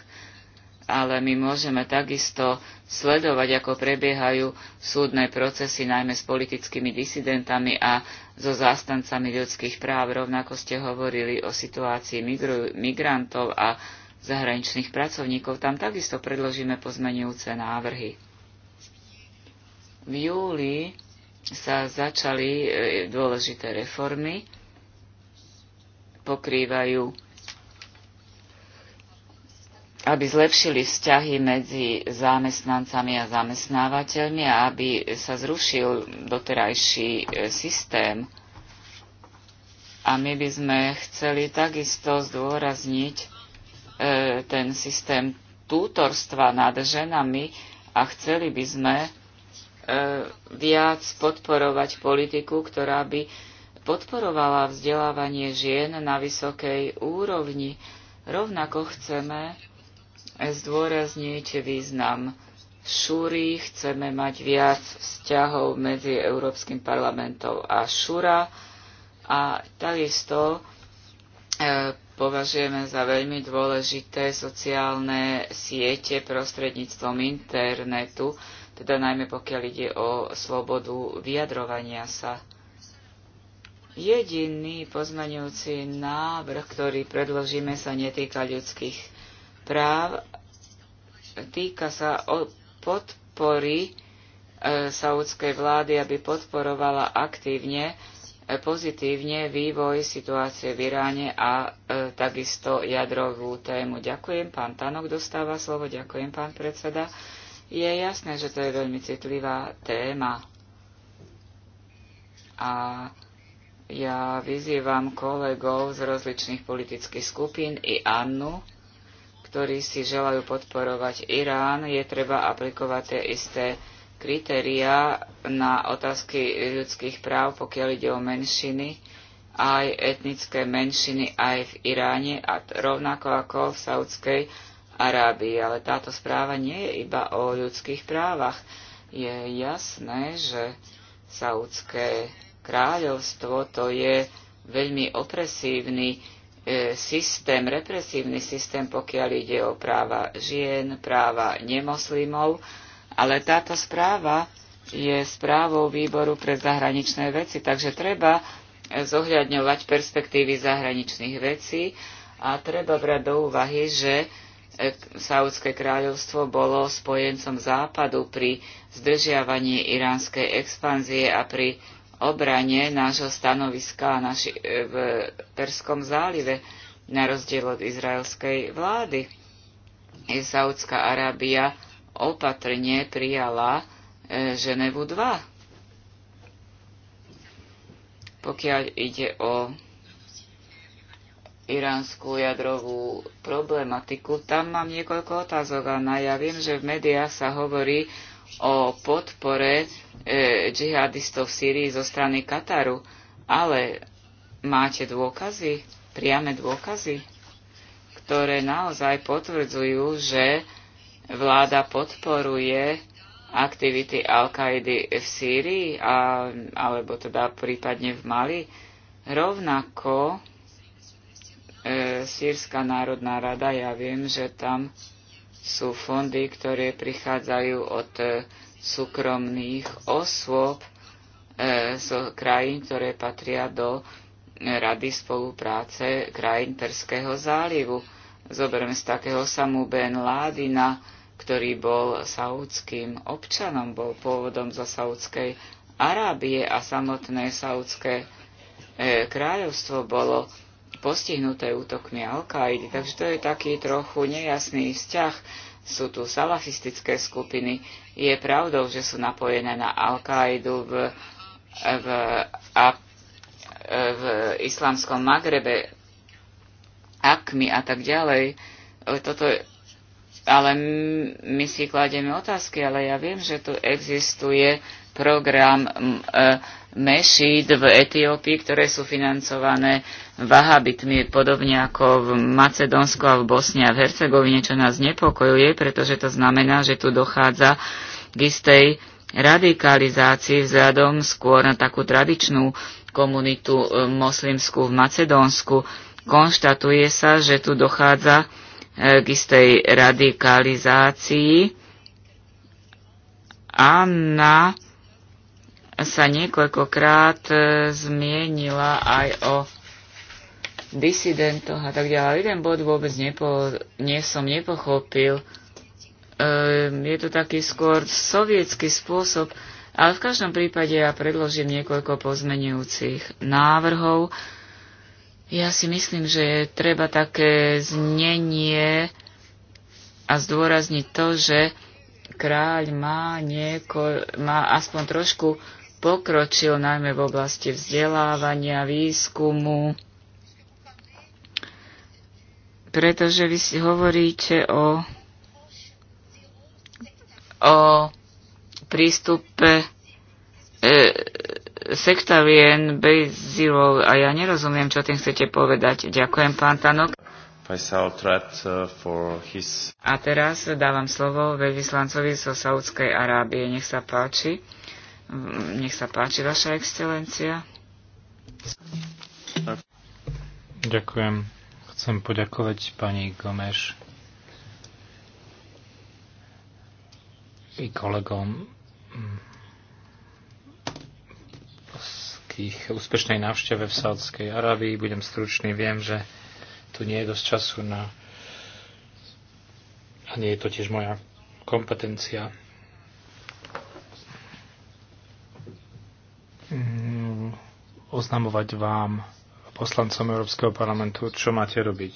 Speaker 3: Ale my môžeme takisto sledovať, ako prebiehajú súdne procesy, najmä s politickými disidentami a so zástancami ľudských práv. Rovnako ste hovorili o situácii migru, migrantov a zahraničných pracovníkov. Tam takisto predložíme pozmenujúce návrhy. V júli sa začali e, dôležité reformy, pokrývajú, aby zlepšili vzťahy medzi zamestnancami a zamestnávateľmi a aby sa zrušil doterajší e, systém. A my by sme chceli takisto zdôrazniť E, ten systém tútorstva nad ženami a chceli by sme e, viac podporovať politiku, ktorá by podporovala vzdelávanie žien na vysokej úrovni. Rovnako chceme zdôrazniť význam Šúry, chceme mať viac vzťahov medzi Európskym parlamentom a Šúra a takisto e, považujeme za veľmi dôležité sociálne siete prostredníctvom internetu, teda najmä pokiaľ ide o slobodu vyjadrovania sa. Jediný pozmeňujúci návrh, ktorý predložíme, sa netýka ľudských práv, týka sa o podpory e, saúdskej vlády, aby podporovala aktívne pozitívne vývoj situácie v Iráne a e, takisto jadrovú tému. Ďakujem, pán Tanok dostáva slovo, ďakujem, pán predseda. Je jasné, že to je veľmi citlivá téma. A ja vyzývam kolegov z rozličných politických skupín i Annu, ktorí si želajú podporovať Irán, je treba aplikovať tie isté kritériá na otázky ľudských práv, pokiaľ ide o menšiny, aj etnické menšiny aj v Iráne a rovnako ako v Saudskej Arábii. Ale táto správa nie je iba o ľudských právach. Je jasné, že Saudské kráľovstvo to je veľmi opresívny e, systém, represívny systém, pokiaľ ide o práva žien, práva nemoslimov ale táto správa je správou výboru pre zahraničné veci, takže treba zohľadňovať perspektívy zahraničných vecí a treba brať do úvahy, že Saudské kráľovstvo bolo spojencom západu pri zdržiavaní iránskej expanzie a pri obrane nášho stanoviska naši, v Perskom zálive, na rozdiel od izraelskej vlády. Saudská Arábia opatrne prijala e, Ženevu 2. Pokiaľ ide o iránskú jadrovú problematiku, tam mám niekoľko otázok a ja viem, že v médiách sa hovorí o podpore e, džihadistov v Sýrii zo strany Kataru, ale máte dôkazy, priame dôkazy, ktoré naozaj potvrdzujú, že vláda podporuje aktivity Al-Kaidy v Sýrii a, alebo teda prípadne v Mali. Rovnako e, Sýrska národná rada, ja viem, že tam sú fondy, ktoré prichádzajú od e, súkromných osôb e, so krajín, ktoré patria do e, Rady spolupráce krajín Perského zálivu. Zoberme z takého samú Ben Ládina, ktorý bol saúdským občanom, bol pôvodom zo Saúdskej Arábie a samotné saúdské e, kráľovstvo bolo postihnuté útokmi al kaidi Takže to je taký trochu nejasný vzťah. Sú tu salafistické skupiny. Je pravdou, že sú napojené na Al-Kaidu v, v, a, e, v islamskom Magrebe, Akmi a tak ďalej. E, toto ale my si kladieme otázky, ale ja viem, že tu existuje program e, mešít v Etiópii, ktoré sú financované vahabitmi, podobne ako v Macedónsku a v Bosni a v Hercegovine, čo nás nepokojuje, pretože to znamená, že tu dochádza k istej radikalizácii vzhľadom skôr na takú tradičnú komunitu e, moslimskú v Macedónsku. Konštatuje sa, že tu dochádza Eh, k istej radikalizácii Anna sa niekoľkokrát eh, zmienila aj o disidentoch a tak ďalej. Jeden bod vôbec nepo, nie som nepochopil. Eh, je to taký skôr sovietský spôsob, ale v každom prípade ja predložím niekoľko pozmenujúcich návrhov, ja si myslím, že je treba také znenie a zdôrazniť to, že kráľ má, nieko, má aspoň trošku pokročil, najmä v oblasti vzdelávania, výskumu, pretože vy si hovoríte o, o prístupe e, sekta vien a ja nerozumiem, čo tým chcete povedať. Ďakujem, pán Tanok.
Speaker 2: Uh,
Speaker 3: a teraz dávam slovo veľvyslancovi zo Saudskej Arábie. Nech sa páči. Nech sa páči, vaša excelencia.
Speaker 2: Ďakujem. Chcem poďakovať pani Gomeš i kolegom úspešných, úspešnej návšteve v Sádskej Arabii. Budem stručný, viem, že tu nie je dosť času na... A nie je to tiež moja kompetencia. Mm, oznamovať vám, poslancom Európskeho parlamentu, čo máte robiť.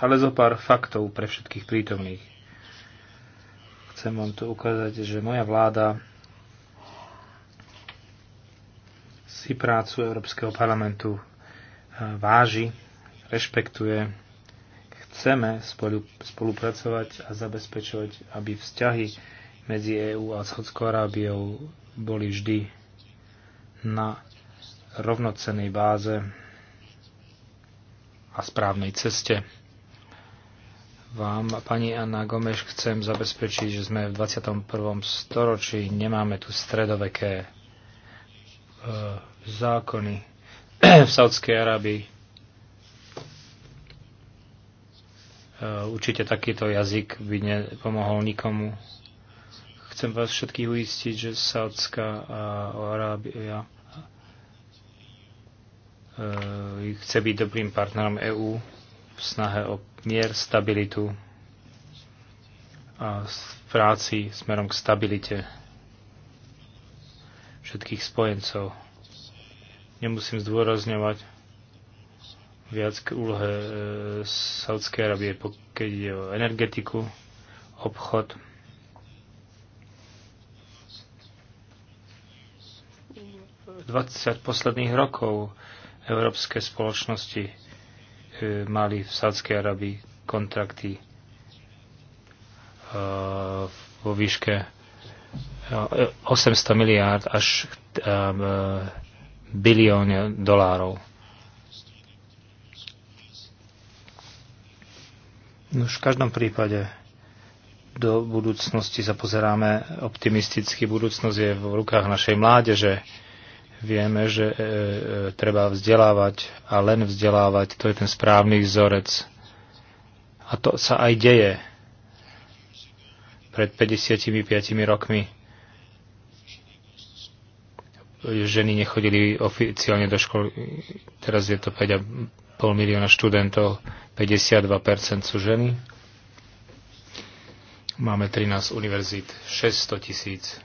Speaker 2: Ale zo pár faktov pre všetkých prítomných. Chcem vám tu ukázať, že moja vláda si prácu Európskeho parlamentu e, váži, rešpektuje. Chceme spolupracovať a zabezpečovať, aby vzťahy medzi EÚ a Saudskou Arábiou boli vždy na rovnocenej báze a správnej ceste. Vám, pani Anna Gomeš, chcem zabezpečiť, že sme v 21. storočí, nemáme tu stredoveké e, zákony v Saudskej Arabii. E, určite takýto jazyk by nepomohol nikomu. Chcem vás všetkých uistiť, že Saudská e, Arábia e, chce byť dobrým partnerom EÚ v snahe o mier, stabilitu a práci smerom k stabilite všetkých spojencov. Nemusím zdôrazňovať viac k úlohe e, Saudskej Arabie, keď ide o energetiku, obchod. V 20 posledných rokov európske spoločnosti e, mali v Saudskej Arabii kontrakty e, vo výške 800 e, miliárd až e, bilión dolárov. No už v každom prípade do budúcnosti sa pozeráme optimisticky. Budúcnosť je v rukách našej mládeže. Vieme, že e, e, treba vzdelávať a len vzdelávať. To je ten správny vzorec. A to sa aj deje. Pred 55 rokmi ženy nechodili oficiálne do školy. Teraz je to 5,5 milióna študentov, 52% sú ženy. Máme 13 univerzít, 600 tisíc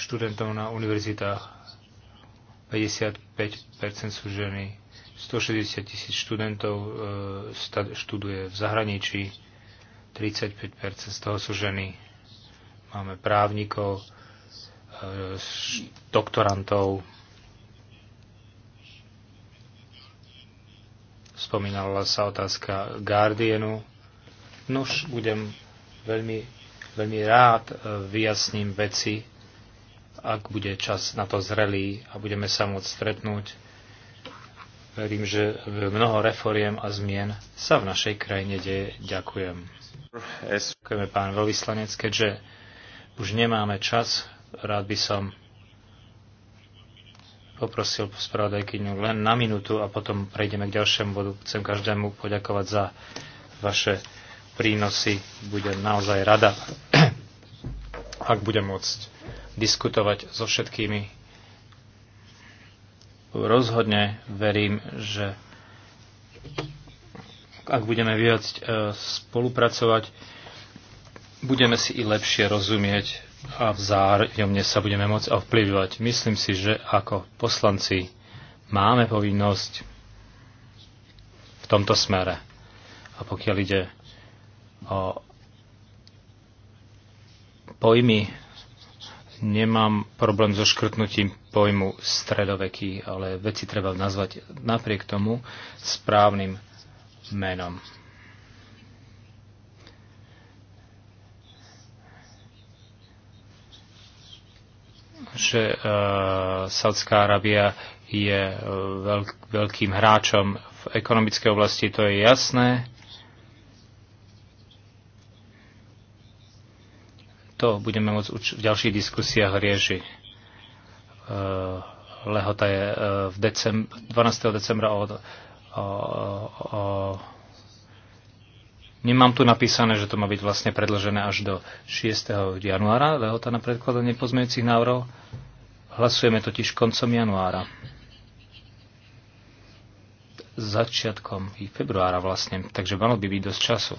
Speaker 2: študentov na univerzitách, 55% sú ženy, 160 tisíc študentov e, študuje v zahraničí, 35% z toho sú ženy. Máme právnikov, E, doktorantov. Spomínala sa otázka Guardianu. Nuž, budem veľmi, veľmi rád e, vyjasním veci, ak bude čas na to zrelý a budeme sa môcť stretnúť. Verím, že mnoho reforiem a zmien sa v našej krajine deje. Ďakujem. Ďakujeme pán veľvyslanec, keďže už nemáme čas, rád by som poprosil spravodajkyňu len na minútu a potom prejdeme k ďalšiemu bodu. Chcem každému poďakovať za vaše prínosy. Budem naozaj rada, ak budem môcť diskutovať so všetkými. Rozhodne verím, že ak budeme viac e, spolupracovať, budeme si i lepšie rozumieť a vzájomne sa budeme môcť ovplyvňovať. Myslím si, že ako poslanci máme povinnosť v tomto smere. A pokiaľ ide o pojmy, nemám problém so škrtnutím pojmu stredoveký, ale veci treba nazvať napriek tomu správnym menom. že e, Saudská Arábia je e, veľkým hráčom v ekonomickej oblasti, to je jasné. To budeme môcť v ďalších diskusiách riešiť. E, lehota je v decem- 12. decembra o, o, o, o Nemám tu napísané, že to má byť vlastne predložené až do 6. januára, lehota na predkladanie pozmeňujúcich návrhov. Hlasujeme totiž koncom januára. Začiatkom i februára vlastne, takže malo by byť dosť času.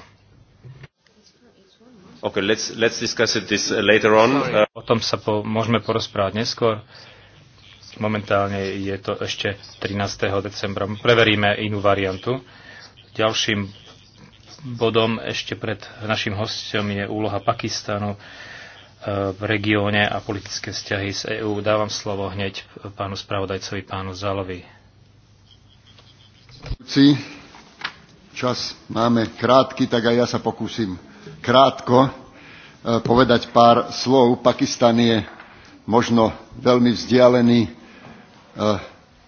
Speaker 2: Okay, let's, let's discuss it this uh, later on. Uh, o tom sa po, môžeme porozprávať neskôr. Momentálne je to ešte 13. decembra. Preveríme inú variantu. Ďalším bodom ešte pred našim hostom je úloha Pakistanu e, v regióne a politické vzťahy z EÚ. Dávam slovo hneď pánu spravodajcovi, pánu Zalovi.
Speaker 1: Čas máme krátky, tak aj ja sa pokúsim krátko e, povedať pár slov. Pakistan je možno veľmi vzdialený, e,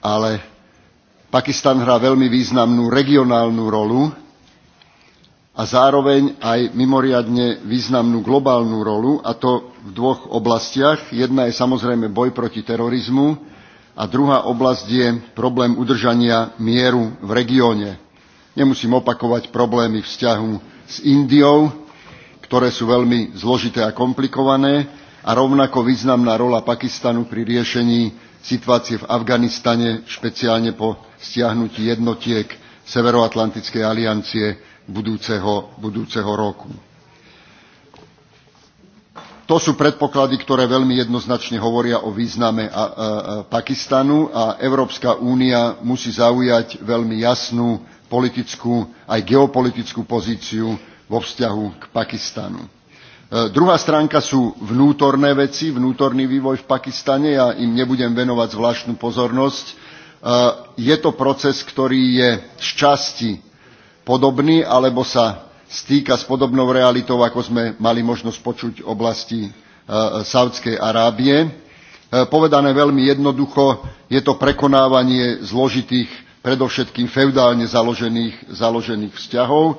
Speaker 1: ale Pakistan hrá veľmi významnú regionálnu rolu a zároveň aj mimoriadne významnú globálnu rolu, a to v dvoch oblastiach. Jedna je samozrejme boj proti terorizmu a druhá oblasť je problém udržania mieru v regióne. Nemusím opakovať problémy vzťahu s Indiou, ktoré sú veľmi zložité a komplikované, a rovnako významná rola Pakistanu pri riešení situácie v Afganistane, špeciálne po stiahnutí jednotiek Severoatlantickej aliancie budúceho, budúceho roku. To sú predpoklady, ktoré veľmi jednoznačne hovoria o význame a, a, a Pakistanu a Európska únia musí zaujať veľmi jasnú politickú aj geopolitickú pozíciu vo vzťahu k Pakistanu. E, druhá stránka sú vnútorné veci, vnútorný vývoj v Pakistane. Ja im nebudem venovať zvláštnu pozornosť. E, je to proces, ktorý je z časti podobný alebo sa stýka s podobnou realitou, ako sme mali možnosť počuť v oblasti e, Saudskej Arábie. E, povedané veľmi jednoducho, je to prekonávanie zložitých, predovšetkým feudálne založených, založených vzťahov.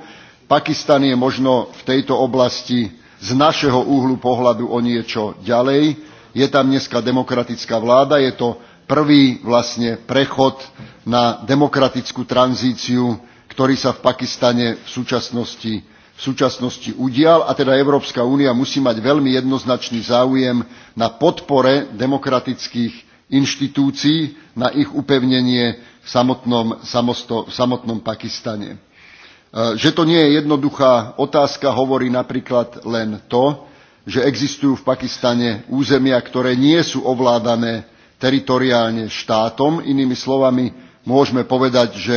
Speaker 1: Pakistan je možno v tejto oblasti z našeho úhlu pohľadu o niečo ďalej. Je tam dneska demokratická vláda, je to prvý vlastne prechod na demokratickú tranzíciu ktorý sa v Pakistane v súčasnosti, v súčasnosti udial a teda Európska únia musí mať veľmi jednoznačný záujem na podpore demokratických inštitúcií, na ich upevnenie v samotnom, samosto, v samotnom Pakistane. E, že to nie je jednoduchá otázka, hovorí napríklad len to, že existujú v Pakistane územia, ktoré nie sú ovládané teritoriálne štátom. Inými slovami, môžeme povedať, že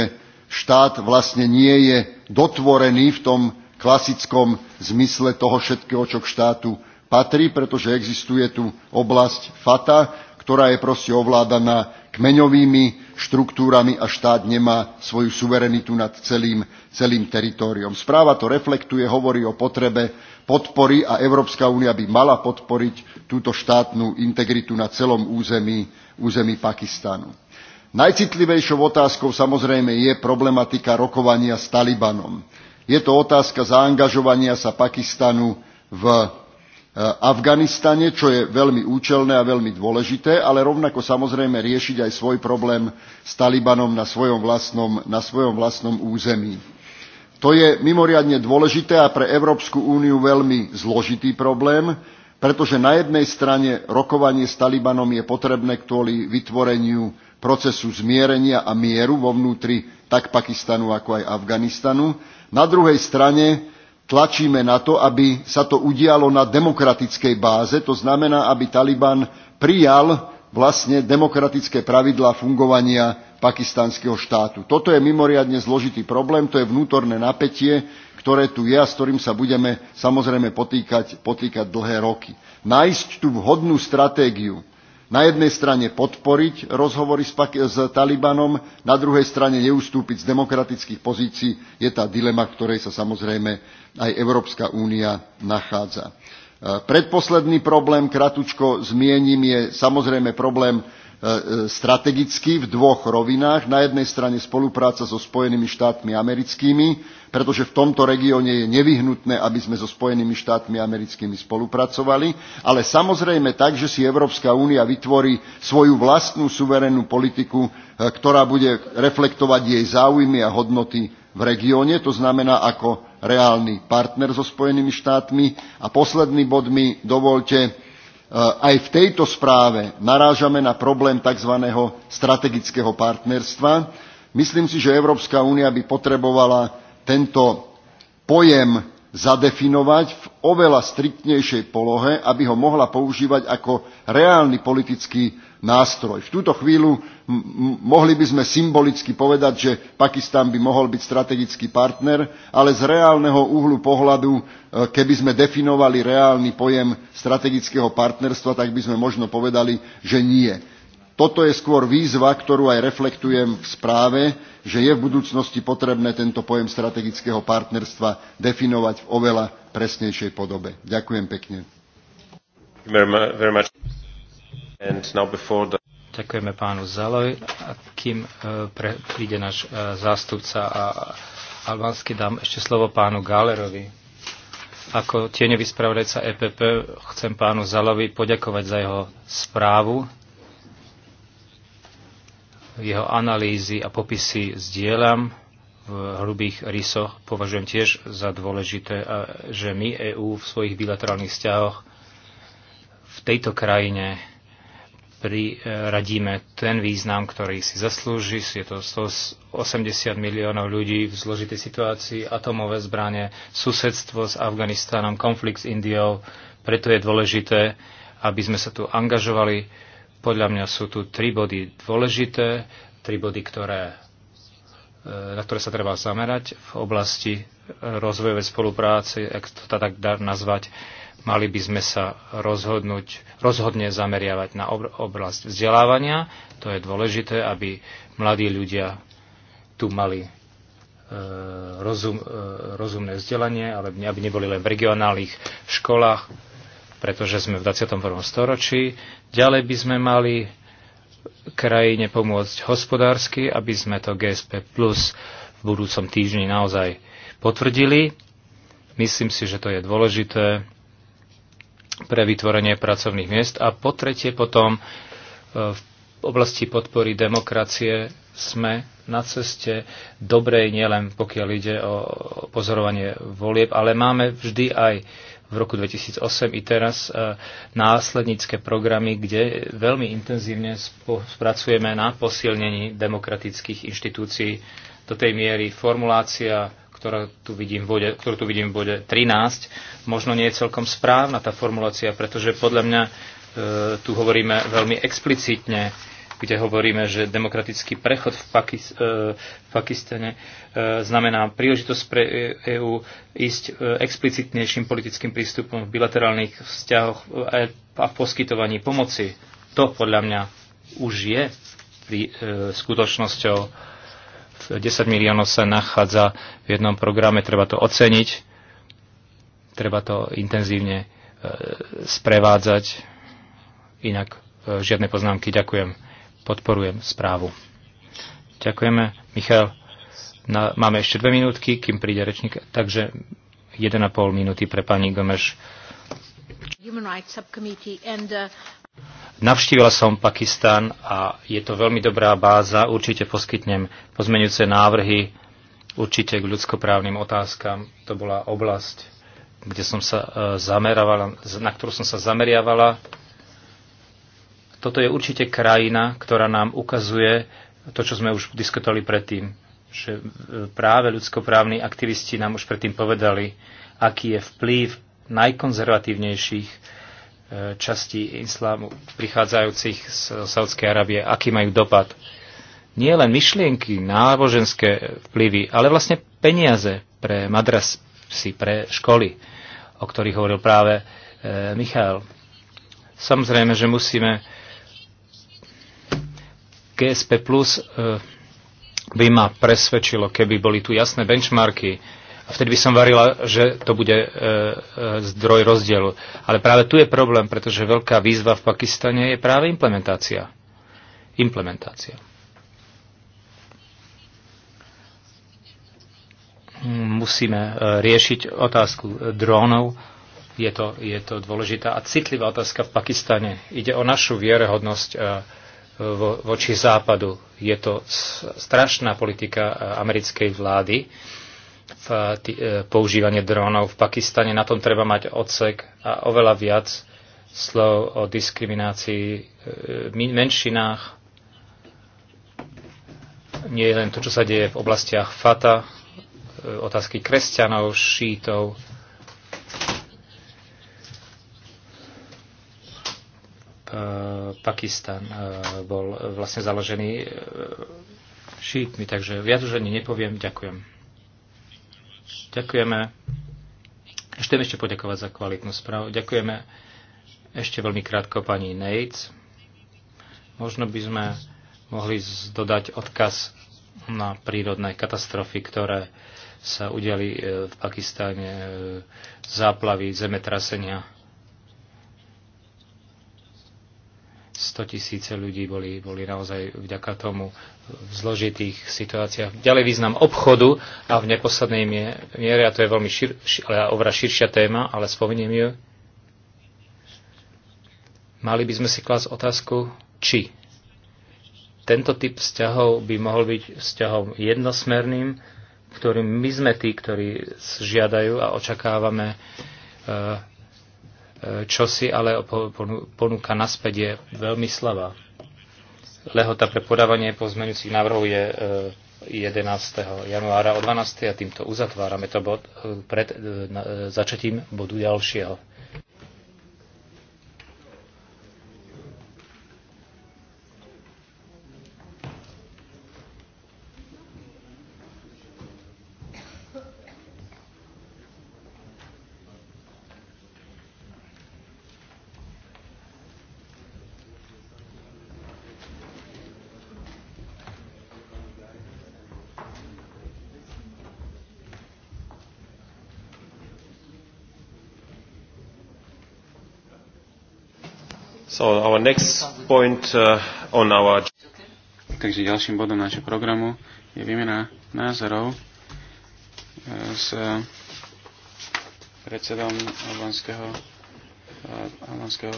Speaker 1: štát vlastne nie je dotvorený v tom klasickom zmysle toho všetkého, čo k štátu patrí, pretože existuje tu oblasť FATA, ktorá je proste ovládaná kmeňovými štruktúrami a štát nemá svoju suverenitu nad celým, celým teritoriom. Správa to reflektuje, hovorí o potrebe podpory a Európska únia by mala podporiť túto štátnu integritu na celom území, území Pakistanu. Najcitlivejšou otázkou samozrejme je problematika rokovania s Talibanom. Je to otázka zaangažovania sa Pakistanu v e, Afganistane, čo je veľmi účelné a veľmi dôležité, ale rovnako samozrejme riešiť aj svoj problém s Talibanom na svojom vlastnom, na svojom vlastnom území. To je mimoriadne dôležité a pre Európsku úniu veľmi zložitý problém, pretože na jednej strane rokovanie s Talibanom je potrebné kvôli vytvoreniu procesu zmierenia a mieru vo vnútri tak Pakistanu ako aj Afganistanu. Na druhej strane tlačíme na to, aby sa to udialo na demokratickej báze, to znamená, aby Taliban prijal vlastne demokratické pravidlá fungovania pakistanského štátu. Toto je mimoriadne zložitý problém, to je vnútorné napätie, ktoré tu je a s ktorým sa budeme samozrejme potýkať, potýkať dlhé roky. Nájsť tú vhodnú stratégiu, na jednej strane podporiť rozhovory s, s Talibanom, na druhej strane neustúpiť z demokratických pozícií, je tá dilema, v ktorej sa samozrejme aj Európska únia nachádza. E, predposledný problém, kratučko zmiením, je samozrejme problém E, e, strategicky v dvoch rovinách. Na jednej strane spolupráca so Spojenými štátmi americkými, pretože v tomto regióne je nevyhnutné, aby sme so Spojenými štátmi americkými spolupracovali, ale samozrejme tak, že si Európska únia vytvorí svoju vlastnú suverénnu politiku, e, ktorá bude reflektovať jej záujmy a hodnoty v regióne, to znamená ako reálny partner so Spojenými štátmi. A posledný bod mi dovolte Eh, aj v tejto správe narážame na problém tzv. strategického partnerstva. Myslím si, že Európska únia by potrebovala tento pojem zadefinovať v oveľa striktnejšej polohe, aby ho mohla používať ako reálny politický nástroj. V túto chvíľu mohli by sme symbolicky povedať, že Pakistan by mohol byť strategický partner, ale z reálneho uhlu pohľadu, e, keby sme definovali reálny pojem strategického partnerstva, tak by sme možno povedali, že nie. Toto je skôr výzva, ktorú aj reflektujem v správe, že je v budúcnosti potrebné tento pojem strategického partnerstva definovať v oveľa presnejšej podobe. Ďakujem pekne.
Speaker 2: Ďakujeme pánu Zaloj. A kým e, pre, príde náš e, zástupca a albánsky dám ešte slovo pánu Gálerovi. Ako tieňový spravodajca EPP chcem pánu Zalovi poďakovať za jeho správu, jeho analýzy a popisy zdieľam v hrubých rysoch. Považujem tiež za dôležité, že my EÚ v svojich bilaterálnych vzťahoch v tejto krajine priradíme e, ten význam, ktorý si zaslúži. Je to 180 miliónov ľudí v zložitej situácii, atomové zbranie, susedstvo s Afganistanom, konflikt s Indiou. Preto je dôležité, aby sme sa tu angažovali. Podľa mňa sú tu tri body dôležité, tri body, ktoré, e, na ktoré sa treba zamerať v oblasti rozvojovej spolupráce, ak to tak dá nazvať Mali by sme sa rozhodnúť, rozhodne zameriavať na oblasť vzdelávania. To je dôležité, aby mladí ľudia tu mali e, rozum, e, rozumné vzdelanie, ale aby neboli len v regionálnych školách, pretože sme v 21. storočí. Ďalej by sme mali krajine pomôcť hospodársky, aby sme to GSP plus v budúcom týždni naozaj potvrdili. Myslím si, že to je dôležité pre vytvorenie pracovných miest. A po tretie potom e, v oblasti podpory demokracie sme na ceste dobrej nielen pokiaľ ide o pozorovanie volieb, ale máme vždy aj v roku 2008 i teraz e, následnícke programy, kde veľmi intenzívne spracujeme na posilnení demokratických inštitúcií do tej miery formulácia ktorá tu vidím v bode, ktorú tu vidím v bode 13, možno nie je celkom správna tá formulácia, pretože podľa mňa e, tu hovoríme veľmi explicitne, kde hovoríme, že demokratický prechod v, Pakis, e, v Pakistane e, znamená príležitosť pre EÚ ísť e, explicitnejším politickým prístupom v bilaterálnych vzťahoch e, a v poskytovaní pomoci. To podľa mňa už je pri, e, skutočnosťou 10 miliónov sa nachádza v jednom programe, treba to oceniť, treba to intenzívne e, sprevádzať. Inak e, žiadne poznámky. Ďakujem. Podporujem správu. Ďakujeme. Michal, na, máme ešte dve minútky, kým príde rečník, takže 1,5 minúty pre pani Gomeš. Navštívila som Pakistan a je to veľmi dobrá báza. Určite poskytnem pozmenujúce návrhy, určite k ľudskoprávnym otázkam. To bola oblasť, kde som sa e, zameravala, na ktorú som sa zameriavala. Toto je určite krajina, ktorá nám ukazuje to, čo sme už diskutovali predtým, že e, práve ľudskoprávni aktivisti nám už predtým povedali, aký je vplyv najkonzervatívnejších E, častí islámu prichádzajúcich z Saudskej Arábie, aký majú dopad. Nie len myšlienky, náboženské vplyvy, ale vlastne peniaze pre madrasy, pre školy, o ktorých hovoril práve e, Michal. Samozrejme, že musíme GSP Plus e, by ma presvedčilo, keby boli tu jasné benchmarky, a vtedy by som varila, že to bude e, e, zdroj rozdielu. Ale práve tu je problém, pretože veľká výzva v Pakistane je práve implementácia. Implementácia. Musíme e, riešiť otázku drónov. Je to, je to dôležitá a citlivá otázka v Pakistane. Ide o našu vierehodnosť e, voči západu. Je to strašná politika americkej vlády v e, používanie drónov v Pakistane. Na tom treba mať odsek a oveľa viac slov o diskriminácii v e, menšinách. Nie je len to, čo sa deje v oblastiach Fata, e, otázky kresťanov, šítov. Pakistan bol vlastne založený šítmi, takže viac už ani nepoviem. Ďakujem. Ďakujeme. Chcem ešte poďakovať za kvalitnú správu. Ďakujeme ešte veľmi krátko pani Nates. Možno by sme mohli dodať odkaz na prírodné katastrofy, ktoré sa udiali e, v Pakistáne, e, záplavy, zemetrasenia. 100 tisíce ľudí boli, boli naozaj vďaka tomu v zložitých situáciách. Ďalej význam obchodu a v neposlednej miere, a to je veľmi šir, ale oveľa širšia téma, ale spomeniem ju, mali by sme si klásť otázku, či tento typ vzťahov by mohol byť vzťahom jednosmerným, ktorým my sme tí, ktorí žiadajú a očakávame eh, čo si ale ponúka naspäť je veľmi slabá. Lehota pre podávanie pozmeňujúcich návrhov je 11. E, januára o 12. a týmto uzatvárame to bod e, pred e, začatím bodu ďalšieho.
Speaker 4: our next point uh, on our... Takže ďalším bodom nášho programu je výmena názorov uh, s predsedom albanského, uh, albanského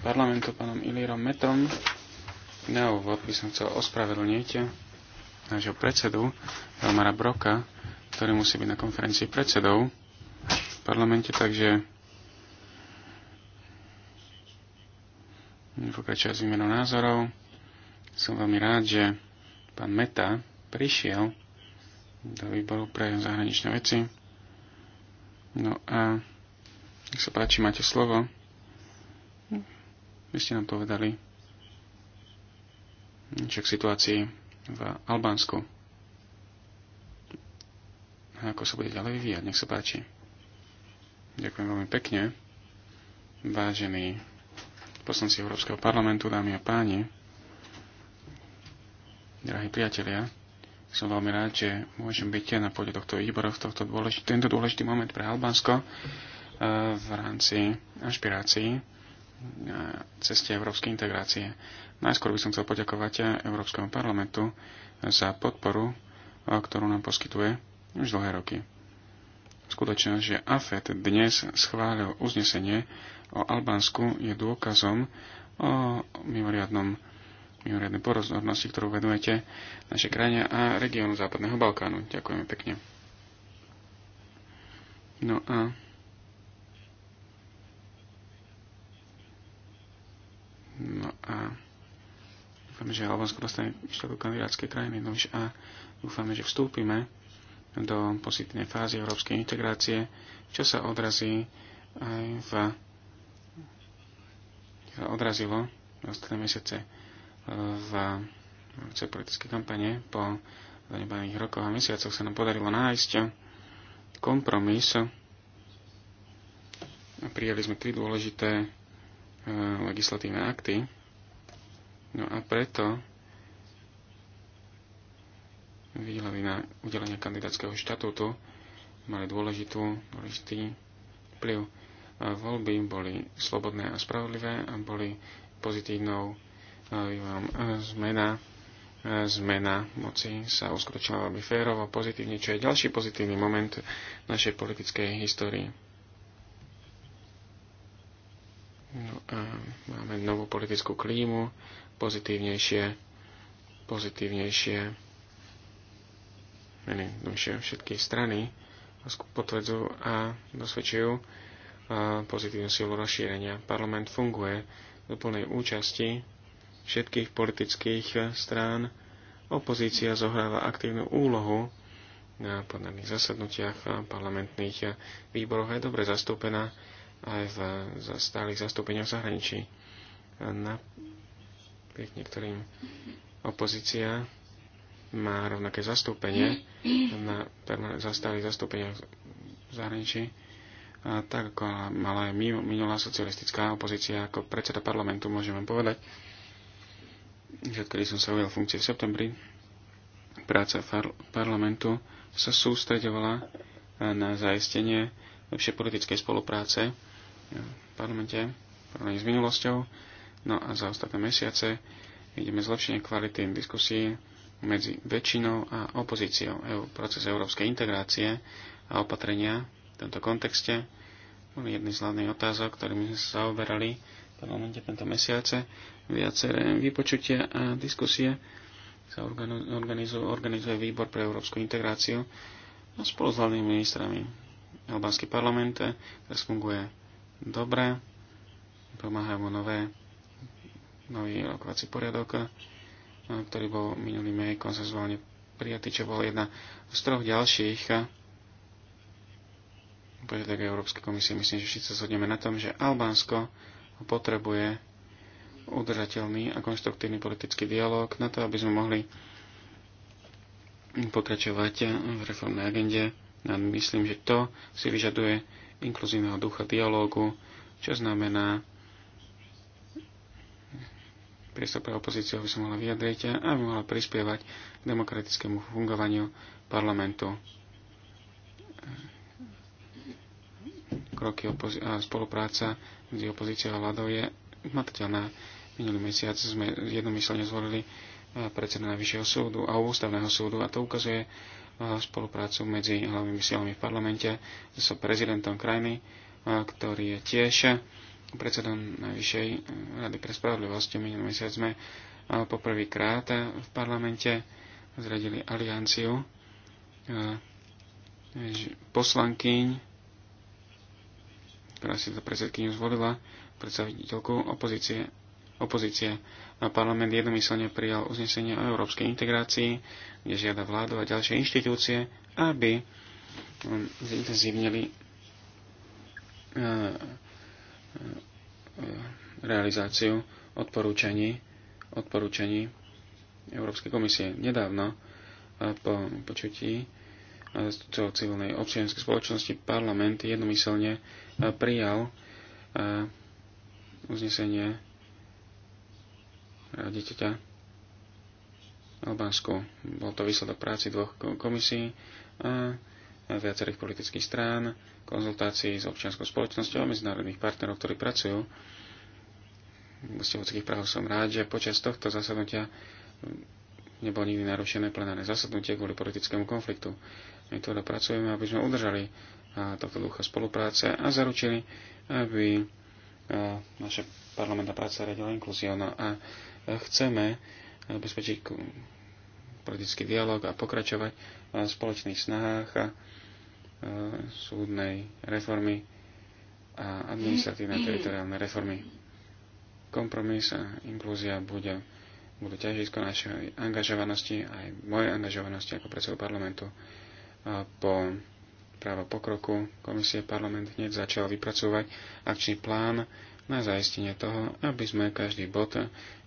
Speaker 4: parlamentu, pánom Ilírom Metom. Na úvod by som chcel ospravedlniť nášho predsedu Elmara Broka, ktorý musí byť na konferencii predsedov v parlamente, takže pokračovať s výmenou názorov. Som veľmi rád, že pán Meta prišiel do výboru pre zahraničné veci. No a nech sa páči, máte slovo. Vy ste nám povedali, niečo k situácii v Albánsku. A ako sa bude ďalej vyvíjať, nech sa páči. Ďakujem veľmi pekne, Vážený poslanci Európskeho parlamentu, dámy a páni, drahí priatelia, som veľmi rád, že môžem byť na pôde tohto výboru v tohto dôležitý, tento dôležitý moment pre Albánsko eh, v rámci ašpirácií na eh, ceste európskej integrácie. Najskôr by som chcel poďakovať Európskemu parlamentu za podporu, eh, ktorú nám poskytuje už dlhé roky. Skutočnosť, že AFET dnes schválil uznesenie o Albánsku je dôkazom o mimoriadnom mimoriadnej porozornosti, ktorú vedujete našej krajine a regiónu Západného Balkánu. Ďakujeme pekne. No a No a dúfame, že Albánsko dostane do kandidátskej krajiny. No a dúfame, že vstúpime do pozitívnej fázy európskej integrácie, čo sa odrazí aj v odrazilo ostatné mesiace eh, v rámci politické kampane po zanebaných rokoch a mesiacoch sa nám podarilo nájsť kompromis a prijali sme tri dôležité eh, legislatívne akty. No a preto výhľady na udelenie kandidátskeho štatútu mali dôležitú, dôležitý vplyv voľby boli slobodné a spravodlivé a boli pozitívnou eh, eh, zmena eh, zmena moci sa uskutočnila veľmi férovo, pozitívne, čo je ďalší pozitívny moment našej politickej histórii. No a máme novú politickú klímu, pozitívnejšie, pozitívnejšie, menej no, všetky strany potvrdzujú a dosvedčujú pozitívnu silu rozšírenia. Parlament funguje do plnej účasti všetkých politických strán. Opozícia zohráva aktívnu úlohu na plenárnych zasadnutiach parlamentných výboroch je dobre zastúpená aj v stálych zastúpeniach v zahraničí. Napriek niektorým opozícia má rovnaké zastúpenie na stálych zastúpeniach v zahraničí tak ako mala aj minulá socialistická opozícia ako predseda parlamentu, môžem vám povedať, že odkedy som sa ujal funkcie v septembri, práca parlamentu sa sústredovala eh, na zaistenie lepšej politickej spolupráce eh, v parlamente porovnaní s minulosťou. No a za ostatné mesiace ideme zlepšenie kvality diskusí medzi väčšinou a opozíciou. E, proces európskej integrácie a opatrenia v tomto kontexte boli jedny z hlavných otázok, ktorými sme sa zaoberali v parlamente tento mesiace. Viaceré vypočutia a diskusie sa organizuje, organizuje výbor pre európsku integráciu a spolu s hlavnými ministrami. Albánsky parlament teraz funguje dobre, pomáhajú mu nové, nový rokovací poriadok, ktorý bol minulý mej konsenzuálne prijatý, čo bol jedna z troch ďalších požiadavky Európskej komisie. Myslím, že všetci sa zhodneme na tom, že Albánsko potrebuje udržateľný a konštruktívny politický dialog na to, aby sme mohli pokračovať v reformnej agende. No a myslím, že to si vyžaduje inkluzívneho ducha dialógu, čo znamená priestor pre opozíciu, aby sa mohla vyjadriť a aby mohla prispievať k demokratickému fungovaniu parlamentu. kroky a spolupráca medzi opozíciou a vládou je matateľná. Minulý mesiac sme jednomyselne zvolili e, predseda Najvyššieho súdu a ústavného súdu a to ukazuje e, spoluprácu medzi hlavnými silami v parlamente s prezidentom krajiny, e, ktorý je tiež predsedom Najvyššej rady pre spravodlivosť. Minulý mesiac sme poprvýkrát v parlamente zradili alianciu poslankyň ktorá si za predsedkyňu zvolila predstaviteľku opozície. opozície. A parlament jednomyselne prijal uznesenie o európskej integrácii, kde žiada vládu a ďalšie inštitúcie, aby um, zintenzívnili uh, uh, realizáciu odporúčaní, odporúčaní Európskej komisie. Nedávno uh, po počutí zástupcov civilnej občianskej spoločnosti parlament jednomyselne e, prijal e, uznesenie e, dieťaťa Albánsku. Bol to výsledok práci dvoch komisí a viacerých politických strán, konzultácií s občianskou spoločnosťou a medzinárodných partnerov, ktorí pracujú v ľudských práv som rád, že počas tohto zasadnutia nebolo nikdy narušené plenárne zasadnutie kvôli politickému konfliktu. My tu teda pracujeme, aby sme udržali tohto ducha spolupráce a zaručili, aby naša parlamentná práca radila inkluzívna no a chceme zabezpečiť politický dialog a pokračovať v spoločných snahách a súdnej reformy a administratívnej teritoriálnej reformy. Kompromis a inklúzia bude, budú ťažisko našej angažovanosti, aj mojej angažovanosti ako predsedu parlamentu po právo pokroku Komisie parlament hneď začal vypracovať akčný plán na zaistenie toho, aby sme každý bod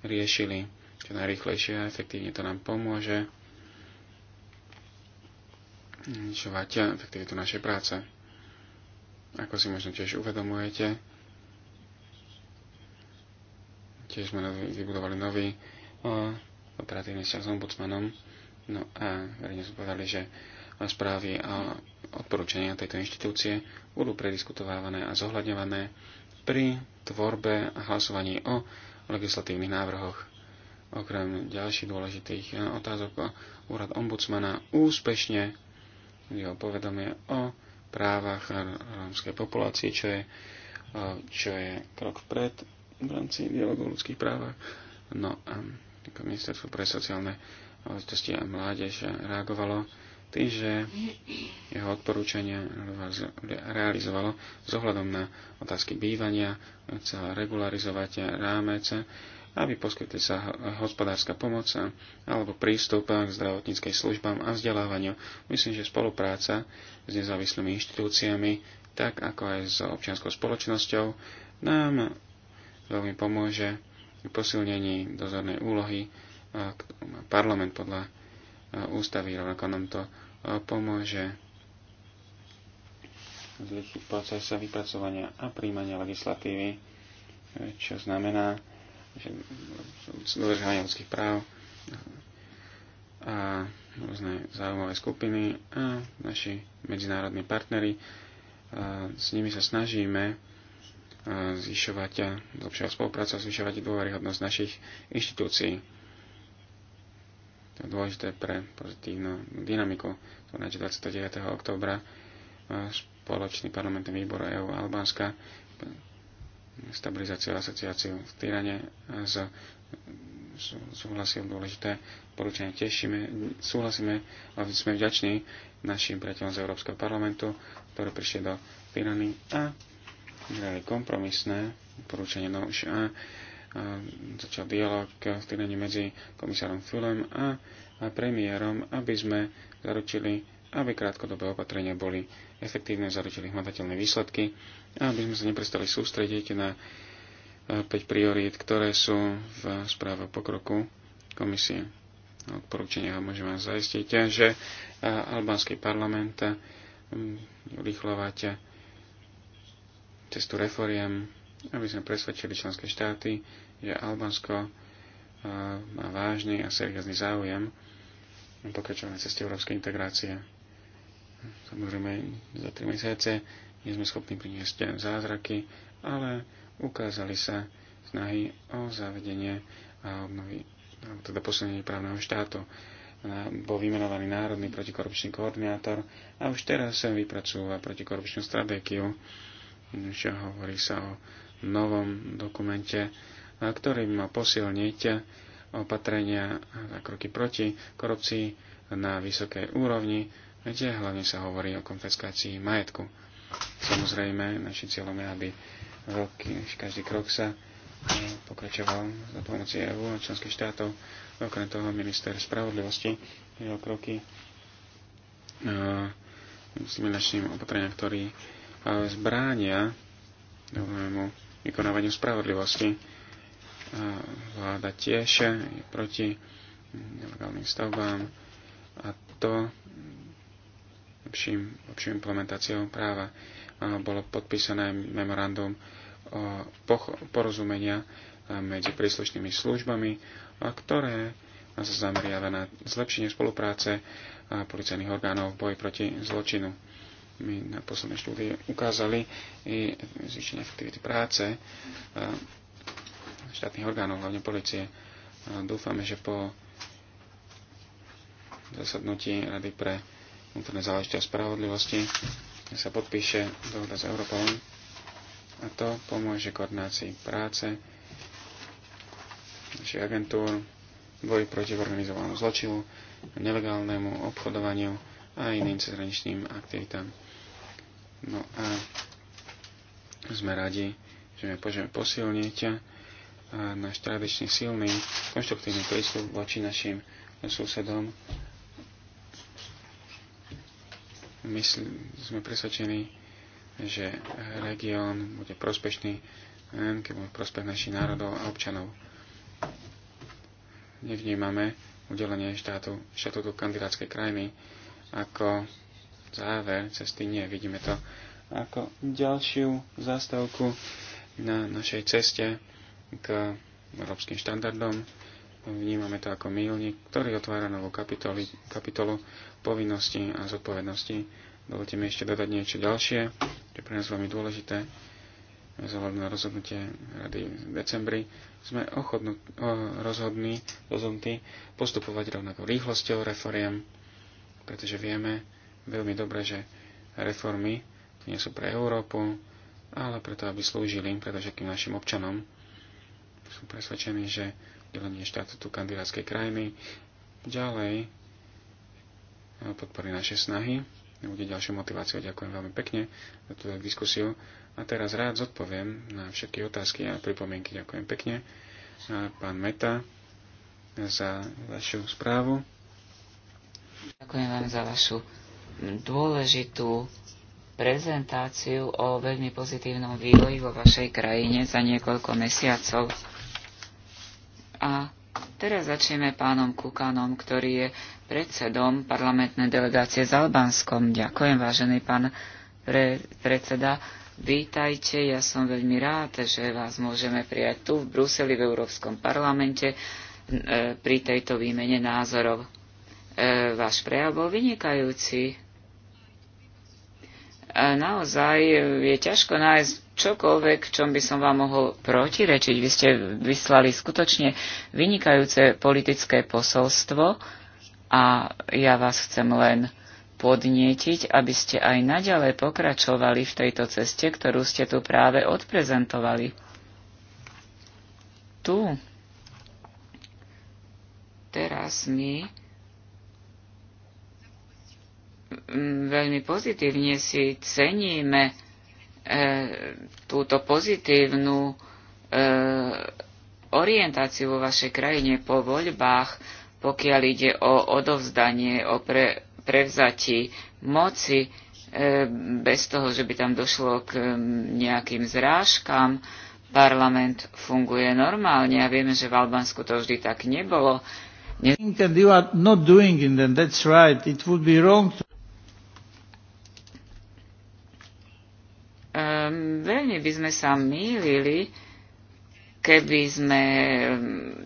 Speaker 4: riešili čo najrychlejšie a efektívne to nám pomôže zvyšovať efektivitu našej práce. Ako si možno tiež uvedomujete, tiež sme vybudovali nový eh, operatívny vzťah s ombudsmanom. No a verejne sme povedali, že správy a odporúčania tejto inštitúcie budú prediskutovávané a zohľadňované pri tvorbe a hlasovaní o legislatívnych návrhoch. Okrem ďalších dôležitých eh, otázok eh, úrad ombudsmana úspešne jeho povedomie o právach rómskej populácie, čo je, eh, čo je krok vpred v rámci dialogu o ľudských právach. No a ministerstvo pre sociálne záležitosti a mládež reagovalo tým, že jeho odporúčania realizovalo s ohľadom na otázky bývania, chcela regularizovať rámec, aby poskytli sa hospodárska pomoc alebo prístup k zdravotníckej službám a vzdelávaniu. Myslím, že spolupráca s nezávislými inštitúciami, tak ako aj s občianskou spoločnosťou, nám veľmi pomôže v posilnení dozornej úlohy, ktorú má parlament podľa ústavy, rovnako nám to e, pomôže zrýchliť procesa vypracovania a príjmania legislatívy, e, čo znamená, že dodržovanie ľudských práv a rôzne zaujímavé skupiny a naši medzinárodní partnery. E, s nimi sa snažíme zvyšovať a zlepšovať spoluprácu a zvyšovať dôveryhodnosť našich inštitúcií. To je dôležité pre pozitívnu dynamiku. To 29. oktobra spoločný parlamentný výbor EU Albánska stabilizáciu a asociáciu v Tyrane z, súhlasil dôležité poručenie. Tešíme, súhlasíme a sme vďační našim priateľom z Európskeho parlamentu, ktorí prišli do Tyrany a dali kompromisné poručenie. No už a Ehm, začal dialog v týdení medzi komisárom Fulem a, premiérom, aby sme zaručili, aby krátkodobé opatrenia boli efektívne, zaručili hmatateľné výsledky a aby sme sa neprestali sústrediť na 5 e, priorít, ktoré sú v správe pokroku komisie. Odporúčania môžem vám zaistiť, že e, albánsky parlament urychlovať cestu reforiem aby sme presvedčili členské štáty, že Albánsko e, má vážny a seriózny záujem pokračovať pokračovanie ceste európskej integrácie. Samozrejme, za tri mesiace nie sme schopní priniesť zázraky, ale ukázali sa snahy o zavedenie a obnovy, teda posunenie právneho štátu. Bol vymenovaný Národný protikorupčný koordinátor a už teraz sa vypracúva protikorupčnú stratégiu, čo hovorí sa o novom dokumente, ktorý má posilniť opatrenia a kroky proti korupcii na vysokej úrovni, kde hlavne sa hovorí o konfiskácii majetku. Samozrejme, našim cieľom je, aby veľký, každý krok sa pokračoval za pomoci EU a členských štátov. Okrem toho minister spravodlivosti jeho kroky s milačným opatreniam, ktorý zbránia novému vykonávaniu spravodlivosti. Vláda tiež je proti nelegálnym stavbám a to lepším, lepším implementáciou práva bolo podpísané memorandum porozumenia medzi príslušnými službami, ktoré sa zameriava na zlepšenie spolupráce policajných orgánov v boji proti zločinu. My na poslednej štúdii ukázali i zvýšenie efektivity práce eh, štátnych orgánov, hlavne policie. Dúfame, že po zasadnutí Rady pre vnútorné záležitosti a spravodlivosti sa podpíše dohoda s Europolom a to pomôže koordinácii práce našich agentúr, boji proti organizovanému zločinu, nelegálnemu obchodovaniu a iným cezhraničným aktivitám. No a sme radi, že môžeme posilniť náš tradičný silný, konštruktívny prístup voči našim susedom. My sme presvedčení, že región bude prospešný, keď bude prospech našich národov a občanov. Nevnímame udelenie štátu, štatútu kandidátskej krajiny ako záver cesty nie. Vidíme to ako ďalšiu zástavku na našej ceste k európskym štandardom. Vnímame to ako milník, ktorý otvára novú kapitoli, kapitolu povinnosti a zodpovednosti. Dovolte mi ešte dodať niečo ďalšie, čo je pre nás veľmi dôležité. Zohľadom na rozhodnutie rady v decembri sme ochotnú, rozhodní, rozhodnutí postupovať rovnako rýchlosťou reforiem, pretože vieme, veľmi dobre, že reformy to nie sú pre Európu, ale preto, aby slúžili predovšetkým našim občanom. Sú presvedčený, že delenie tu kandidátskej krajiny ďalej eh, podporí naše snahy. Bude ďalšia motivácia. Ďakujem veľmi pekne za túto diskusiu. A teraz rád zodpoviem na všetky otázky a pripomienky. Ďakujem pekne. A pán Meta za
Speaker 3: vašu správu. Ďakujem vám za vašu dôležitú prezentáciu o veľmi pozitívnom vývoji vo vašej krajine za niekoľko mesiacov. A teraz začneme pánom Kukanom, ktorý je predsedom parlamentnej delegácie s Albánskom. Ďakujem, vážený pán pre, predseda. Vítajte, ja som veľmi rád, že vás môžeme prijať tu v Bruseli, v Európskom parlamente, e, pri tejto výmene názorov. E, váš prejav bol vynikajúci naozaj je ťažko nájsť čokoľvek, čom by som vám mohol protirečiť. Vy ste vyslali skutočne vynikajúce politické posolstvo a ja vás chcem len podnietiť, aby ste aj naďalej pokračovali v tejto ceste, ktorú ste tu práve odprezentovali. Tu. Teraz my veľmi pozitívne si ceníme e, túto pozitívnu e, orientáciu vo vašej krajine po voľbách, pokiaľ ide o odovzdanie, o pre, prevzatí moci, e, bez toho, že by tam došlo k nejakým zrážkam. Parlament funguje normálne a vieme, že v Albánsku to vždy tak nebolo. Ne veľmi by sme sa mýlili, keby sme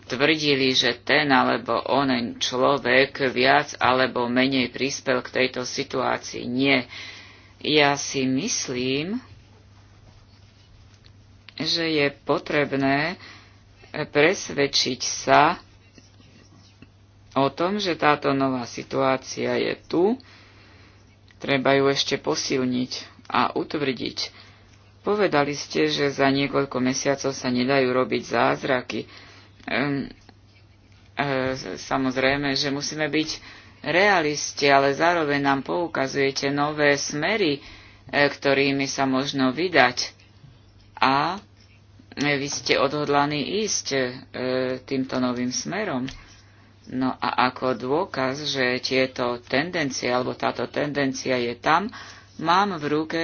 Speaker 3: tvrdili, že ten alebo onen človek viac alebo menej prispel k tejto situácii. Nie. Ja si myslím, že je potrebné presvedčiť sa o tom, že táto nová situácia je tu, treba ju ešte posilniť a utvrdiť. Povedali ste, že za niekoľko mesiacov sa nedajú robiť zázraky. Ehm, e, samozrejme, že musíme byť realisti, ale zároveň nám poukazujete nové smery, e, ktorými sa možno vydať. A vy ste odhodlaní ísť e, týmto novým smerom. No a ako dôkaz, že tieto tendencie, alebo táto tendencia je tam, mám v ruke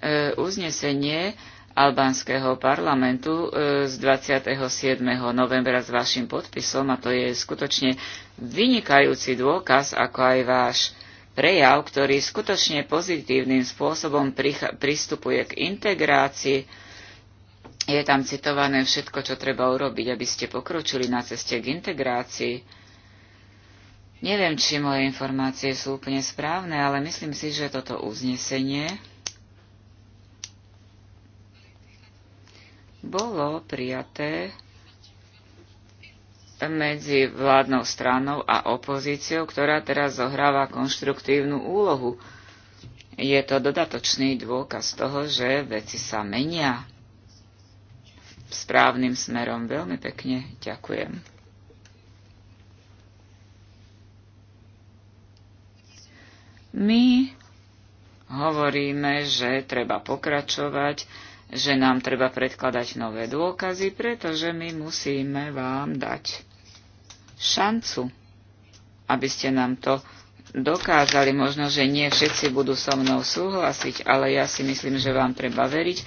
Speaker 3: E, uznesenie albánskeho parlamentu e, z 27. novembra s vašim podpisom a to je skutočne vynikajúci dôkaz, ako aj váš prejav, ktorý skutočne pozitívnym spôsobom pristupuje k integrácii. Je tam citované všetko, čo treba urobiť, aby ste pokročili na ceste k integrácii. Neviem, či moje informácie sú úplne správne, ale myslím si, že toto uznesenie bolo prijaté medzi vládnou stranou a opozíciou, ktorá teraz zohráva konštruktívnu úlohu. Je to dodatočný dôkaz toho, že veci sa menia správnym smerom. Veľmi pekne ďakujem. My hovoríme, že treba pokračovať že nám treba predkladať nové dôkazy, pretože my musíme vám dať šancu, aby ste nám to dokázali. Možno, že nie všetci budú so mnou súhlasiť, ale ja si myslím, že vám treba veriť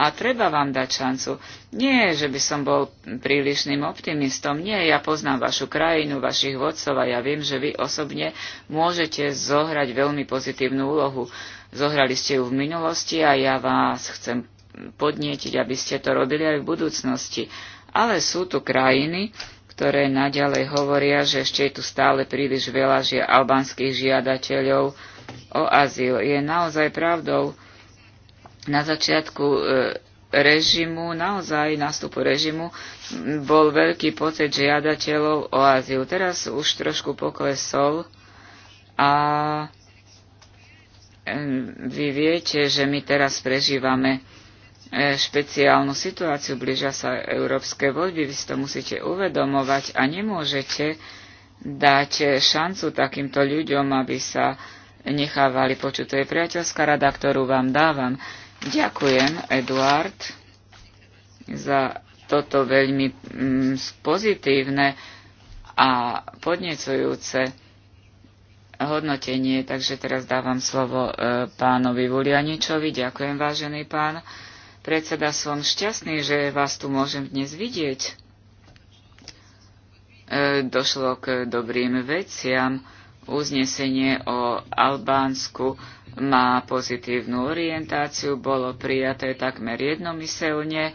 Speaker 3: a treba vám dať šancu. Nie, že by som bol prílišným optimistom. Nie, ja poznám vašu krajinu, vašich vodcov a ja viem, že vy osobne môžete zohrať veľmi pozitívnu úlohu. Zohrali ste ju v minulosti a ja vás chcem podnietiť, aby ste to robili aj v budúcnosti. Ale sú tu krajiny, ktoré naďalej hovoria, že ešte je tu stále príliš veľa žia albánskych žiadateľov o azyl. Je naozaj pravdou, na začiatku e, režimu, naozaj nástupu režimu, bol veľký pocit žiadateľov o azyl. Teraz už trošku poklesol a vy viete, že my teraz prežívame E, špeciálnu situáciu. Blížia sa európske voľby, vy si to musíte uvedomovať a nemôžete dať šancu takýmto ľuďom, aby sa nechávali počuť. To je priateľská rada, ktorú vám dávam. Ďakujem, Eduard, za toto veľmi mm, pozitívne a podnecujúce hodnotenie. Takže teraz dávam slovo e, pánovi Vulianičovi. Ďakujem, vážený pán Predseda, som šťastný, že vás tu môžem dnes vidieť. E, došlo k dobrým veciam. Uznesenie o Albánsku má pozitívnu orientáciu, bolo prijaté takmer jednomyselne, e,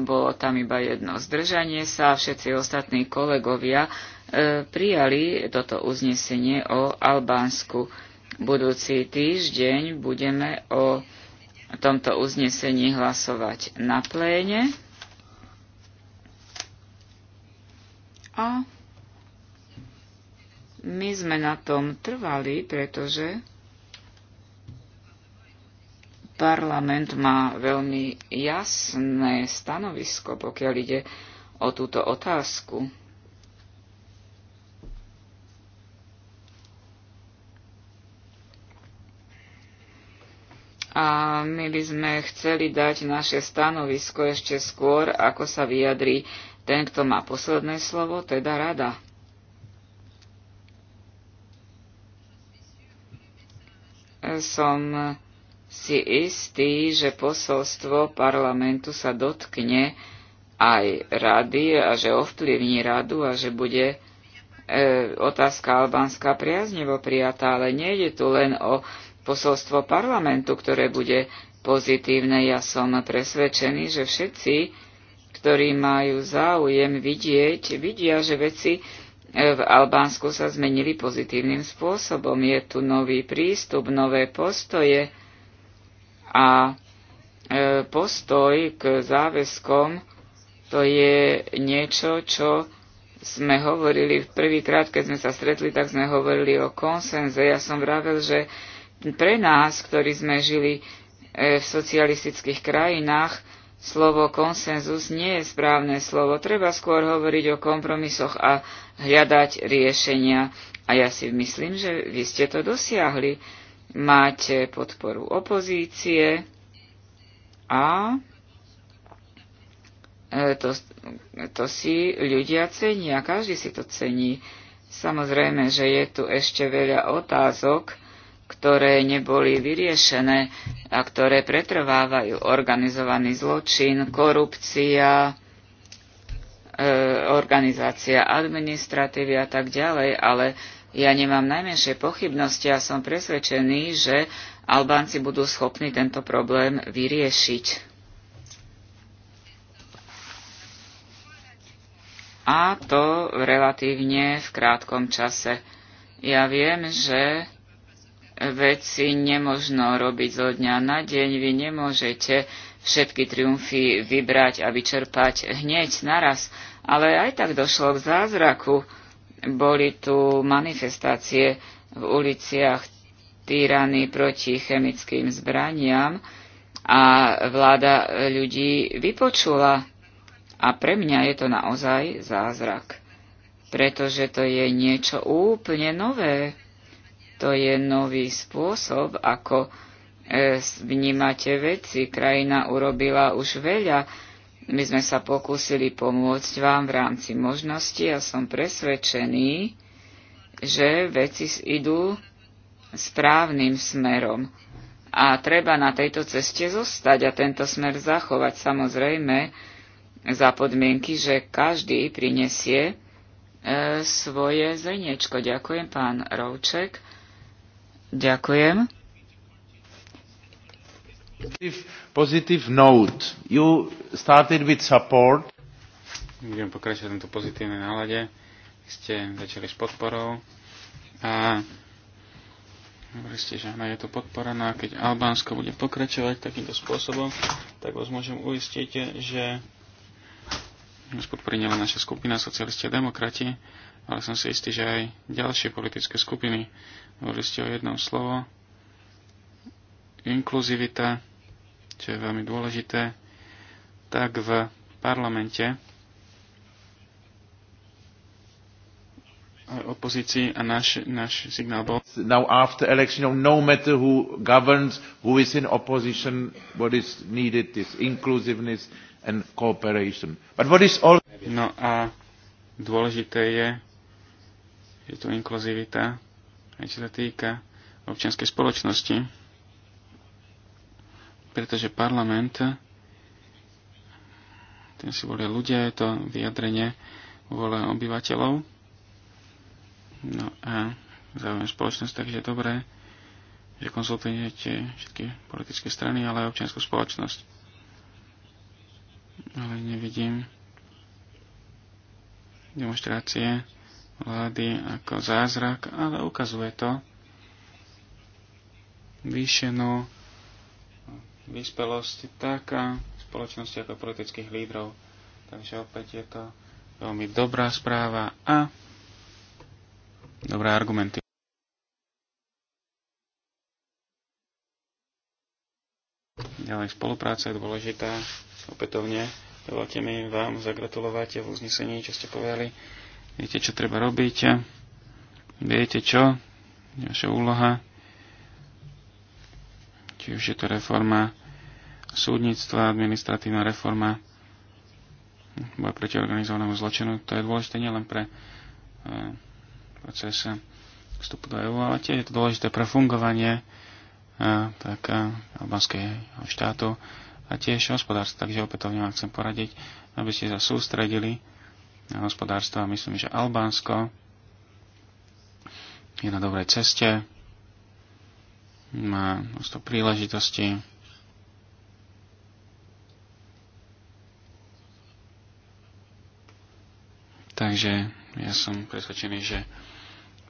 Speaker 3: bolo tam iba jedno zdržanie sa a všetci ostatní kolegovia e, prijali toto uznesenie o Albánsku. Budúci týždeň budeme o v tomto uznesení hlasovať na pléne. A my sme na tom trvali, pretože parlament má veľmi jasné stanovisko, pokiaľ ide o túto otázku. a my by sme chceli dať naše stanovisko ešte skôr, ako sa vyjadrí ten, kto má posledné slovo, teda rada. Som si istý, že posolstvo parlamentu sa dotkne aj rady a že ovplyvní radu a že bude e, otázka albánska priaznevo prijatá, ale nejde tu len o posolstvo parlamentu, ktoré bude pozitívne. Ja som presvedčený, že všetci, ktorí majú záujem vidieť, vidia, že veci e, v Albánsku sa zmenili pozitívnym spôsobom. Je tu nový prístup, nové postoje a e, postoj k záväzkom to je niečo, čo sme hovorili prvýkrát, keď sme sa stretli, tak sme hovorili o konsenze. Ja som vravel, že pre nás, ktorí sme žili e, v socialistických krajinách, slovo konsenzus nie je správne slovo. Treba skôr hovoriť o kompromisoch a hľadať riešenia. A ja si myslím, že vy ste to dosiahli. Máte podporu opozície a e, to, to si ľudia cenia, každý si to cení. Samozrejme, že je tu ešte veľa otázok, ktoré neboli vyriešené a ktoré pretrvávajú. Organizovaný zločin, korupcia, e, organizácia administratívy a tak ďalej, ale ja nemám najmenšie pochybnosti a som presvedčený, že Albánci budú schopní tento problém vyriešiť. A to relatívne v krátkom čase. Ja viem, že veci nemožno robiť zo dňa na deň. Vy nemôžete všetky triumfy vybrať a vyčerpať hneď naraz. Ale aj tak došlo k zázraku. Boli tu manifestácie v uliciach týrany proti chemickým zbraniam a vláda ľudí vypočula. A pre mňa je to naozaj zázrak, pretože to je niečo úplne nové to je nový spôsob, ako e, vnímate veci. Krajina urobila už veľa. My sme sa pokúsili pomôcť vám v rámci možnosti a som presvedčený, že veci idú správnym smerom. A treba na tejto ceste zostať a tento smer zachovať samozrejme za podmienky, že každý prinesie e, svoje zrniečko. Ďakujem, pán Rovček. Ďakujem. Positive note. You
Speaker 2: started with support.
Speaker 4: Budem pokračovať na tomto pozitívnej nálade. Ste začali s podporou a hovorili ste, že áno, je to podpora, no a keď Albánsko bude pokračovať takýmto spôsobom, tak vás môžem uistiť, že nás podporí nielen naša skupina socialisti a demokrati, ale som si istý, že aj ďalšie politické skupiny Hovorili ste o jednom slovo. Inkluzivita, čo je veľmi dôležité, tak v parlamente opozícii a náš, náš signál bol. Now after election, no matter who governs, who is in opposition, what is needed is inclusiveness and cooperation. But what is all... No a dôležité je, je to inkluzivita, aj čo sa týka občianskej spoločnosti, pretože parlament, ten si volia ľudia, je to vyjadrenie vole obyvateľov. No a záujem spoločnosť, takže je dobré, že konzultujete všetky politické strany, ale aj občianskú spoločnosť. Ale nevidím demonstrácie vlády ako zázrak, ale ukazuje to výšenú vyspelosť taká, spoločnosti ako politických lídrov. Takže opäť je to veľmi dobrá správa a dobré argumenty. Ďalej spolupráca je dôležitá. Opätovne dovolte mi vám zagratulovať v uznesení, čo ste povedali Viete, čo treba robiť. Viete, čo? Naša úloha. Či už je to reforma súdnictva, administratívna reforma, boja proti organizovanému zločinu. To je dôležité nielen pre eh, proces vstupu do EU, ale tiež je to dôležité pre fungovanie eh, tak eh, albanského štátu a tiež hospodárstva. Takže opätovne vám chcem poradiť, aby ste sa sústredili hospodárstva. Myslím, že Albánsko je na dobrej ceste, má množstvo príležitosti. Takže ja som presvedčený, že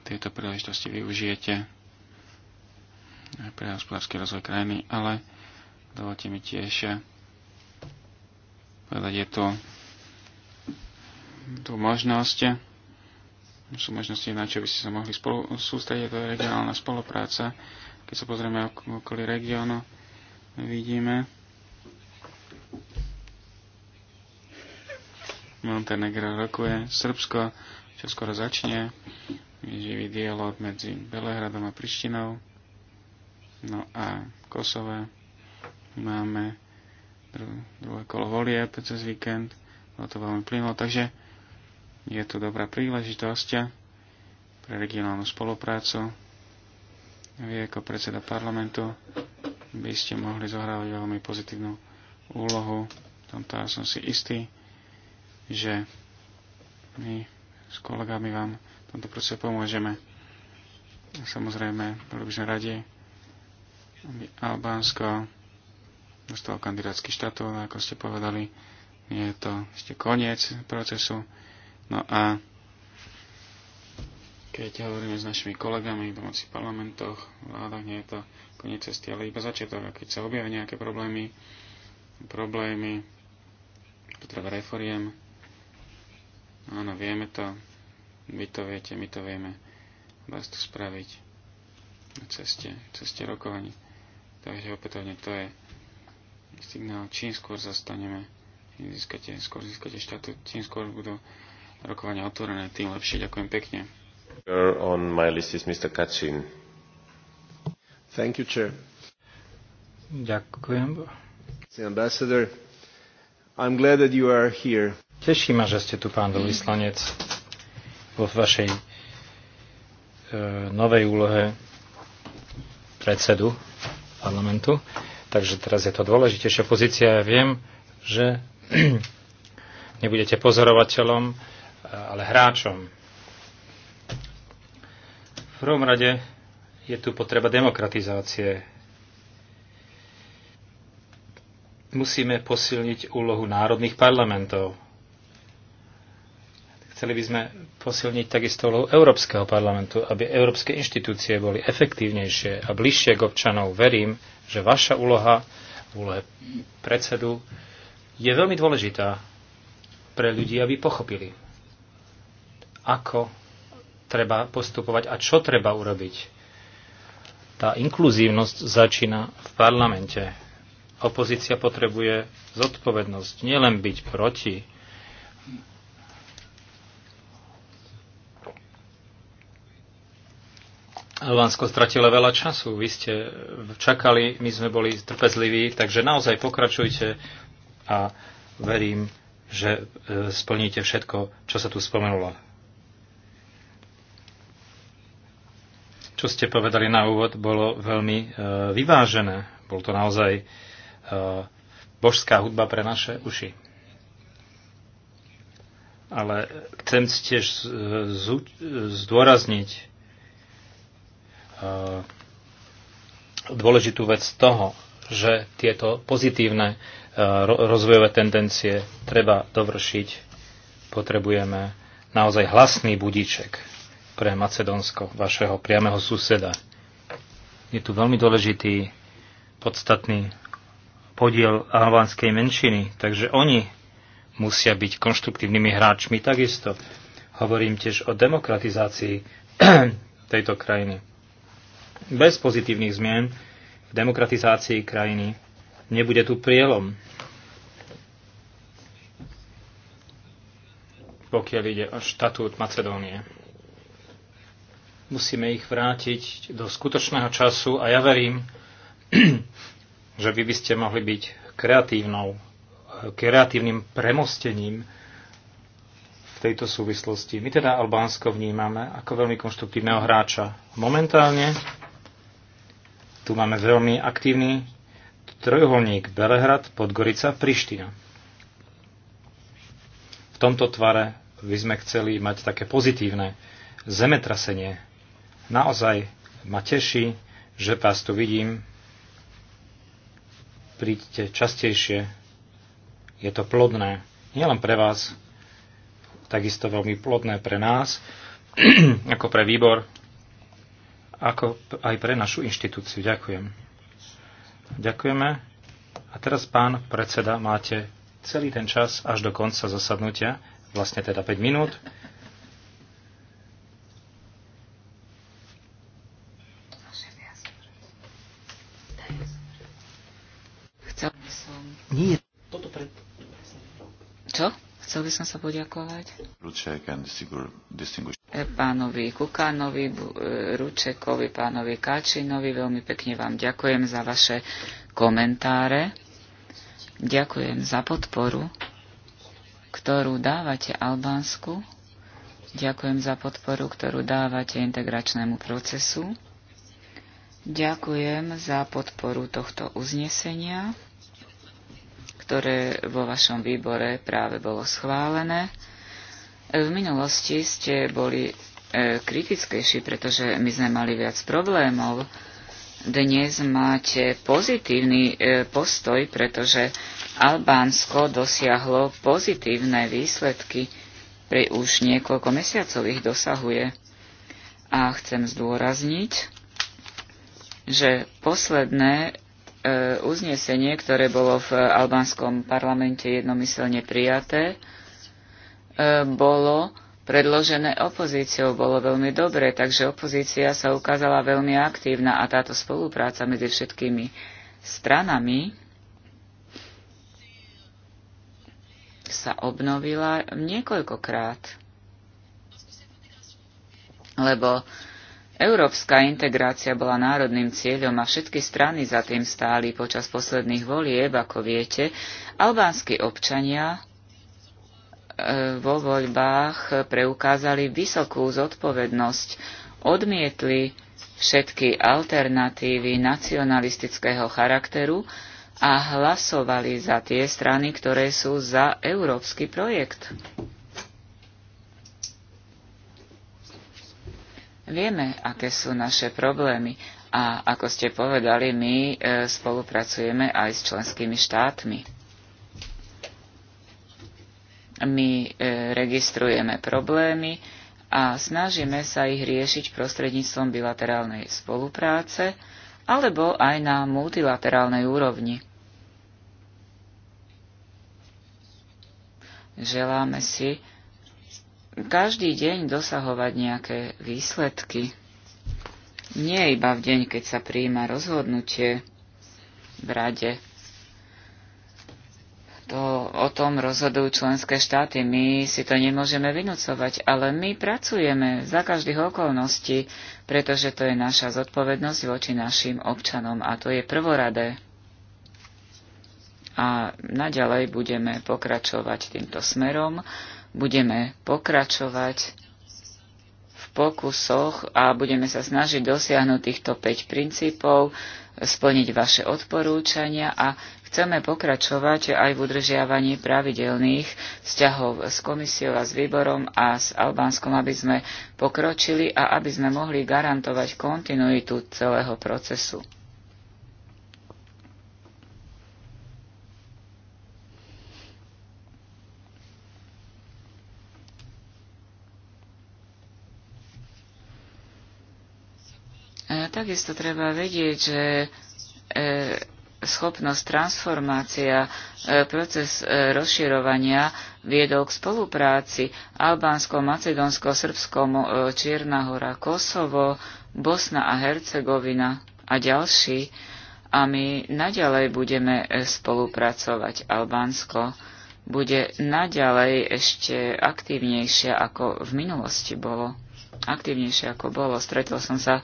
Speaker 4: tieto príležitosti využijete aj pre hospodársky rozvoj krajiny, ale dovolte mi tiež povedať, je to tu možnosť, sú možnosti na čo by ste sa mohli spolu, sústrediť, to je regionálna spolupráca. Keď sa pozrieme okolí regiónu, vidíme Montenegro rokuje, Srbsko, čo skoro začne, živý dialog medzi Belehradom a Prištinou. No a Kosové máme dru- druhé kolo volie cez víkend, bolo to veľmi plynulo, takže je to dobrá príležitosť pre regionálnu spoluprácu. Vy ako predseda parlamentu by ste mohli zohrávať veľmi pozitívnu úlohu. Tomto ja som si istý, že my s kolegami vám v tomto procese pomôžeme. Samozrejme, boli by sme radi, aby Albánsko dostalo kandidátsky štatút, ako ste povedali, nie je to ešte koniec procesu. No a keď hovoríme s našimi kolegami v domácich parlamentoch, vládach, nie je to koniec cesty, ale iba začiatok. A keď sa objavia nejaké problémy, problémy, potreba reforiem, áno, vieme to, vy to viete, my to vieme, vás to spraviť na ceste, ceste rokovaní. Takže opätovne to je signál, čím skôr zastaneme, čím získate, skôr získate štátu, čím skôr budú rokovania otvorené, tým lepšie. Ďakujem pekne. On my list is Mr. Kacin.
Speaker 2: Thank you, Chair. Ďakujem. Ambassador, I'm glad that you are here. Teší ma, že ste tu, pán veľvyslanec, vo vašej e, novej úlohe predsedu parlamentu. Takže teraz je to dôležitejšia pozícia. Ja viem, že nebudete pozorovateľom, ale hráčom. V prvom rade je tu potreba demokratizácie. Musíme posilniť úlohu národných parlamentov. Chceli by sme posilniť takisto úlohu Európskeho parlamentu, aby európske inštitúcie boli efektívnejšie a bližšie k občanov. Verím, že vaša úloha úloha úlohe predsedu je veľmi dôležitá pre ľudí, aby pochopili ako treba postupovať a čo treba urobiť. Tá inkluzívnosť začína v parlamente. Opozícia potrebuje zodpovednosť, nielen byť proti. Albánsko stratilo veľa času. Vy ste čakali, my sme boli trpezliví, takže naozaj pokračujte a verím, že e, splníte všetko, čo sa tu spomenulo. čo ste povedali na úvod, bolo veľmi e, vyvážené. Bol to naozaj e, božská hudba pre naše uši. Ale chcem tiež e, zdôrazniť dôležitú vec toho, že tieto pozitívne rozvojové tendencie treba dovršiť. Potrebujeme naozaj hlasný budíček pre Macedónsko, vašeho priameho suseda. Je tu veľmi dôležitý, podstatný podiel albánskej menšiny, takže oni musia byť konštruktívnymi hráčmi takisto. Hovorím tiež o demokratizácii tejto krajiny. Bez pozitívnych zmien v demokratizácii krajiny nebude tu prielom. pokiaľ ide o štatút Macedónie. Musíme ich vrátiť do skutočného času a ja verím, že vy by ste mohli byť kreatívnou, kreatívnym premostením v tejto súvislosti. My teda Albánsko vnímame ako veľmi konštruktívneho hráča. Momentálne tu máme veľmi aktívny trojuholník Belehrad, Podgorica, Priština. V tomto tvare by sme chceli mať také pozitívne zemetrasenie Naozaj ma teší, že vás tu vidím. Príďte častejšie. Je to plodné. Nielen pre vás, takisto veľmi plodné pre nás, ako pre výbor, ako aj pre našu inštitúciu. Ďakujem. Ďakujeme. A teraz, pán predseda, máte celý ten čas až do konca zasadnutia, vlastne teda 5 minút.
Speaker 3: Chcel by som sa poďakovať e, pánovi Kukánovi, e, Ručekovi, pánovi Káčinovi. Veľmi pekne vám ďakujem za vaše komentáre. Ďakujem za podporu, ktorú dávate Albánsku. Ďakujem za podporu, ktorú dávate integračnému procesu. Ďakujem za podporu tohto uznesenia ktoré vo vašom výbore práve bolo schválené. V minulosti ste boli e, kritickejší, pretože my sme mali viac problémov. Dnes máte pozitívny e, postoj, pretože Albánsko dosiahlo pozitívne výsledky, pri už niekoľko mesiacov ich dosahuje. A chcem zdôrazniť, že posledné E, uznesenie, ktoré bolo v albánskom parlamente jednomyselne prijaté, e, bolo predložené opozíciou, bolo veľmi dobré, takže opozícia sa ukázala veľmi aktívna a táto spolupráca medzi všetkými stranami sa obnovila niekoľkokrát. Lebo Európska integrácia bola národným cieľom a všetky strany za tým stáli počas posledných volieb, ako viete. Albánsky občania e, vo voľbách preukázali vysokú zodpovednosť, odmietli všetky alternatívy nacionalistického charakteru a hlasovali za tie strany, ktoré sú za európsky projekt. Vieme, aké sú naše problémy a ako ste povedali, my e, spolupracujeme aj s členskými štátmi. My e, registrujeme problémy a snažíme sa ich riešiť prostredníctvom bilaterálnej spolupráce alebo aj na multilaterálnej úrovni. Želáme si, každý deň dosahovať nejaké výsledky. Nie iba v deň, keď sa prijíma rozhodnutie v rade. To o tom rozhodujú členské štáty. My si to nemôžeme vynúcovať, ale my pracujeme za každých okolností, pretože to je naša zodpovednosť voči našim občanom a to je prvoradé. A naďalej budeme pokračovať týmto smerom budeme pokračovať v pokusoch a budeme sa snažiť dosiahnuť týchto 5 princípov, splniť vaše odporúčania a chceme pokračovať aj v udržiavaní pravidelných vzťahov s komisiou a s výborom a s Albánskom, aby sme pokročili a aby sme mohli garantovať kontinuitu celého procesu. Takisto treba vedieť, že e, schopnosť transformácia, e, proces e, rozširovania viedol k spolupráci Albánsko, Macedónsko, Srbsko, Čierna hora, Kosovo, Bosna a Hercegovina a ďalší. A my naďalej budeme spolupracovať. Albánsko bude naďalej ešte aktívnejšia, ako v minulosti bolo. Aktívnejšie, ako bolo. Stretol som sa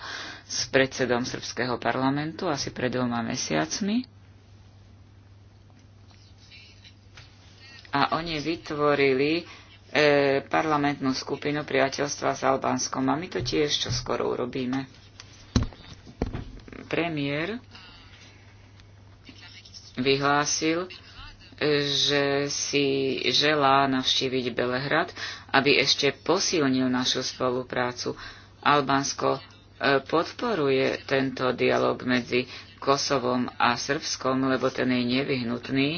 Speaker 3: s predsedom Srbského parlamentu asi pred dvoma mesiacmi. A oni vytvorili e, parlamentnú skupinu priateľstva s Albánskom. A my to tiež čo skoro urobíme. Premiér vyhlásil, že si želá navštíviť Belehrad, aby ešte posilnil našu spoluprácu. Albánsko podporuje tento dialog medzi Kosovom a Srbskom, lebo ten je nevyhnutný,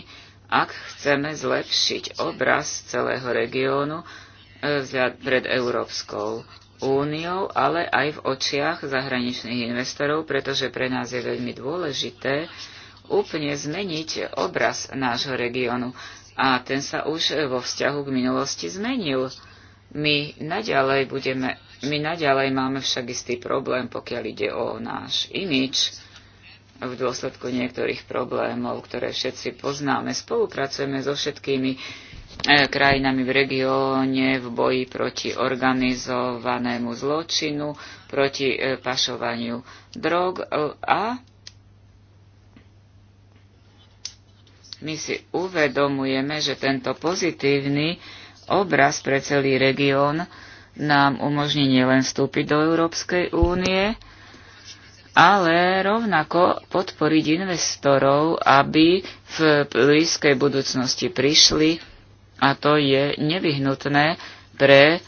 Speaker 3: ak chceme zlepšiť obraz celého regiónu e, pred Európskou úniou, ale aj v očiach zahraničných investorov, pretože pre nás je veľmi dôležité úplne zmeniť obraz nášho regiónu. A ten sa už vo vzťahu k minulosti zmenil. My naďalej budeme my naďalej máme však istý problém, pokiaľ ide o náš imič v dôsledku niektorých problémov, ktoré všetci poznáme. Spolupracujeme so všetkými e, krajinami v regióne v boji proti organizovanému zločinu, proti e, pašovaniu drog e, a my si uvedomujeme, že tento pozitívny obraz pre celý región nám umožní nielen vstúpiť do Európskej únie, ale rovnako podporiť investorov, aby v blízkej budúcnosti prišli a to je nevyhnutné pre e,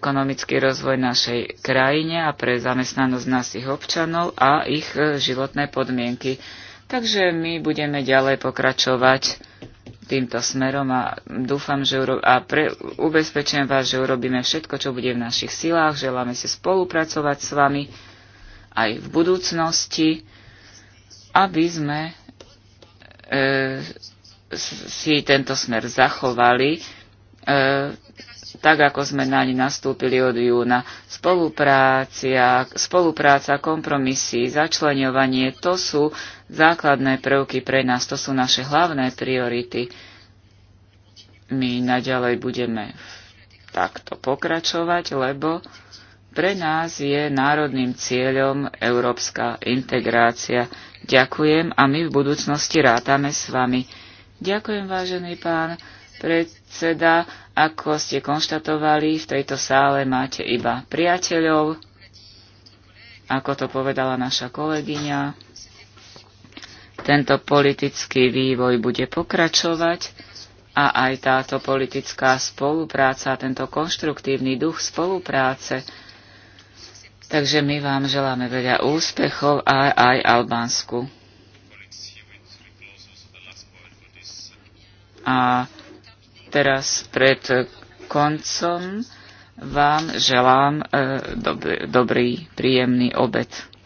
Speaker 3: ekonomický rozvoj našej krajine a pre zamestnanosť našich občanov a ich e, životné podmienky. Takže my budeme ďalej pokračovať týmto smerom a dúfam, že uro- a pre- ubezpečujem vás, že urobíme všetko, čo bude v našich silách. Želáme si spolupracovať s vami aj v budúcnosti, aby sme e, si tento smer zachovali. E, tak ako sme na ni nastúpili od júna. spolupráca, kompromisy, začleňovanie, to sú základné prvky pre nás, to sú naše hlavné priority. My naďalej budeme takto pokračovať, lebo pre nás je národným cieľom európska integrácia. Ďakujem a my v budúcnosti rátame s vami. Ďakujem, vážený pán predseda ako ste konštatovali, v tejto sále máte iba priateľov, ako to povedala naša kolegyňa. Tento politický vývoj bude pokračovať a aj táto politická spolupráca, tento konštruktívny duch spolupráce. Takže my vám želáme veľa úspechov a aj Albánsku. A teraz pred koncom vám želám e, dobrý, príjemný obed.